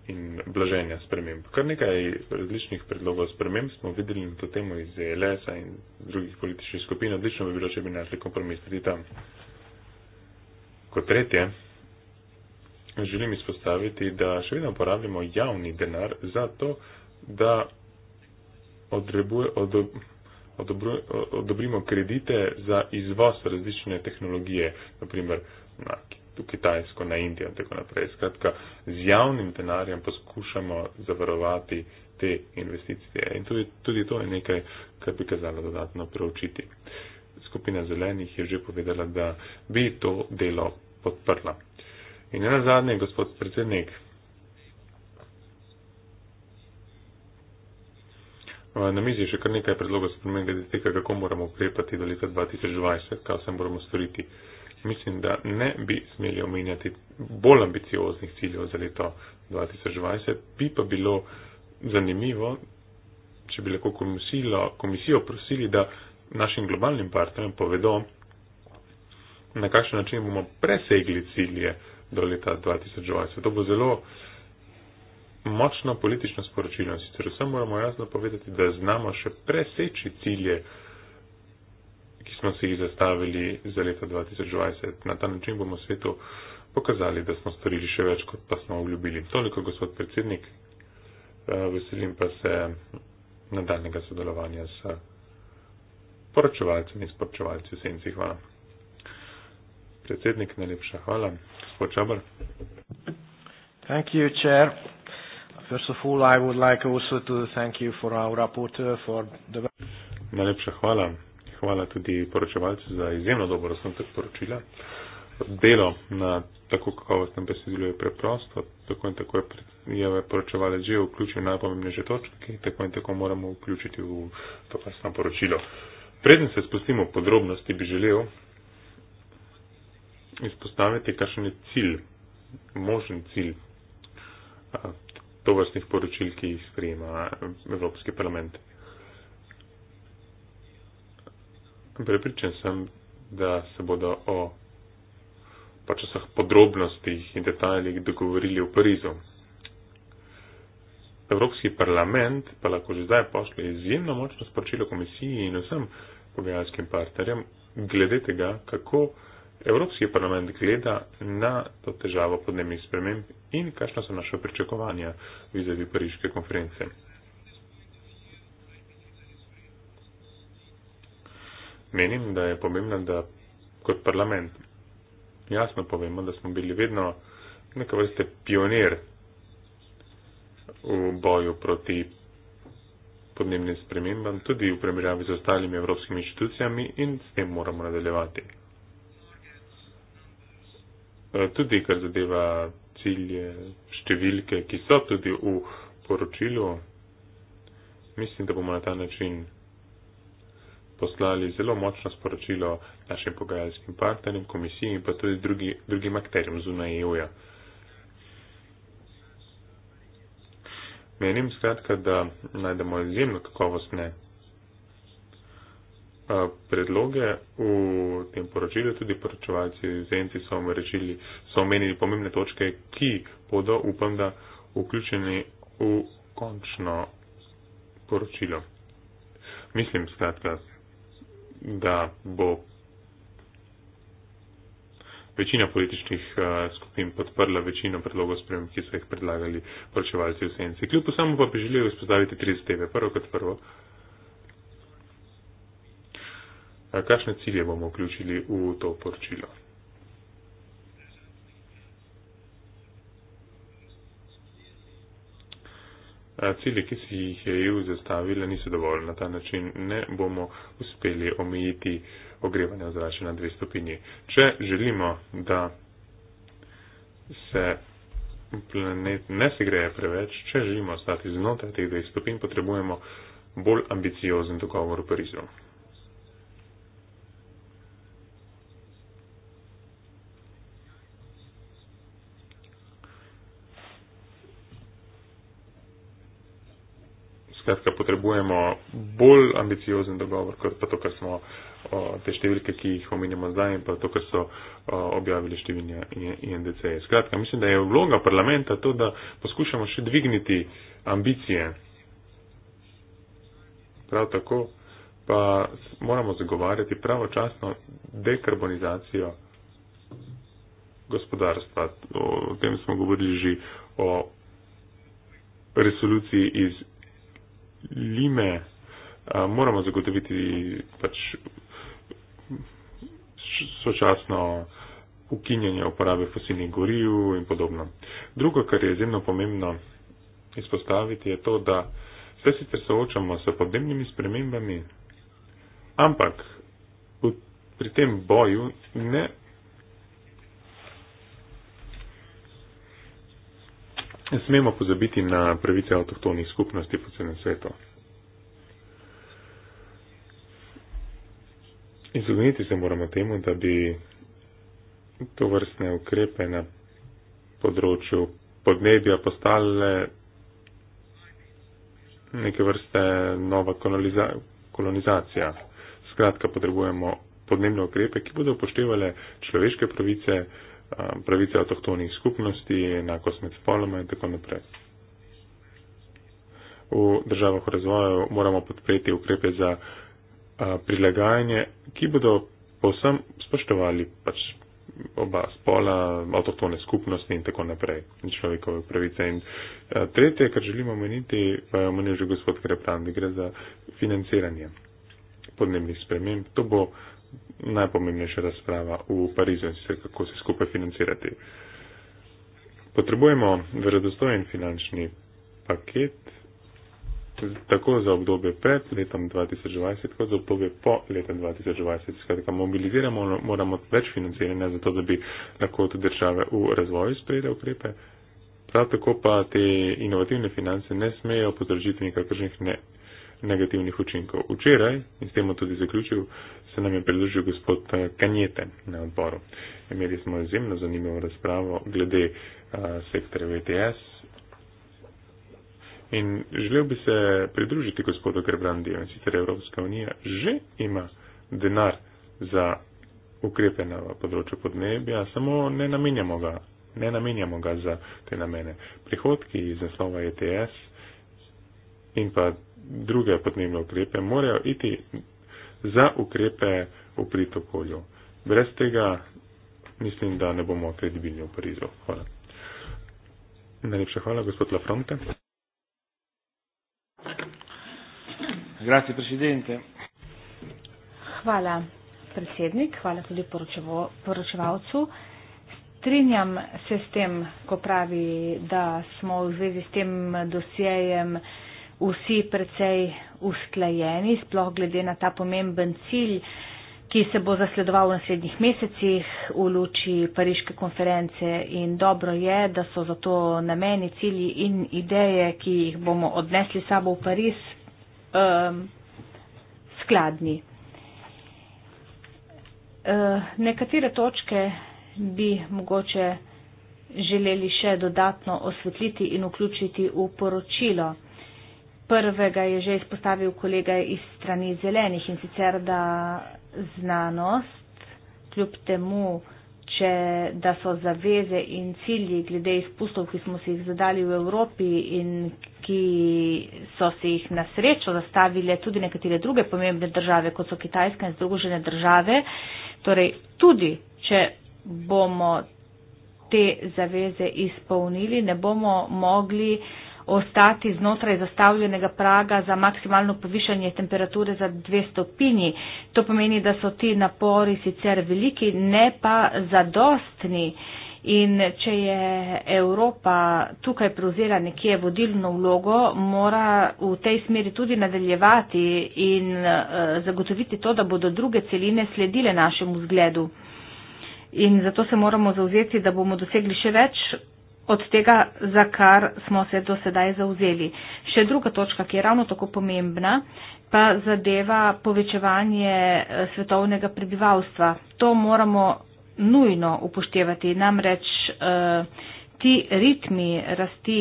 in blaženja sprememb. Kar nekaj različnih predlogov sprememb smo videli na to temo iz ELS-a in drugih političnih skupin. Odlično bi bilo, če bi našli kompromis tudi tam. Kot tretje, želim izpostaviti, da še vedno porabimo javni denar za to, da odrebuje, odobru, odobrimo kredite za izvoz različne tehnologije, naprimer na v Kitajsko, na Indijo in tako naprej. Skratka, z javnim denarjem poskušamo zavarovati te investicije. In tudi, tudi to je nekaj, kar bi kazalo dodatno preučiti. Skupina zelenih je že povedala, da bi to delo podprla. In na zadnje, gospod predsednik, na mizi je še kar nekaj predlogov spremen glede tega, kako moramo ukrepati do leta 2020, kaj se moramo storiti. Mislim, da ne bi smeli omenjati bolj ambicioznih ciljev za leto 2020, bi pa bilo zanimivo, če bi lahko komisijo, komisijo prosili, da našim globalnim partnerjem povedo, na kakšen način bomo presegli cilje do leta 2020. To bo zelo močno politično sporočilo. Sicer vsem moramo jasno povedati, da znamo še preseči cilje, ki smo si jih zastavili za leto 2020. Na ta način bomo svetu pokazali, da smo storili še več, kot pa smo obljubili. Toliko, gospod predsednik. Eh, veselim pa se nadaljnega sodelovanja s poročevalcem in sporočevalcem v senci. Hvala. Predsednik, najlepša hvala gospod Čabr. Thank you, Chair. First of all, I would like also to thank you for our rapporteur for the. Najlepša hvala. Hvala tudi poročevalcu za izjemno dobro snotek poročila. Delo na tako kakovostnem besedilu je preprosto, tako in tako je poročevalce že vključil najpomembnejše točke, tako in tako moramo vključiti v to, kar sem poročilo. Preden se spustimo v podrobnosti, bi želel, izpostaviti, kakšen je cilj, možen cilj tovrstnih poročil, ki jih sprejema Evropski parlament. Prepričan sem, da se bodo o pač vseh podrobnostih in detaljih dogovorili v Parizu. Evropski parlament pa lahko že zdaj pošlje izjemno močno sporočilo komisiji in vsem pogajalskim partnerjem glede tega, kako Evropski parlament gleda na to težavo podnebnih sprememb in kakšno so naše pričakovanja vizavi pariške konference. Menim, da je pomembno, da kot parlament jasno povemo, da smo bili vedno neka vrste pionir v boju proti podnebnim spremembam, tudi v primerjavi z ostalimi evropskimi inštitucijami in s tem moramo nadaljevati. Eh, tudi kar zadeva cilje, številke, ki so tudi v poročilu. Mislim, da bomo na ta način poslali zelo močno sporočilo našim pogajalskim partnerjem, komisiji in pa tudi drugi, drugim akterjem zunaj EU-ja. Menim skratka, da najdemo izjemno kakovostne predloge v tem poročilu, tudi poročevalci z enci so omrečili, so omenili pomembne točke, ki bodo, upam, da vključeni v končno poročilo. Mislim, skratka, da bo večina političnih skupin podprla večino predlogov sprem, ki so jih predlagali poročevalci v senci. Kljub samo pa bi želeli vzpostaviti 30 TV, prvo kot prvo kakšne cilje bomo vključili v to poročilo. Cilje, ki si jih je EU zastavila, niso dovolj. Na ta način ne bomo uspeli omejiti ogrevanja ozračja na dve stopinji. Če želimo, da se planet ne segreje preveč, če želimo ostati znotraj teh dveh stopinj, potrebujemo bolj ambiciozen dogovor v Parizu. Skratka, potrebujemo bolj ambiciozen dogovor, kot pa to, kar smo o, te številke, ki jih omenjamo zdaj in pa to, kar so o, objavili številne INDC. Skratka, mislim, da je vloga parlamenta to, da poskušamo še dvigniti ambicije. Prav tako pa moramo zagovarjati pravočasno dekarbonizacijo gospodarstva. O, o tem smo govorili že o resoluciji iz lime moramo zagotoviti pač sočasno ukinjanje uporabe fosilnih goriv in podobno. Drugo, kar je izjemno pomembno izpostaviti, je to, da vse sicer soočamo s podnebnimi spremembami, ampak pri tem boju ne smemo pozabiti na pravice avtohtonih skupnosti po celem svetu. Izogniti se moramo temu, da bi to vrstne ukrepe na področju podnebja postale neke vrste nova koloniza kolonizacija. Skratka, potrebujemo podnebne ukrepe, ki bodo upoštevale človeške pravice, pravice avtohtonih skupnosti, enakost med spoloma in tako naprej. V državah razvoja moramo podpreti ukrepe za prilagajanje, ki bodo povsem spoštovali pač oba spola, avtohtone skupnosti in tako naprej, in človekove pravice. In tretje, kar želimo omeniti, pa je omenil že gospod Krepan, da gre za financiranje podnebnih sprememb. To bo uh, najpomembnejša razprava v Parizu in sicer kako se skupaj financirati. Potrebujemo verodostojen finančni paket tako za obdobje pred letom 2020, kot za obdobje po letu 2020. Skratka, mobiliziramo, moramo več financiranja za to, da bi lahko tudi države v razvoju sprejele ukrepe. Prav tako pa te inovativne finance ne smejo podržiti nikakršnih ne, negativnih učinkov. Včeraj, in s tem tudi zaključil, se nam je pridružil gospod eh, Kanjete na odboru. Imeli smo izjemno zanimivo razpravo glede uh, sektorja VTS. In želel bi se pridružiti gospodu Grebrandiju, in sicer Evropska unija že ima denar za ukrepe na področju podnebja, samo ne namenjamo ga, ne namenjamo ga za te namene. Prihodki iz naslova ETS in pa druge podnebne ukrepe morajo iti za ukrepe v prid okolju. Brez tega mislim, da ne bomo kredibilni v Parizu. Hvala. Najlepša hvala, gospod Lafronte. Grazie, presidente. Hvala, predsednik, hvala tudi poročevalcu. Strinjam se s tem, ko pravi, da smo v zvezi s tem dosjejem vsi precej usklajeni, sploh glede na ta pomemben cilj, ki se bo zasledoval v naslednjih mesecih v luči Pariške konference. In dobro je, da so za to nameni, cilji in ideje, ki jih bomo odnesli sabo v Pariz, um, skladni. Uh, nekatere točke bi mogoče želeli še dodatno osvetliti in vključiti v poročilo prvega je že izpostavil kolega iz strani zelenih in sicer, da znanost, kljub temu, če, da so zaveze in cilji glede izpustov, ki smo si jih zadali v Evropi in ki so si jih na srečo zastavile tudi nekatere druge pomembne države, kot so Kitajska in združene države, torej tudi, če bomo te zaveze izpolnili, ne bomo mogli uh, ostati znotraj zastavljenega praga za maksimalno povišanje temperature za dve stopinji. To pomeni, da so ti napori sicer veliki, ne pa zadostni. In če je Evropa tukaj prevzela nekje vodilno vlogo, mora v tej smeri tudi nadaljevati in eh, zagotoviti to, da bodo druge celine sledile našemu zgledu. In zato se moramo zauzeti, da bomo dosegli še več od tega, za kar smo se do sedaj zauzeli. Še druga točka, ki je ravno tako pomembna, pa zadeva povečevanje eh, svetovnega prebivalstva. To moramo nujno upoštevati. Namreč eh, ti ritmi rasti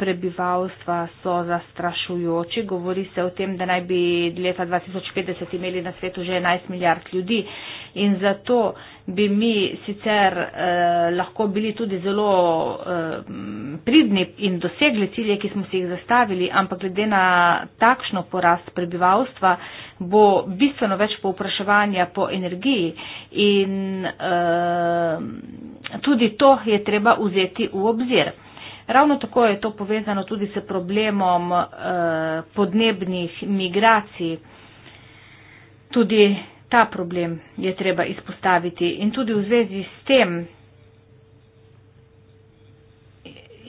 prebivalstva so zastrašujoči. Govori se o tem, da naj bi leta 2050 imeli na svetu že 11 milijard ljudi in zato bi mi sicer eh, lahko bili tudi zelo eh, pridni in dosegli cilje, ki smo si jih zastavili, ampak glede na takšno porast prebivalstva bo bistveno več povpraševanja po energiji in eh, tudi to je treba vzeti v obzir. Ravno tako je to povezano tudi s problemom eh, podnebnih migracij. Tudi ta problem je treba izpostaviti in tudi v zvezi s tem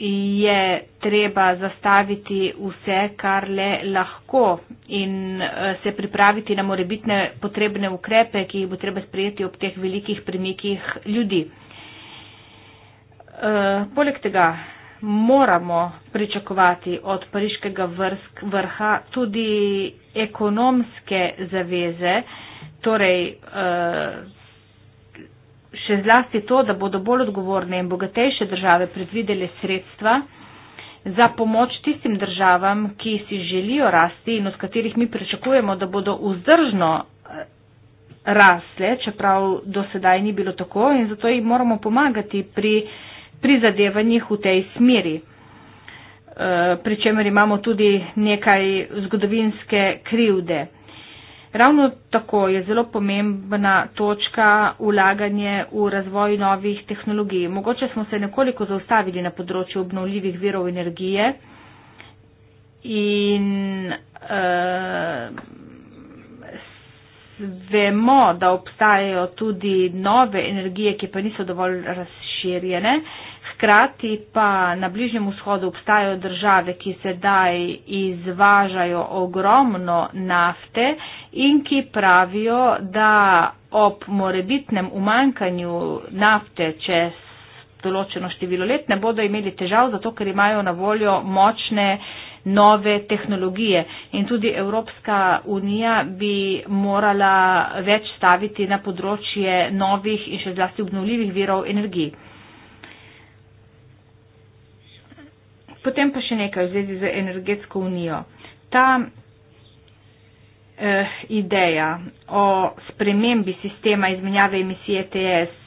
je treba zastaviti vse, kar le lahko in eh, se pripraviti na morebitne potrebne ukrepe, ki jih bo treba sprejeti ob teh velikih premikih ljudi. Eh, poleg tega moramo pričakovati od pariškega vrha tudi ekonomske zaveze, torej, eh, še zlasti to, da bodo bolj odgovorne in bogatejše države predvidele sredstva za pomoč tistim državam, ki si želijo rasti in od katerih mi pričakujemo, da bodo vzdržno eh, rasle, čeprav do sedaj ni bilo tako in zato jim moramo pomagati pri prizadevanjih v tej smeri. Eh, Pričemer imamo tudi nekaj zgodovinske krivde. Ravno tako je zelo pomembna točka ulaganje v razvoj novih tehnologij. Mogoče smo se nekoliko zaustavili na področju obnovljivih virov energije in uh, vemo, da obstajajo tudi nove energije, ki pa niso dovolj razširjene. Uh, Hkrati pa na Bližnjem vzhodu obstajajo države, ki sedaj izvažajo ogromno nafte in ki pravijo, da ob morebitnem umankanju nafte čez določeno število let ne bodo imeli težav, zato ker imajo na voljo močne nove tehnologije in tudi Evropska unija bi morala več staviti na področje novih in še zlasti obnovljivih virov energije. Potem pa še nekaj v zvezi z energetsko unijo. Ta eh, ideja o spremembi sistema izmenjave emisije TS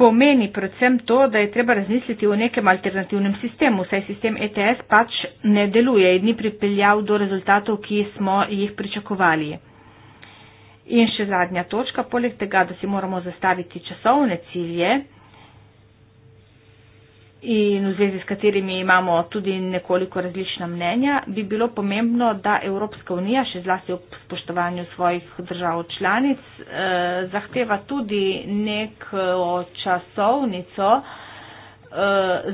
pomeni predvsem to, da je treba razmisliti o nekem alternativnem sistemu, saj sistem ETS pač ne deluje in ni pripeljal do rezultatov, ki smo jih pričakovali. In še zadnja točka, poleg tega, da si moramo zastaviti časovne cilje, in v zvezi s katerimi imamo tudi nekoliko različna mnenja, bi bilo pomembno, da Evropska unija, še zlasti ob spoštovanju svojih držav članic, eh, zahteva tudi neko časovnico eh,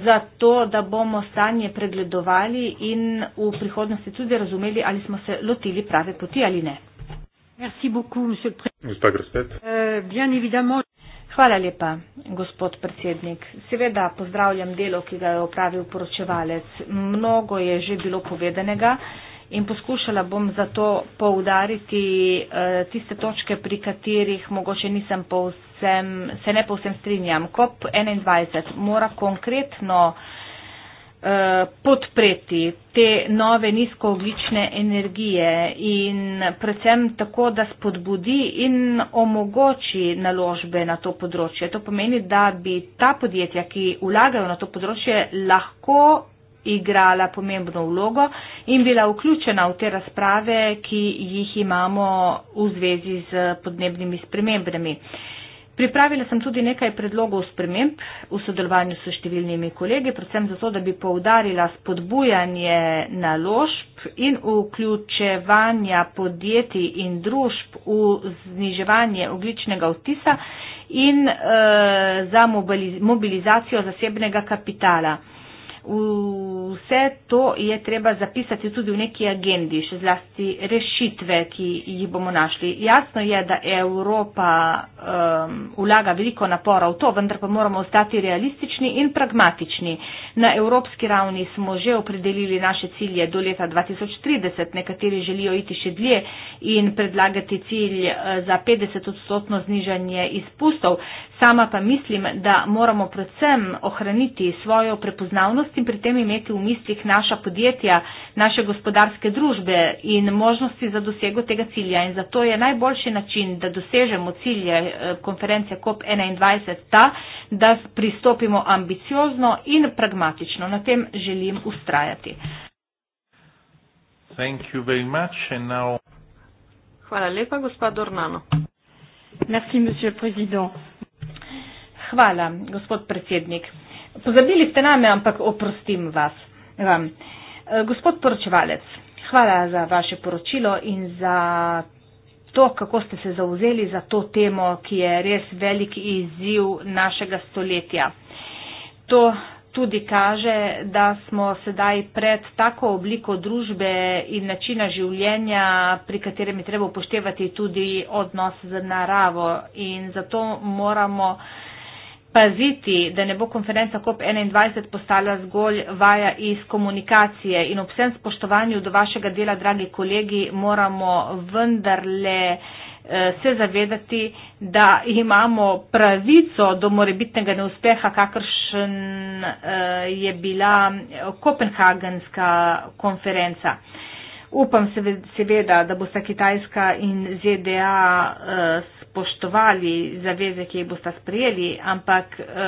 za to, da bomo stanje pregledovali in v prihodnosti tudi razumeli, ali smo se lotili prave poti ali ne. Merci beaucoup, monsieur le président. Euh, bien évidemment. Hvala lepa, gospod predsednik. Seveda pozdravljam delo, ki ga je opravil poročevalec. Mnogo je že bilo povedanega in poskušala bom zato poudariti eh, tiste točke, pri katerih mogoče nisem povsem, se ne povsem strinjam. COP21 mora konkretno podpreti te nove nizkooglične energije in predvsem tako, da spodbudi in omogoči naložbe na to področje. To pomeni, da bi ta podjetja, ki vlagajo na to področje, lahko igrala pomembno vlogo in bila vključena v te razprave, ki jih imamo v zvezi z podnebnimi spremembami. Uh, Pripravila sem tudi nekaj predlogov sprememb v sodelovanju s številnimi kolegi, predvsem zato, da bi poudarila spodbujanje naložb in vključevanja podjetij in družb v zniževanje ogličnega vtisa in e, za mobiliz mobilizacijo zasebnega kapitala. V vse to je treba zapisati tudi v neki agendi, še zlasti rešitve, ki jih bomo našli. Jasno je, da Evropa um, vlaga veliko napora v to, vendar pa moramo ostati realistični in pragmatični. Na evropski ravni smo že opredelili naše cilje do leta 2030, nekateri želijo iti še dlje in predlagati cilj eh, za 50 odstotno znižanje izpustov. Sama pa mislim, da moramo predvsem ohraniti svojo prepoznavnost in pri tem imeti v mislih naša podjetja, naše gospodarske družbe in možnosti za dosego tega cilja. In zato je najboljši način, da dosežemo cilje eh, konference COP21 ta, da pristopimo ambiciozno in pragmatično. Na tem želim ustrajati. Hvala lepa, gospa Dornano. Merci, monsieur président. Hvala, gospod predsednik. Pozabili ste name, ampak oprostim vas. Vam. E, gospod poročevalec, hvala za vaše poročilo in za to, kako ste se zauzeli za to temo, ki je res velik izziv našega stoletja. To tudi kaže, da smo sedaj pred tako obliko družbe in načina življenja, pri katerem je treba upoštevati tudi odnos z naravo in zato moramo paziti, da ne bo konferenca COP21 postala zgolj vaja iz komunikacije in ob vsem spoštovanju do vašega dela, dragi kolegi, moramo vendarle eh, se zavedati, da imamo pravico do morebitnega neuspeha, kakršen eh, je bila kopenhagenska konferenca. Upam seveda, da bosta Kitajska in ZDA s eh, spoštovali zaveze, ki jih boste sprejeli, ampak eh,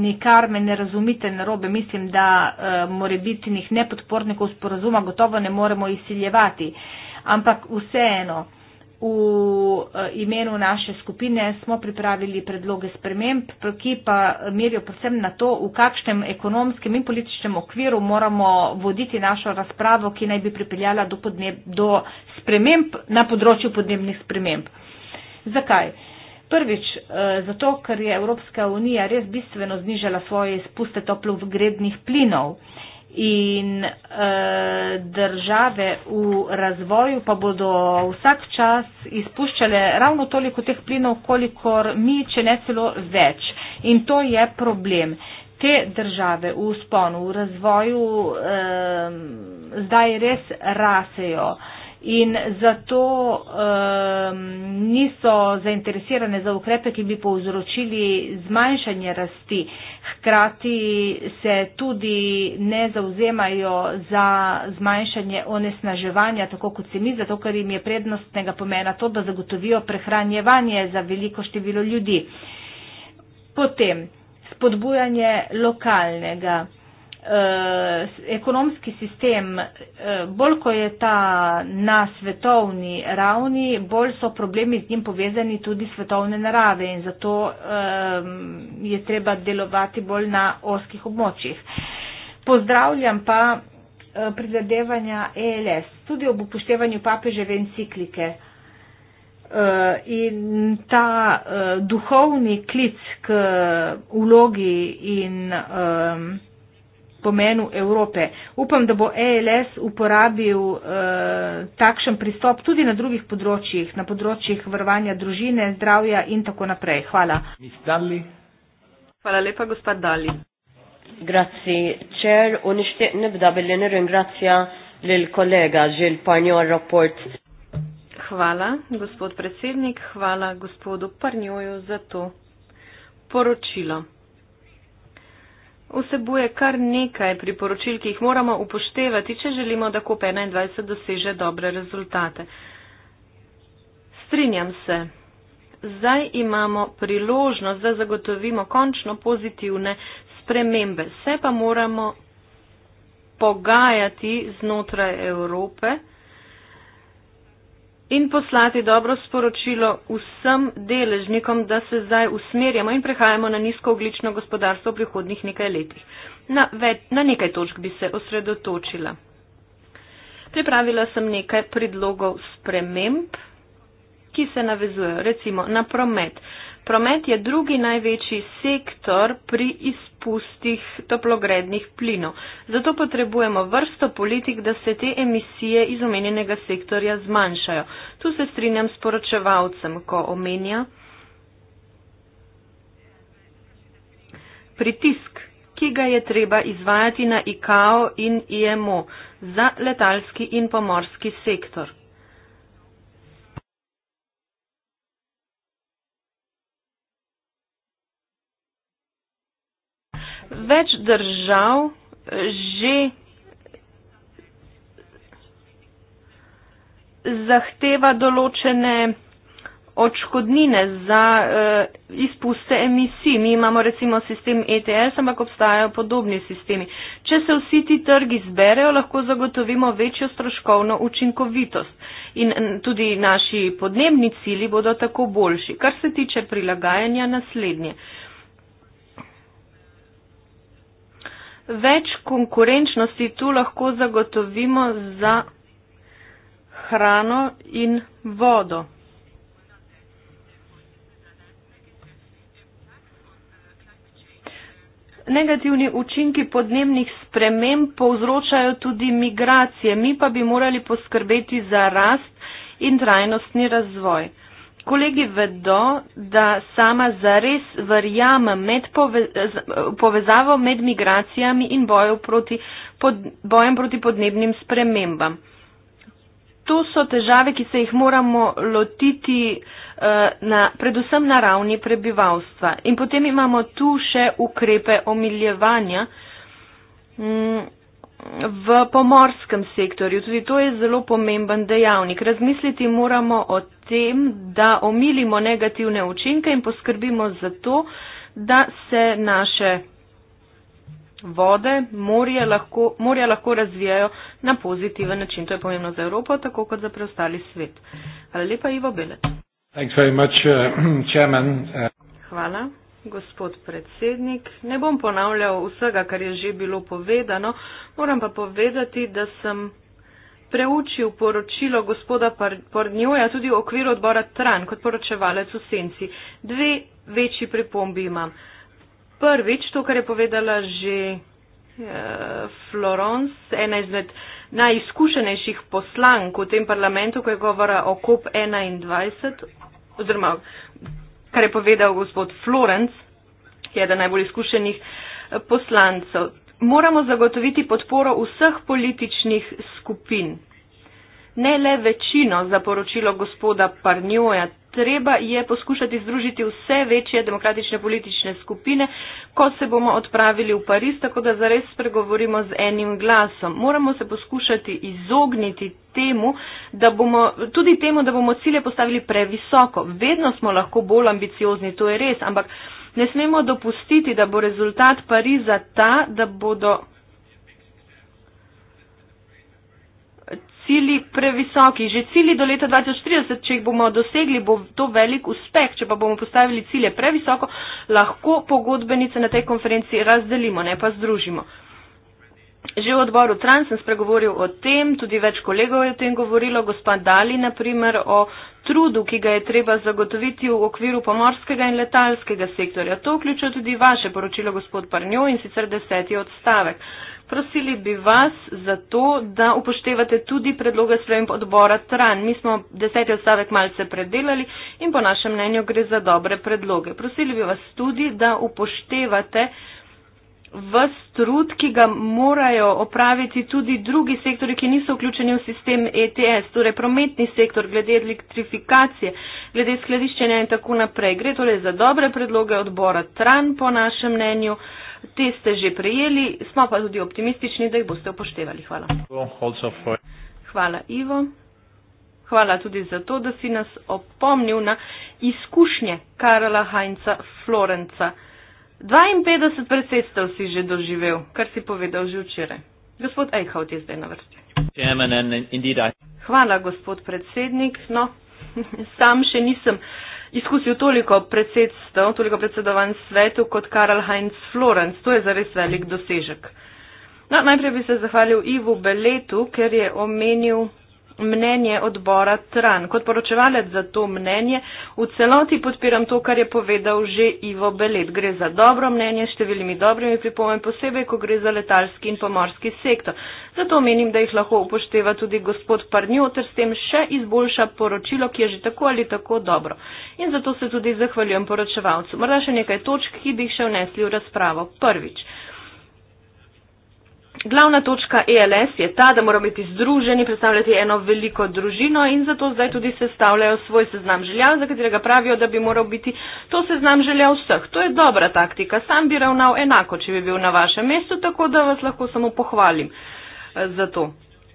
nikar me ne razumite narobe. Mislim, da eh, more biti njih nepodpornikov sporozuma, gotovo ne moremo izsiljevati. Ampak vseeno, v eh, imenu naše skupine smo pripravili predloge sprememb, ki pa merijo predvsem na to, v kakšnem ekonomskem in političnem okviru moramo voditi našo razpravo, ki naj bi pripeljala do, podneb, do sprememb na področju podnebnih sprememb. Zakaj? Prvič, eh, zato, ker je Evropska unija res bistveno znižala svoje izpuste toplogrednih plinov in eh, države v razvoju pa bodo vsak čas izpuščale ravno toliko teh plinov, kolikor mi, če ne celo več. In to je problem. Te države v sponu, v razvoju, eh, zdaj res rasejo. Eh, in zato um, niso zainteresirane za ukrepe, ki bi povzročili zmanjšanje rasti. Hkrati se tudi ne zauzemajo za zmanjšanje onesnaževanja, tako kot se mi, zato ker jim je prednostnega pomena to, da zagotovijo prehranjevanje za veliko število ljudi. Potem spodbujanje lokalnega eh, ekonomski sistem, eh, bolj ko je ta na svetovni ravni, bolj so problemi z njim povezani tudi svetovne narave in zato eh, je treba delovati bolj na oskih območjih. Pozdravljam pa eh, prizadevanja ELS, tudi ob upoštevanju papeževe enciklike. Uh, in ta uh, duhovni klic k ulogi eh, in um, pomenu Evrope. Upam, da bo ELS uporabil eh, takšen pristop tudi na drugih področjih, na področjih varovanja družine, zdravja in tako naprej. Hvala. Hvala lepa, gospod Dali. Grazie. Čer, unište, ne bi dobili, ne vem, grazia, lel kolega, žel panjo raport. Hvala, gospod predsednik, hvala gospodu Parnjoju za to poročilo. Vsebuje kar nekaj priporočil, ki jih moramo upoštevati, če želimo, da COP21 doseže dobre rezultate. Strinjam se. Zdaj imamo priložnost, da zagotovimo končno pozitivne spremembe. Se pa moramo pogajati znotraj Evrope in poslati dobro sporočilo vsem deležnikom, da se zdaj usmerjamo in prehajamo na nizkooglično gospodarstvo v prihodnih nekaj letih. Na, več, na nekaj točk bi se osredotočila. Pripravila sem nekaj predlogov sprememb, ki se navezujejo recimo na promet. Promet je drugi največji sektor pri izpustih toplogrednih plinov. Zato potrebujemo vrsto politik, da se te emisije iz omenjenega sektorja zmanjšajo. Tu se strinjam s poročevalcem, ko omenja pritisk, ki ga je treba izvajati na IKO in IMO za letalski in pomorski sektor. Več držav eh, že zahteva določene očkodnine za uh, izpuste emisij. Mi imamo recimo sistem ETS, ampak obstajajo podobni sistemi. Če se vsi ti trgi zberejo, lahko zagotovimo večjo stroškovno učinkovitost in tudi naši podnebni cili bodo tako boljši. Kar se tiče prilagajanja naslednje. Uh, več konkurenčnosti tu lahko zagotovimo za hrano in vodo. Negativni učinki podnebnih sprememb povzročajo tudi migracije, mi pa bi morali poskrbeti za rast in trajnostni razvoj kolegi vedo, da sama zares verjamem med povez povezavo med migracijami in bojo proti bojem proti podnebnim spremembam. To so težave, ki se jih moramo lotiti eh, na, predvsem na ravni prebivalstva. In potem imamo tu še ukrepe omiljevanja mm, v pomorskem sektorju. Tudi to je zelo pomemben dejavnik. Razmisliti moramo o tem, da omilimo negativne učinke in poskrbimo za to, da se naše vode, morje lahko, morje lahko razvijajo na pozitiven način. To je pomembno za Evropo, tako kot za preostali svet. Hvala lepa, Ivo Belec. Uh, uh, Hvala, gospod predsednik. Ne bom ponavljal vsega, kar je že bilo povedano, moram pa povedati, da sem preučil poročilo gospoda Pornjoja tudi v okviru odbora Tran kot poročevalec v senci. Dve večji pripombi imam. Prvič, to, kar je povedala že eh, Florence, ena izmed najizkušenejših poslank v tem parlamentu, ko je govora o COP21, oziroma kar je povedal gospod Florence, ki je eden najbolj izkušenih eh, poslancev moramo zagotoviti podporo vseh političnih skupin. Ne le večino za poročilo gospoda Parnjoja, treba je poskušati združiti vse večje demokratične politične skupine, ko se bomo odpravili v Pariz, tako da zares spregovorimo z enim glasom. Moramo se poskušati izogniti temu, da bomo, tudi temu, da bomo cilje postavili previsoko. Vedno smo lahko bolj ambiciozni, to je res, ampak. Ne smemo dopustiti, da bo rezultat Pariza ta, da bodo cili previsoki. Že cili do leta 2030, če jih bomo dosegli, bo to velik uspeh. Če pa bomo postavili cilje previsoko, lahko pogodbenice na tej konferenci razdelimo, ne pa združimo. Že v odboru Tran sem spregovoril o tem, tudi več kolegov je o tem govorilo, gospod Dali naprimer o trudu, ki ga je treba zagotoviti v okviru pomorskega in letalskega sektorja. To vključuje tudi vaše poročilo, gospod Parnjo, in sicer deseti odstavek. Prosili bi vas za to, da upoštevate tudi predloge sprememb odbora Tran. Mi smo deseti odstavek malce predelali in po našem mnenju gre za dobre predloge. Prosili bi vas tudi, da upoštevate vse trud, ki ga morajo opraviti tudi drugi sektori, ki niso vključeni v sistem ETS, torej prometni sektor, glede elektrifikacije, glede skladiščenja in tako naprej. Gre torej za dobre predloge odbora TRAN, po našem mnenju. Te ste že prejeli, smo pa tudi optimistični, da jih boste upoštevali. Hvala. Hvala, Ivo. Hvala tudi za to, da si nas opomnil na izkušnje Karla Heinza Florenca. 52 predsedstev si že doživel, kar si povedal že včeraj. Gospod Eichhout je zdaj na vrsti. Hvala, gospod predsednik. No, sam še nisem izkusil toliko predsedstev, toliko predsedovanj svetu kot Karl Heinz Florenc. To je zares velik dosežek. No, najprej bi se zahvalil Ivu Beletu, ker je omenil mnenje odbora Tran. Kot poročevalec za to mnenje v celoti podpiram to, kar je povedal že Ivo Belet. Gre za dobro mnenje s številimi dobrimi pripomen, posebej, ko gre za letalski in pomorski sektor. Zato menim, da jih lahko upošteva tudi gospod Parnjo, ter s tem še izboljša poročilo, ki je že tako ali tako dobro. In zato se tudi zahvaljujem poročevalcu. Morda še nekaj točk, ki bi jih še vnesli v razpravo. Prvič. Glavna točka ELS je ta, da moramo biti združeni, predstavljati eno veliko družino in zato zdaj tudi sestavljajo svoj seznam želja, za katerega pravijo, da bi moral biti to seznam želja vseh. To je dobra taktika. Sam bi ravnal enako, če bi bil na vašem mestu, tako da vas lahko samo pohvalim eh, za to.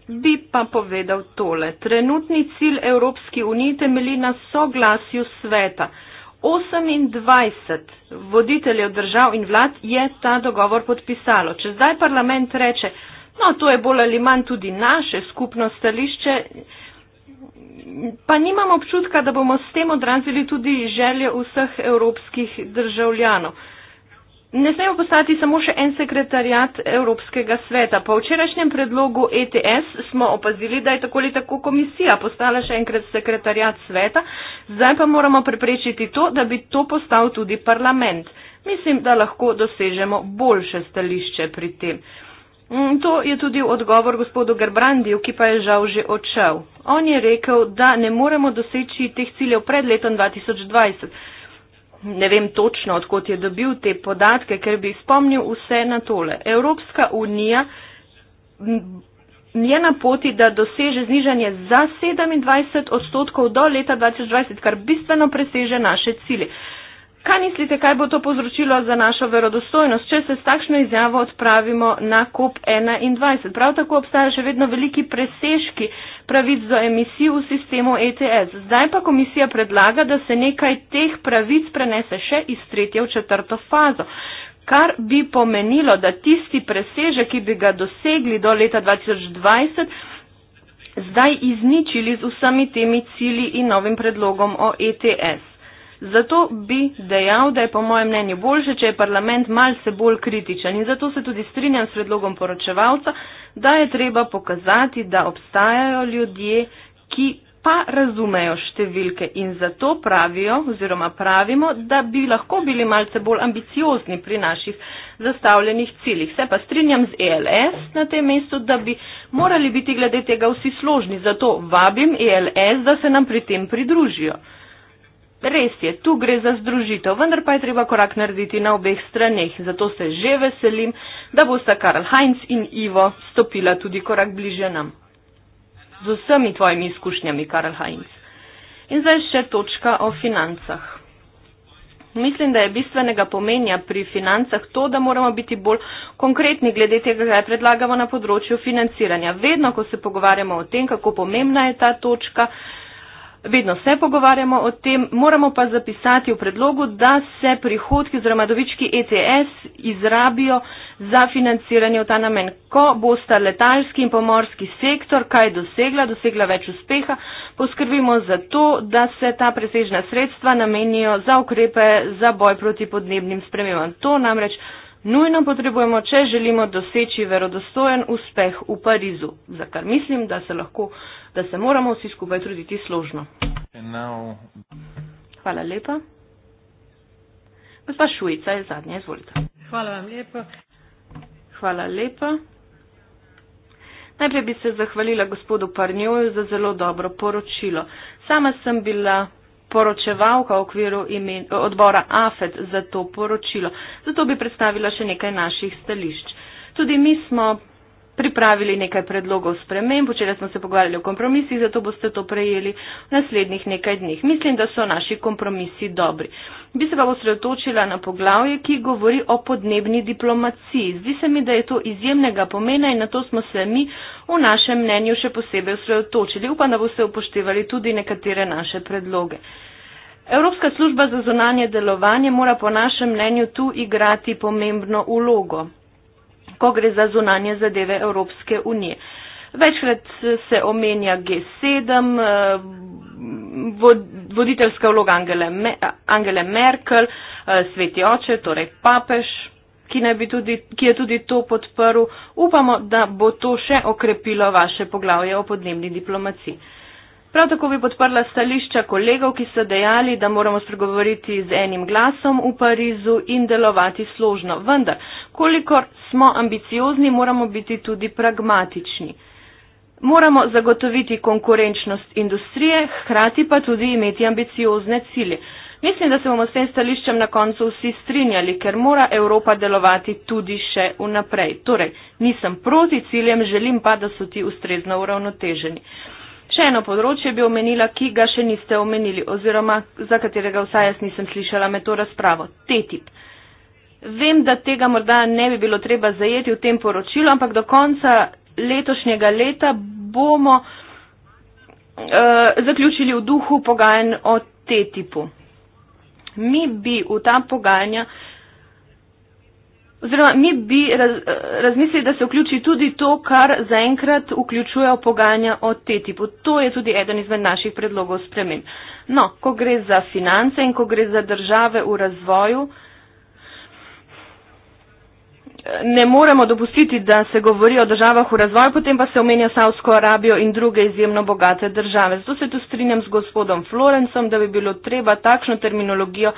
Bi pa povedal tole. Trenutni cilj Evropski uniji temelji na soglasju sveta. 28 voditeljev držav in vlad je ta dogovor podpisalo. Če zdaj parlament reče, no, to je bolj ali manj tudi naše skupno stališče, pa nimam občutka, da bomo s tem odrazili tudi želje vseh evropskih državljanov. Ne smemo postati samo še en sekretarjat Evropskega sveta. Po včerajšnjem predlogu ETS smo opazili, da je tako ali tako komisija postala še enkrat sekretarjat sveta, zdaj pa moramo preprečiti to, da bi to postal tudi parlament. Mislim, da lahko dosežemo boljše stališče pri tem. Mm, to je tudi odgovor gospodu Gerbrandiju, ki pa je žal že odšel. On je rekel, da ne moremo doseči teh ciljev pred letom 2020 ne vem točno, odkot je dobil te podatke, ker bi spomnil vse na tole. Evropska unija je na poti, da doseže znižanje za 27 odstotkov do leta 2020, kar bistveno preseže naše cilje. Kaj mislite, kaj bo to povzročilo za našo verodostojnost, če se s takšno izjavo odpravimo na COP21? Prav tako obstajajo še vedno veliki presežki pravic do emisij v sistemu ETS. Zdaj pa komisija predlaga, da se nekaj teh pravic prenese še iz tretje v četrto fazo. Kar bi pomenilo, da tisti presežek, ki bi ga dosegli do leta 2020, zdaj izničili z vsemi temi cili in novim predlogom o ETS. Zato bi dejal, da je po mojem mnenju boljše, če je parlament malce bolj kritičen in zato se tudi strinjam s predlogom poročevalca, da je treba pokazati, da obstajajo ljudje, ki pa razumejo številke in zato pravijo oziroma pravimo, da bi lahko bili malce bolj ambiciozni pri naših zastavljenih ciljih. Se pa strinjam z ELS na tem mestu, da bi morali biti glede tega vsi složni. Zato vabim ELS, da se nam pri tem pridružijo. Res je, tu gre za združitev, vendar pa je treba korak narediti na obeh straneh. Zato se že veselim, da bosta Karl Heinz in Ivo stopila tudi korak bliže nam. Z vsemi tvojimi izkušnjami, Karl Heinz. In zdaj še točka o financah. Mislim, da je bistvenega pomenja pri financah to, da moramo biti bolj konkretni glede tega, kaj predlagamo na področju financiranja. Vedno, ko se pogovarjamo o tem, kako pomembna je ta točka, vedno se pogovarjamo o tem, moramo pa zapisati v predlogu, da se prihodki oziroma dobički ETS izrabijo za financiranje v ta namen. Ko bosta letalski in pomorski sektor kaj dosegla, dosegla več uspeha, poskrbimo za to, da se ta presežna sredstva namenijo za ukrepe za boj proti podnebnim spremembam. To namreč nujno potrebujemo, če želimo doseči verodostojen uspeh v Parizu, za kar mislim, da se, lahko, da se moramo vsi skupaj truditi složno. Now... Hvala lepa. Gospa Šujica je zadnja, izvolite. Hvala vam lepa. Hvala lepa. Najprej bi se zahvalila gospodu Parnjoju za zelo dobro poročilo. Sama sem bila poročevalka v okviru imen, odbora AFED za to poročilo. Zato bi predstavila še nekaj naših stališč. Tudi mi smo pripravili nekaj predlogov sprememb, včeraj smo se pogovarjali o kompromisih, zato boste to prejeli v naslednjih nekaj dneh. Mislim, da so naši kompromisi dobri. Bi se pa osredotočila na poglavje, ki govori o podnebni diplomaciji. Zdi se mi, da je to izjemnega pomena in na to smo se mi v našem mnenju še posebej osredotočili. Upam, da boste upoštevali tudi nekatere naše predloge. Evropska služba za zonanje delovanje mora po našem mnenju tu igrati pomembno ulogo ko gre za zunanje zadeve Evropske unije. Večkrat se omenja G7, eh, voditeljska vloga Angele Merkel, eh, sveti oče, torej papež, ki, tudi, ki je tudi to podprl. Upamo, da bo to še okrepilo vaše poglavje o podnebni diplomaciji. Prav tako bi podprla stališča kolegov, ki so dejali, da moramo spregovoriti z enim glasom v Parizu in delovati složno. Vendar, kolikor smo ambiciozni, moramo biti tudi pragmatični. Moramo zagotoviti konkurenčnost industrije, hkrati pa tudi imeti ambiciozne cilje. Mislim, da se bomo s tem stališčem na koncu vsi strinjali, ker mora Evropa delovati tudi še vnaprej. Torej, nisem proti ciljem, želim pa, da so ti ustrezno uravnoteženi. Še eno področje bi omenila, ki ga še niste omenili oziroma za katerega vsaj jaz nisem slišala med to razpravo. TTIP. Vem, da tega morda ne bi bilo treba zajeti v tem poročilu, ampak do konca letošnjega leta bomo eh, zaključili v duhu pogajanj o TTIP-u. Mi bi v ta pogajanja, oziroma mi bi raz, razmislili, da se vključi tudi to, kar zaenkrat vključuje pogajanja o TTIP-u. To je tudi eden izmed naših predlogov spremem. No, ko gre za finance in ko gre za države v razvoju, ne moremo dopustiti, da se govori o državah v razvoju, potem pa se omenja Savsko Arabijo in druge izjemno bogate države. Zato se tu strinjam z gospodom Florencem, da bi bilo treba takšno terminologijo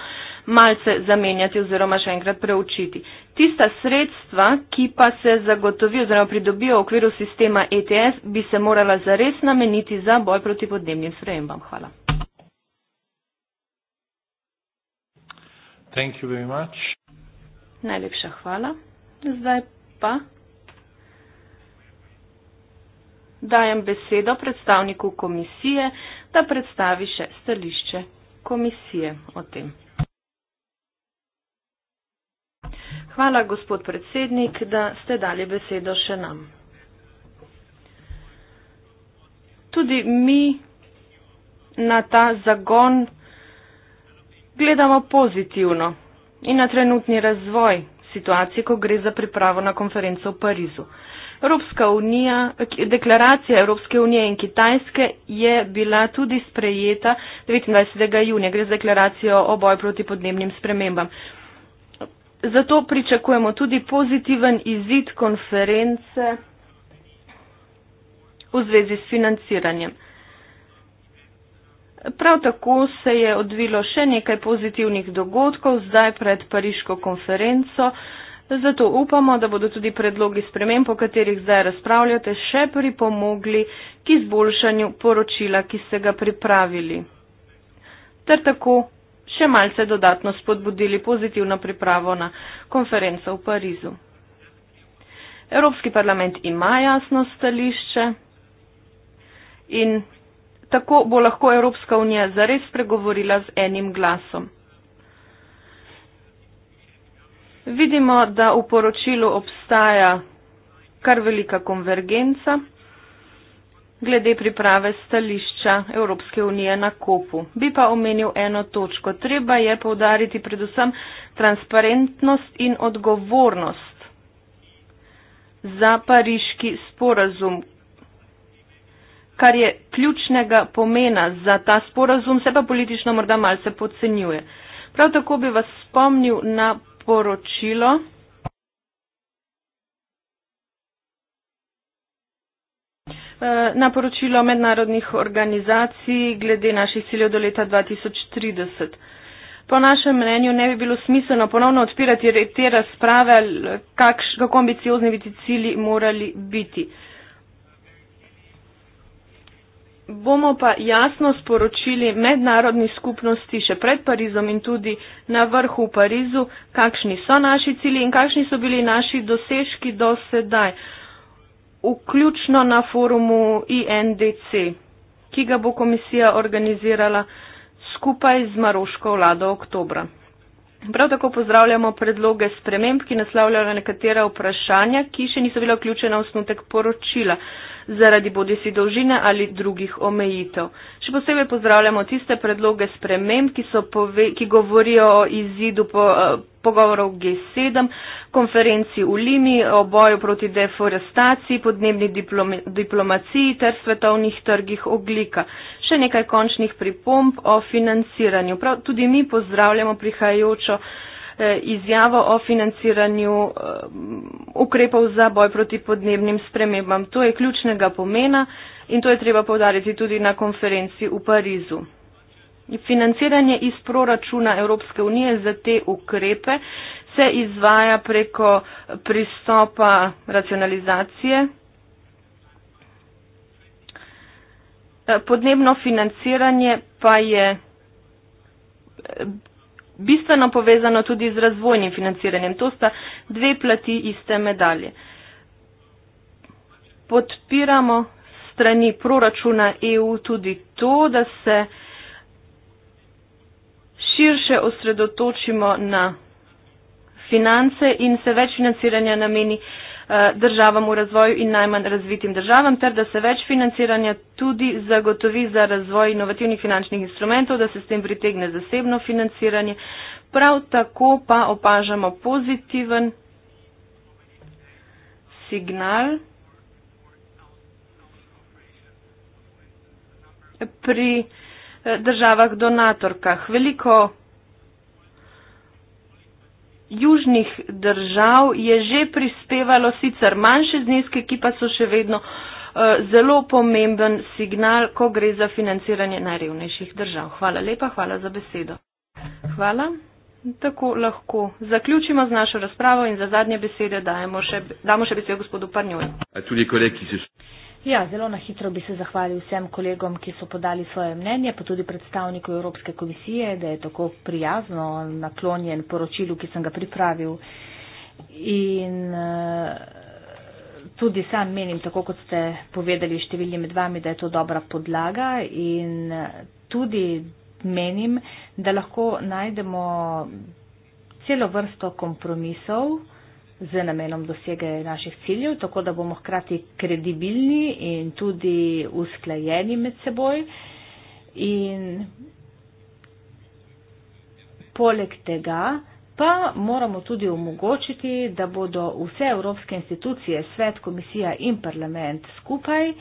malce zamenjati oziroma še enkrat preučiti. Tista sredstva, ki pa se zagotovijo oziroma pridobijo v okviru sistema ETS, bi se morala zares nameniti za boj proti podnebnim spremembam. Hvala. Najlepša hvala. Zdaj pa dajem besedo predstavniku komisije, da predstavi še stališče komisije o tem. Hvala, gospod predsednik, da ste dali besedo še nam. Tudi mi na ta zagon gledamo pozitivno in na trenutni razvoj situacije, ko gre za pripravo na konferenco v Parizu. Evropska unija, deklaracija Evropske unije in Kitajske je bila tudi sprejeta 29. junija, gre za deklaracijo o boju proti podnebnim spremembam. Zato pričakujemo tudi pozitiven izid konference v zvezi s financiranjem. Prav tako se je odvilo še nekaj pozitivnih dogodkov zdaj pred pariško konferenco, zato upamo, da bodo tudi predlogi spremem, po katerih zdaj razpravljate, še pripomogli k izboljšanju poročila, ki ste ga pripravili. Ter tako še malce dodatno spodbudili pozitivno pripravo na konferenco v Parizu. Evropski parlament ima jasno stališče in Tako bo lahko Evropska unija zares spregovorila z enim glasom. Vidimo, da v poročilu obstaja kar velika konvergenca glede priprave stališča Evropske unije na kopu. Bi pa omenil eno točko. Treba je povdariti predvsem transparentnost in odgovornost za pariški sporazum, kar je ključnega pomena za ta sporazum, se pa politično morda malce podcenjuje. Prav tako bi vas spomnil na poročilo. Eh, na poročilo mednarodnih organizacij glede naših ciljev do leta 2030. Po našem mnenju ne bi bilo smiselno ponovno odpirati te razprave, kako ambiciozni bi ti cilji morali biti. Uh, bomo pa jasno sporočili mednarodni skupnosti še pred Parizom in tudi na vrhu v Parizu, kakšni so naši cilji in kakšni so bili naši dosežki do sedaj, vključno na forumu INDC, ki ga bo komisija organizirala skupaj z maroško vlado oktobra. Prav tako pozdravljamo predloge sprememb, ki naslavljajo nekatera vprašanja, ki še niso bila vključena v snutek poročila zaradi bodisi dolžine ali drugih omejitev. Še posebej pozdravljamo tiste predloge sprememb, ki, pove, ki govorijo o izidu po, eh, pogovorov G7, konferenci v Limi, o boju proti deforestaciji, podnebni diploma, diplomaciji ter svetovnih trgih oglika. Še nekaj končnih pripomb o financiranju. Prav, tudi mi pozdravljamo prihajajočo Eh, izjavo o financiranju eh, ukrepov za boj proti podnebnim spremembam. To je ključnega pomena in to je treba povdariti tudi na konferenci v Parizu. Financiranje iz proračuna Evropske unije za te ukrepe se izvaja preko pristopa racionalizacije. Eh, podnebno financiranje pa je bistveno povezano tudi z razvojnim financiranjem. To sta dve plati iste medalje. Podpiramo strani proračuna EU tudi to, da se širše osredotočimo na finance in se več financiranja nameni uh, Eh, državam v razvoju in najmanj razvitim državam, ter da se več financiranja tudi zagotovi za razvoj inovativnih finančnih instrumentov, da se s tem pritegne zasebno financiranje. Prav tako pa opažamo pozitiven signal pri eh, državah donatorkah. Veliko južnih držav je že prispevalo sicer manjše zneske, ki pa so še vedno eh, zelo pomemben signal, ko gre za financiranje najrevnejših držav. Hvala lepa, hvala za besedo. Hvala. Tako lahko zaključimo z našo razpravo in za zadnje besede še, damo še besedo gospodu Parnjoju. Ja, zelo na hitro bi se zahvalil vsem kolegom, ki so podali svoje mnenje, pa tudi predstavniku Evropske komisije, da je tako prijazno naklonjen poročilu, ki sem ga pripravil. In eh, tudi sam menim, tako kot ste povedali številni med vami, da je to dobra podlaga in eh, tudi menim, da lahko najdemo celo vrsto kompromisov z namenom dosege naših ciljev, tako da bomo hkrati kredibilni in tudi usklajeni med seboj. In poleg tega pa moramo tudi omogočiti, da bodo vse evropske institucije, svet, komisija in parlament skupaj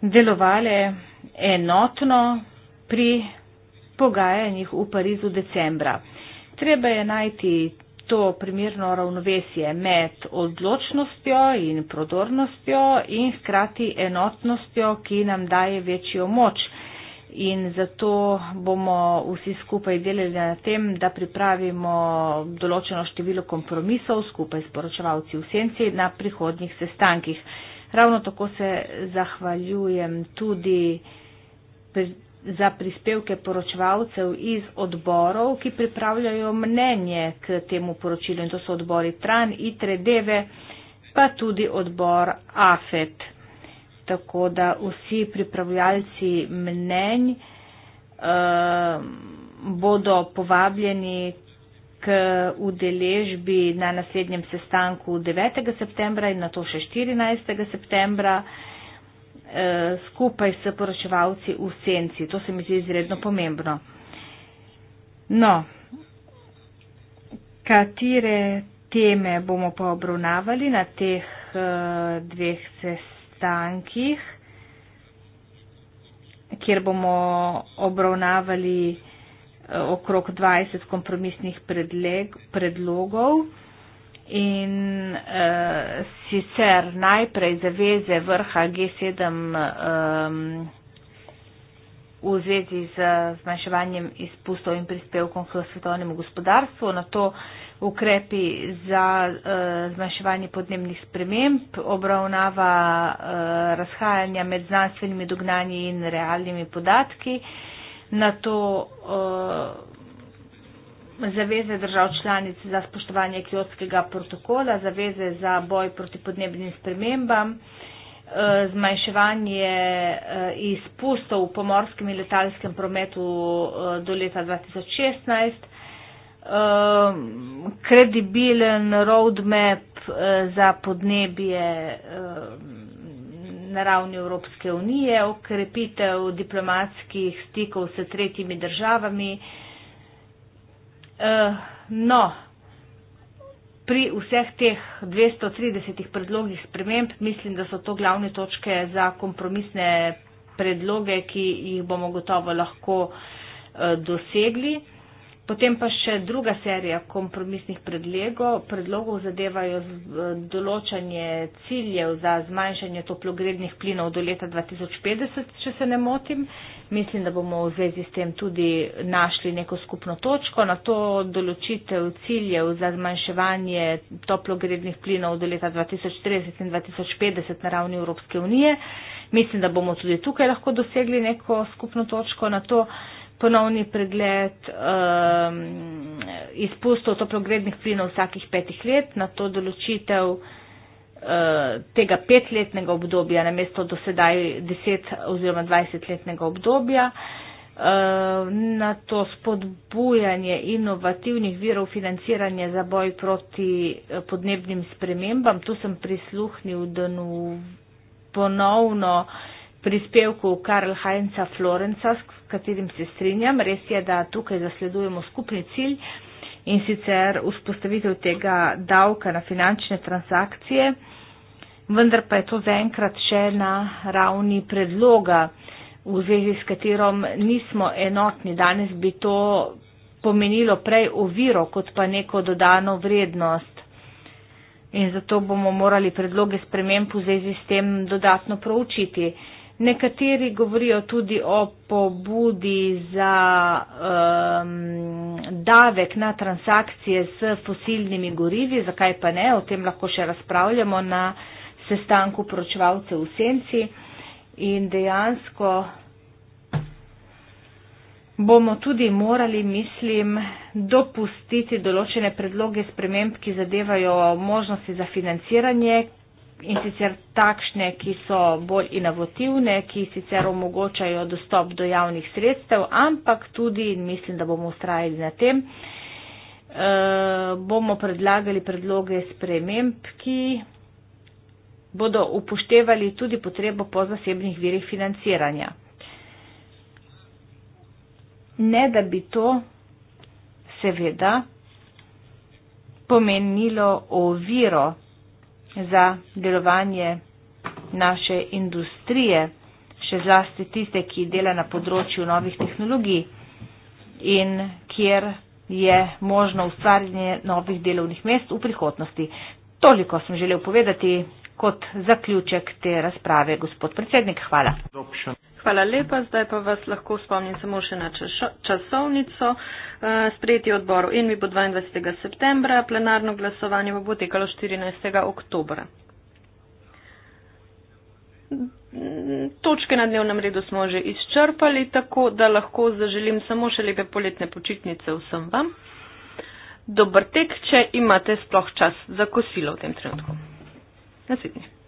delovale enotno pri pogajanjih v Parizu decembra. Treba je najti to primerno ravnovesje med odločnostjo in prodornostjo in hkrati enotnostjo, ki nam daje večjo moč. In zato bomo vsi skupaj delali na tem, da pripravimo določeno število kompromisov skupaj s poročevalci v senci na prihodnjih sestankih. Ravno tako se zahvaljujem tudi za prispevke poročevalcev iz odborov, ki pripravljajo mnenje k temu poročilu in to so odbori Tran, Itre, Deve, pa tudi odbor AFET. Tako da vsi pripravljalci mnenj uh, bodo povabljeni k udeležbi na naslednjem sestanku 9. septembra in na to še 14. septembra eh, skupaj s poročevalci v senci. To se mi zdi izredno pomembno. No, katere teme bomo pa obravnavali na teh eh, dveh sestankih, kjer bomo obravnavali eh, okrog 20 kompromisnih predleg, predlogov in uh, sicer najprej zaveze vrha G7 um, v zvezi z zmanjševanjem izpustov in prispevkom k svetovnemu gospodarstvu, na to ukrepi za uh, zmanjševanje podnebnih sprememb, obravnava uh, razhajanja med znanstvenimi dognanji in realnimi podatki, na to uh, zaveze držav članic za spoštovanje kjotskega protokola, zaveze za boj proti podnebnim spremembam, eh, zmanjševanje eh, izpustov v pomorskem in letalskem prometu eh, do leta 2016, kredibilen roadmap za podnebje na ravni Evropske unije, okrepitev diplomatskih stikov s tretjimi državami, Uh, no, pri vseh teh 230 predlogih sprememb mislim, da so to glavne točke za kompromisne predloge, ki jih bomo gotovo lahko uh, dosegli. Potem pa še druga serija kompromisnih predlegov. Predlogov zadevajo eh, določanje ciljev za zmanjšanje toplogrednih plinov do leta 2050, če se ne motim. Mislim, da bomo v zvezi s tem tudi našli neko skupno točko. Na to določitev ciljev za zmanjševanje toplogrednih plinov do leta 2030 in 2050 na ravni Evropske unije. Mislim, da bomo tudi tukaj lahko dosegli neko skupno točko na to ponovni pregled um, izpustov toplogrednih plinov vsakih petih let, na to določitev uh, tega petletnega obdobja na mesto do sedaj deset oziroma dvajsetletnega obdobja, uh, na to spodbujanje inovativnih virov financiranja za boj proti uh, podnebnim spremembam. Tu sem prisluhnil danu ponovno prispevku Karl Heinza Florenca, katerim se strinjam. Res je, da tukaj zasledujemo skupni cilj in sicer vzpostavitev tega davka na finančne transakcije, vendar pa je to zaenkrat še na ravni predloga, v zvezi s katerom nismo enotni. Danes bi to pomenilo prej oviro, kot pa neko dodano vrednost. In zato bomo morali predloge sprememb v zvezi s tem dodatno proučiti. Nekateri govorijo tudi o pobudi za um, davek na transakcije s fosilnimi gorivi, zakaj pa ne, o tem lahko še razpravljamo na sestanku pročvalcev v Senci. In dejansko bomo tudi morali, mislim, dopustiti določene predloge sprememb, ki zadevajo možnosti za financiranje, in sicer takšne, ki so bolj inovativne, ki sicer omogočajo dostop do javnih sredstev, ampak tudi, in mislim, da bomo ustrajali na tem, eh, bomo predlagali predloge sprememb, ki bodo upoštevali tudi potrebo po zasebnih virih financiranja. Ne da bi to seveda pomenilo oviro za delovanje naše industrije, še zlasti tiste, ki dela na področju novih tehnologij in kjer je možno ustvarjanje novih delovnih mest v prihodnosti. Toliko sem želel povedati kot zaključek te razprave, gospod predsednik. Hvala. Dobšen. Hvala lepa. Zdaj pa vas lahko spomnim samo še na čašo, časovnico. Eh, sprejeti odboru in mi bo 22. septembra, plenarno glasovanje bo potekalo 14. oktobra. Točke na dnevnem redu smo že izčrpali, tako da lahko zaželim samo še lepe poletne počitnice vsem vam. Dober tek, če imate sploh čas za kosilo v tem trenutku. Naslednji.